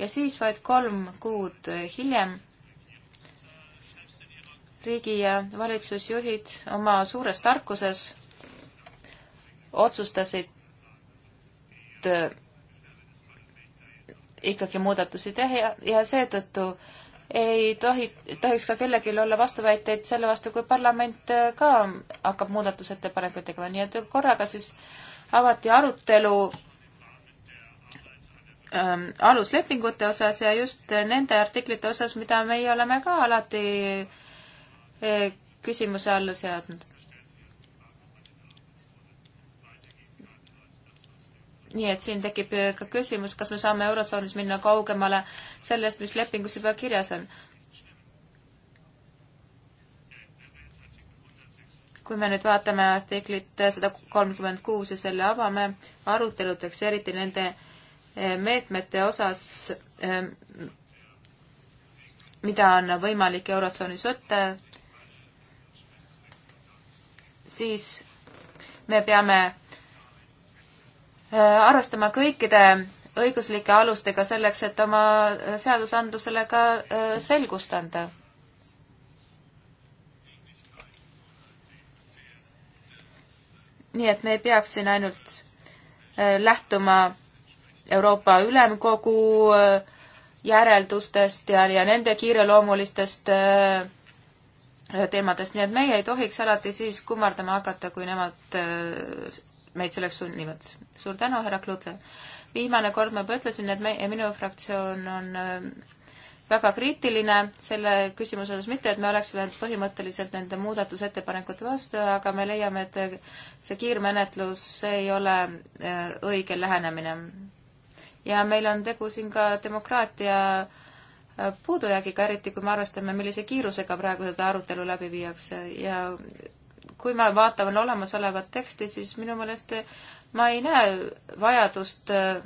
ja siis vaid kolm kuud hiljem riigi ja valitsusjuhid oma suures tarkuses otsustasid äh, ikkagi muudatusi teha ja, ja seetõttu ei tohi, tohiks ka kellelgi olla vastuväiteid selle vastu, kui parlament äh, ka hakkab muudatusettepanekuid tegema, nii et korraga siis avati arutelu ähm, aluslepingute osas ja just nende artiklite osas, mida meie oleme ka alati äh, küsimuse alla seadnud. nii et siin tekib äh, ka küsimus, kas me saame Eurotsoonis minna kaugemale sellest, mis lepingus juba kirjas on. kui me nüüd vaatame artiklit sada kolmkümmend kuus ja selle avame aruteludeks, eriti nende äh, meetmete osas, ähm, mida on võimalik Eurotsoonis võtta, siis me peame Äh, arvestama kõikide õiguslike alustega selleks, et oma seadusandlusele ka äh, selgust anda. nii et me ei peaks siin ainult äh, lähtuma Euroopa Ülemkogu järeldustest ja, ja nende kiireloomulistest teemadest, nii et meie ei tohiks alati siis kummardama hakata, kui nemad meid selleks sunnivad. suur tänu, härra Klute. viimane kord ma juba ütlesin, et me, minu fraktsioon on äh, väga kriitiline selle küsimuse osas, mitte et me oleksime põhimõtteliselt nende muudatusettepanekute vastu, aga me leiame, et see kiirmenetlus ei ole äh, õige lähenemine. ja meil on tegu siin ka demokraatia äh, puudujäägiga, eriti kui me arvestame, millise kiirusega praegu seda arutelu läbi viiakse ja kui ma vaatan olemasolevat teksti, siis minu meelest ma ei näe vajadust äh,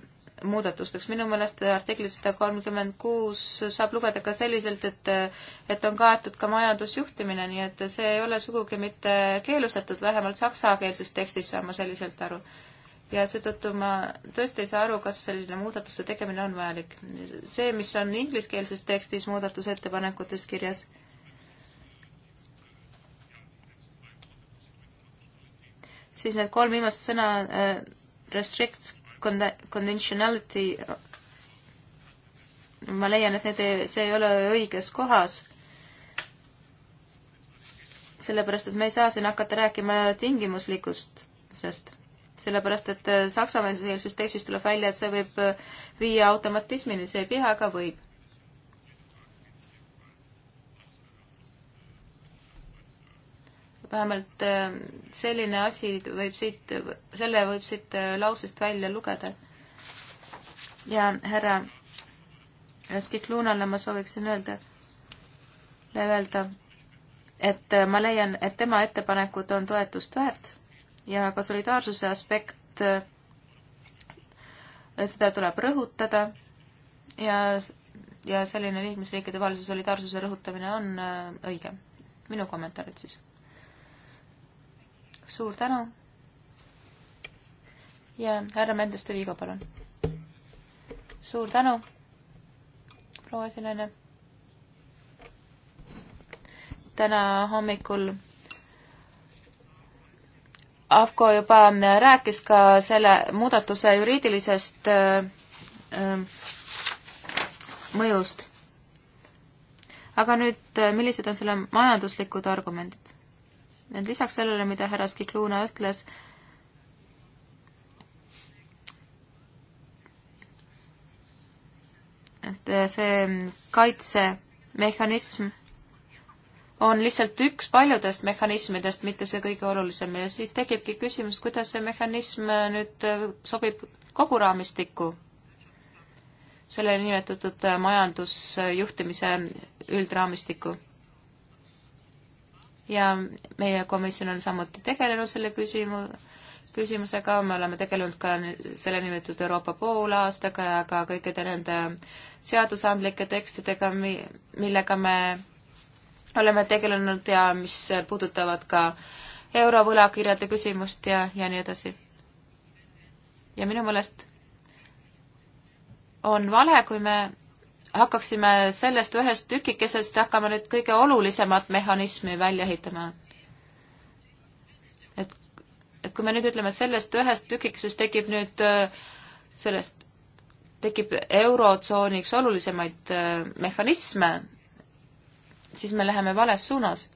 muudatusteks. minu meelest artiklis sada kolmkümmend kuus saab lugeda ka selliselt, et, et on kaetud ka majandusjuhtimine, nii et see ei ole sugugi mitte keelustatud, vähemalt saksakeelses tekstis saan ma selliselt aru. ja seetõttu ma tõesti ei saa aru, kas selline muudatuste tegemine on vajalik. see, mis on ingliskeelses tekstis muudatusettepanekutes kirjas, siis need kolm viimast sõna äh, restrict, conditionality, ma leian, et need ei, see ei ole õiges kohas. sellepärast, et me ei saa siin hakata rääkima tingimuslikust, sest sellepärast, et äh, saksameelsest tekstist tuleb välja, et see võib äh, viia automatismini, see ei pea, aga võib vähemalt äh, selline asi võib siit, selle võib siit äh, lausest välja lugeda. ja härra Skiklunale ma sooviksin öelda, öelda, et äh, ma leian, et tema ettepanekud on toetust väärt ja ka solidaarsuse aspekt, seda tuleb rõhutada ja, ja selline liikmesriikide vahelise solidaarsuse rõhutamine on õige. minu kommentaarid siis suur tänu. ja härra Mändeste Viigo, palun. suur tänu, proua esinaine. täna hommikul Avko juba rääkis ka selle muudatuse juriidilisest äh, äh, mõjust. aga nüüd, äh, millised on selle majanduslikud argumendid? lisaks sellele, mida härra Skikluna ütles, et see kaitsemehhanism on lihtsalt üks paljudest mehhanismidest, mitte see kõige olulisem ja siis tekibki küsimus, kuidas see mehhanism nüüd sobib kogu raamistikku, selle niinimetatud majandusjuhtimise üldraamistikku ja meie komisjon on samuti tegelenud selle küsimu-, küsimusega, me oleme tegelenud ka selle nimetatud Euroopa poolaastaga ja ka kõikide nende seadusandlike tekstidega, mi-, millega me oleme tegelenud ja mis puudutavad ka eurovõlakirjade küsimust ja, ja nii edasi. ja minu meelest on vale, kui me hakkaksime sellest ühest tükikesest, hakkame nüüd kõige olulisemat mehhanismi välja ehitama. et, et kui me nüüd ütleme, et sellest ühest tükikesest tekib nüüd äh, sellest, tekib Eurotsooniks olulisemaid äh, mehhanisme, siis me läheme vales suunas.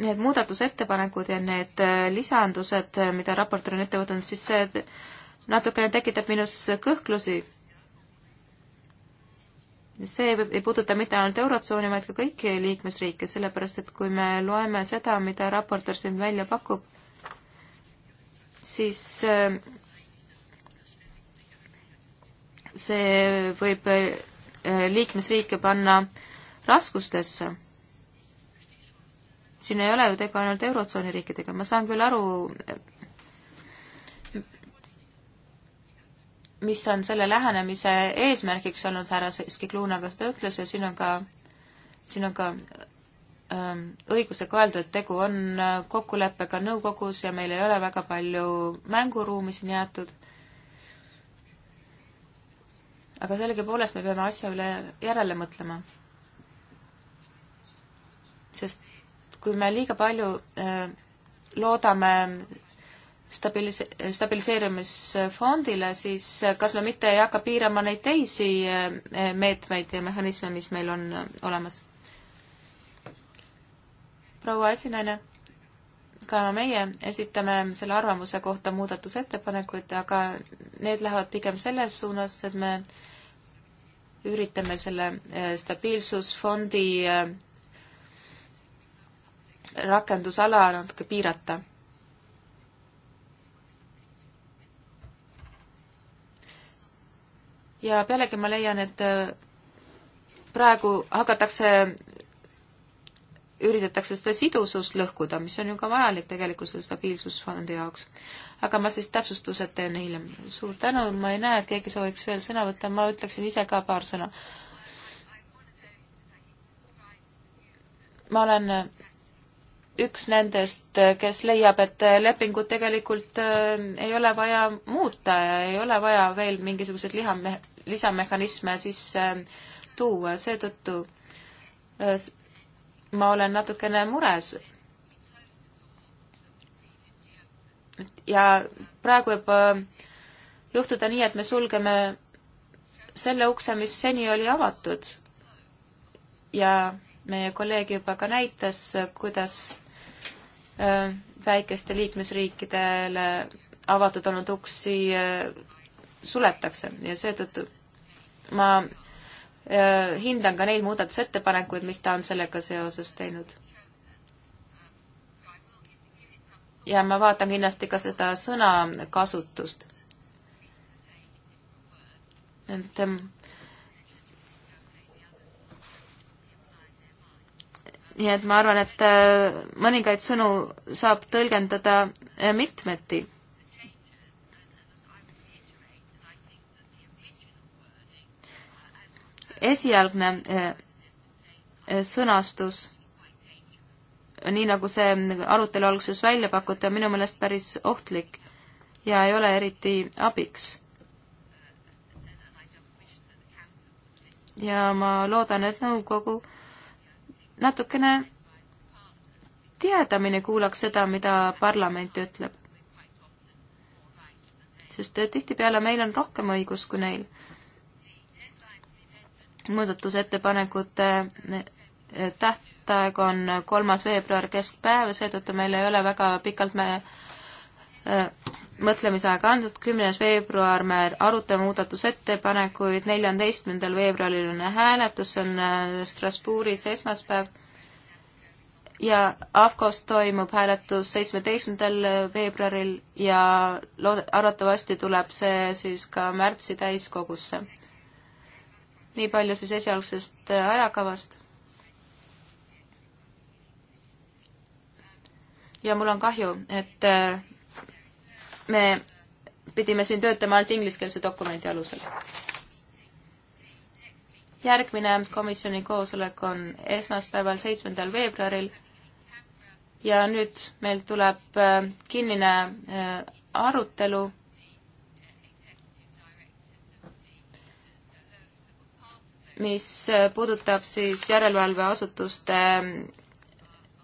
Need muudatusettepanekud ja need äh, lisandused, mida raportöör on ette võtnud, siis see natukene tekitab minus kõhklusi. see ei puuduta mitte ainult Eurotsooni, vaid ka kõiki liikmesriike, sellepärast et kui me loeme seda, mida raportöör siin välja pakub, siis äh, see võib äh, liikmesriike panna raskustesse. siin ei ole ju tegu ainult Eurotsooni riikidega, ma saan küll aru mis on selle lähenemise eesmärgiks olnud, härra Skikluuna ka seda ütles ja siin on ka, siin on ka ähm, õigusega öelda, et tegu on äh, kokkuleppega nõukogus ja meil ei ole väga palju mänguruumi siin jäetud. aga sellegipoolest me peame asja üle järele mõtlema. sest kui me liiga palju äh, loodame stabilis-, stabiliseerimisfondile, siis kas me mitte ei hakka piirama neid teisi eh, meetmeid ja mehhanisme, mis meil on eh, olemas? proua esinaine, ka meie esitame selle arvamuse kohta muudatusettepanekuid, aga need lähevad pigem selles suunas, et me üritame selle eh, stabiilsusfondi rakendusala natuke piirata ja pealegi ma leian, et äh, praegu hakatakse, üritatakse seda sidusust lõhkuda, mis on ju ka vajalik tegelikult selle stabiilsusfondi jaoks. aga ma siis täpsustused teen hiljem. suur tänu, ma ei näe, et keegi sooviks veel sõna võtta, ma ütleksin ise ka paar sõna. ma olen äh, üks nendest, äh, kes leiab, et lepingut tegelikult ei ole vaja muuta ja ei ole vaja veel mingisuguseid lihamehe, lisamehhanisme sisse tuua, seetõttu äh, ma olen natukene mures. ja praegu võib juhtuda nii, et me sulgeme selle ukse, mis seni oli avatud. ja meie kolleeg juba ka näitas, kuidas äh, väikeste liikmesriikidele avatud olnud uksi äh, suletakse ja seetõttu ma äh, hindan ka neid muudatusettepanekuid, mis ta on sellega seoses teinud. ja ma vaatan kindlasti ka seda sõnakasutust. et ähm, nii et ma arvan, et äh, mõningaid sõnu saab tõlgendada äh, mitmeti esialgne eh, eh, sõnastus, nii nagu see arutelu alguses välja pakuti, on minu meelest päris ohtlik ja ei ole eriti abiks. ja ma loodan, et nõukogu natukene teadamine kuulaks seda, mida parlament ütleb. sest eh, tihtipeale meil on rohkem õigus kui neil muudatusettepanekute tähtaeg on kolmas veebruar keskpäev, seetõttu meil ei ole väga pikalt me äh, mõtlemisaega antud, kümnes veebruar me arutame muudatusettepanekuid, neljateistkümnendal veebruaril on hääletus, see on äh, Strasbourgis esmaspäev ja AFCOs toimub hääletus seitsmeteistkümnendal veebruaril ja lood-, arvatavasti tuleb see siis ka märtsi täiskogusse nii palju siis esialgsest äh, ajakavast. ja mul on kahju, et äh, me pidime siin töötama ainult ingliskeelse dokumendi alusel. järgmine komisjoni koosolek on esmaspäeval, seitsmendal veebruaril ja nüüd meil tuleb äh, kinnine arutelu mis puudutab siis järelevalveasutuste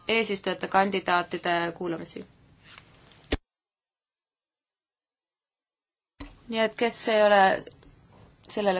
eesistujate kandidaatide kuulamisi. nii et kes ei ole sellele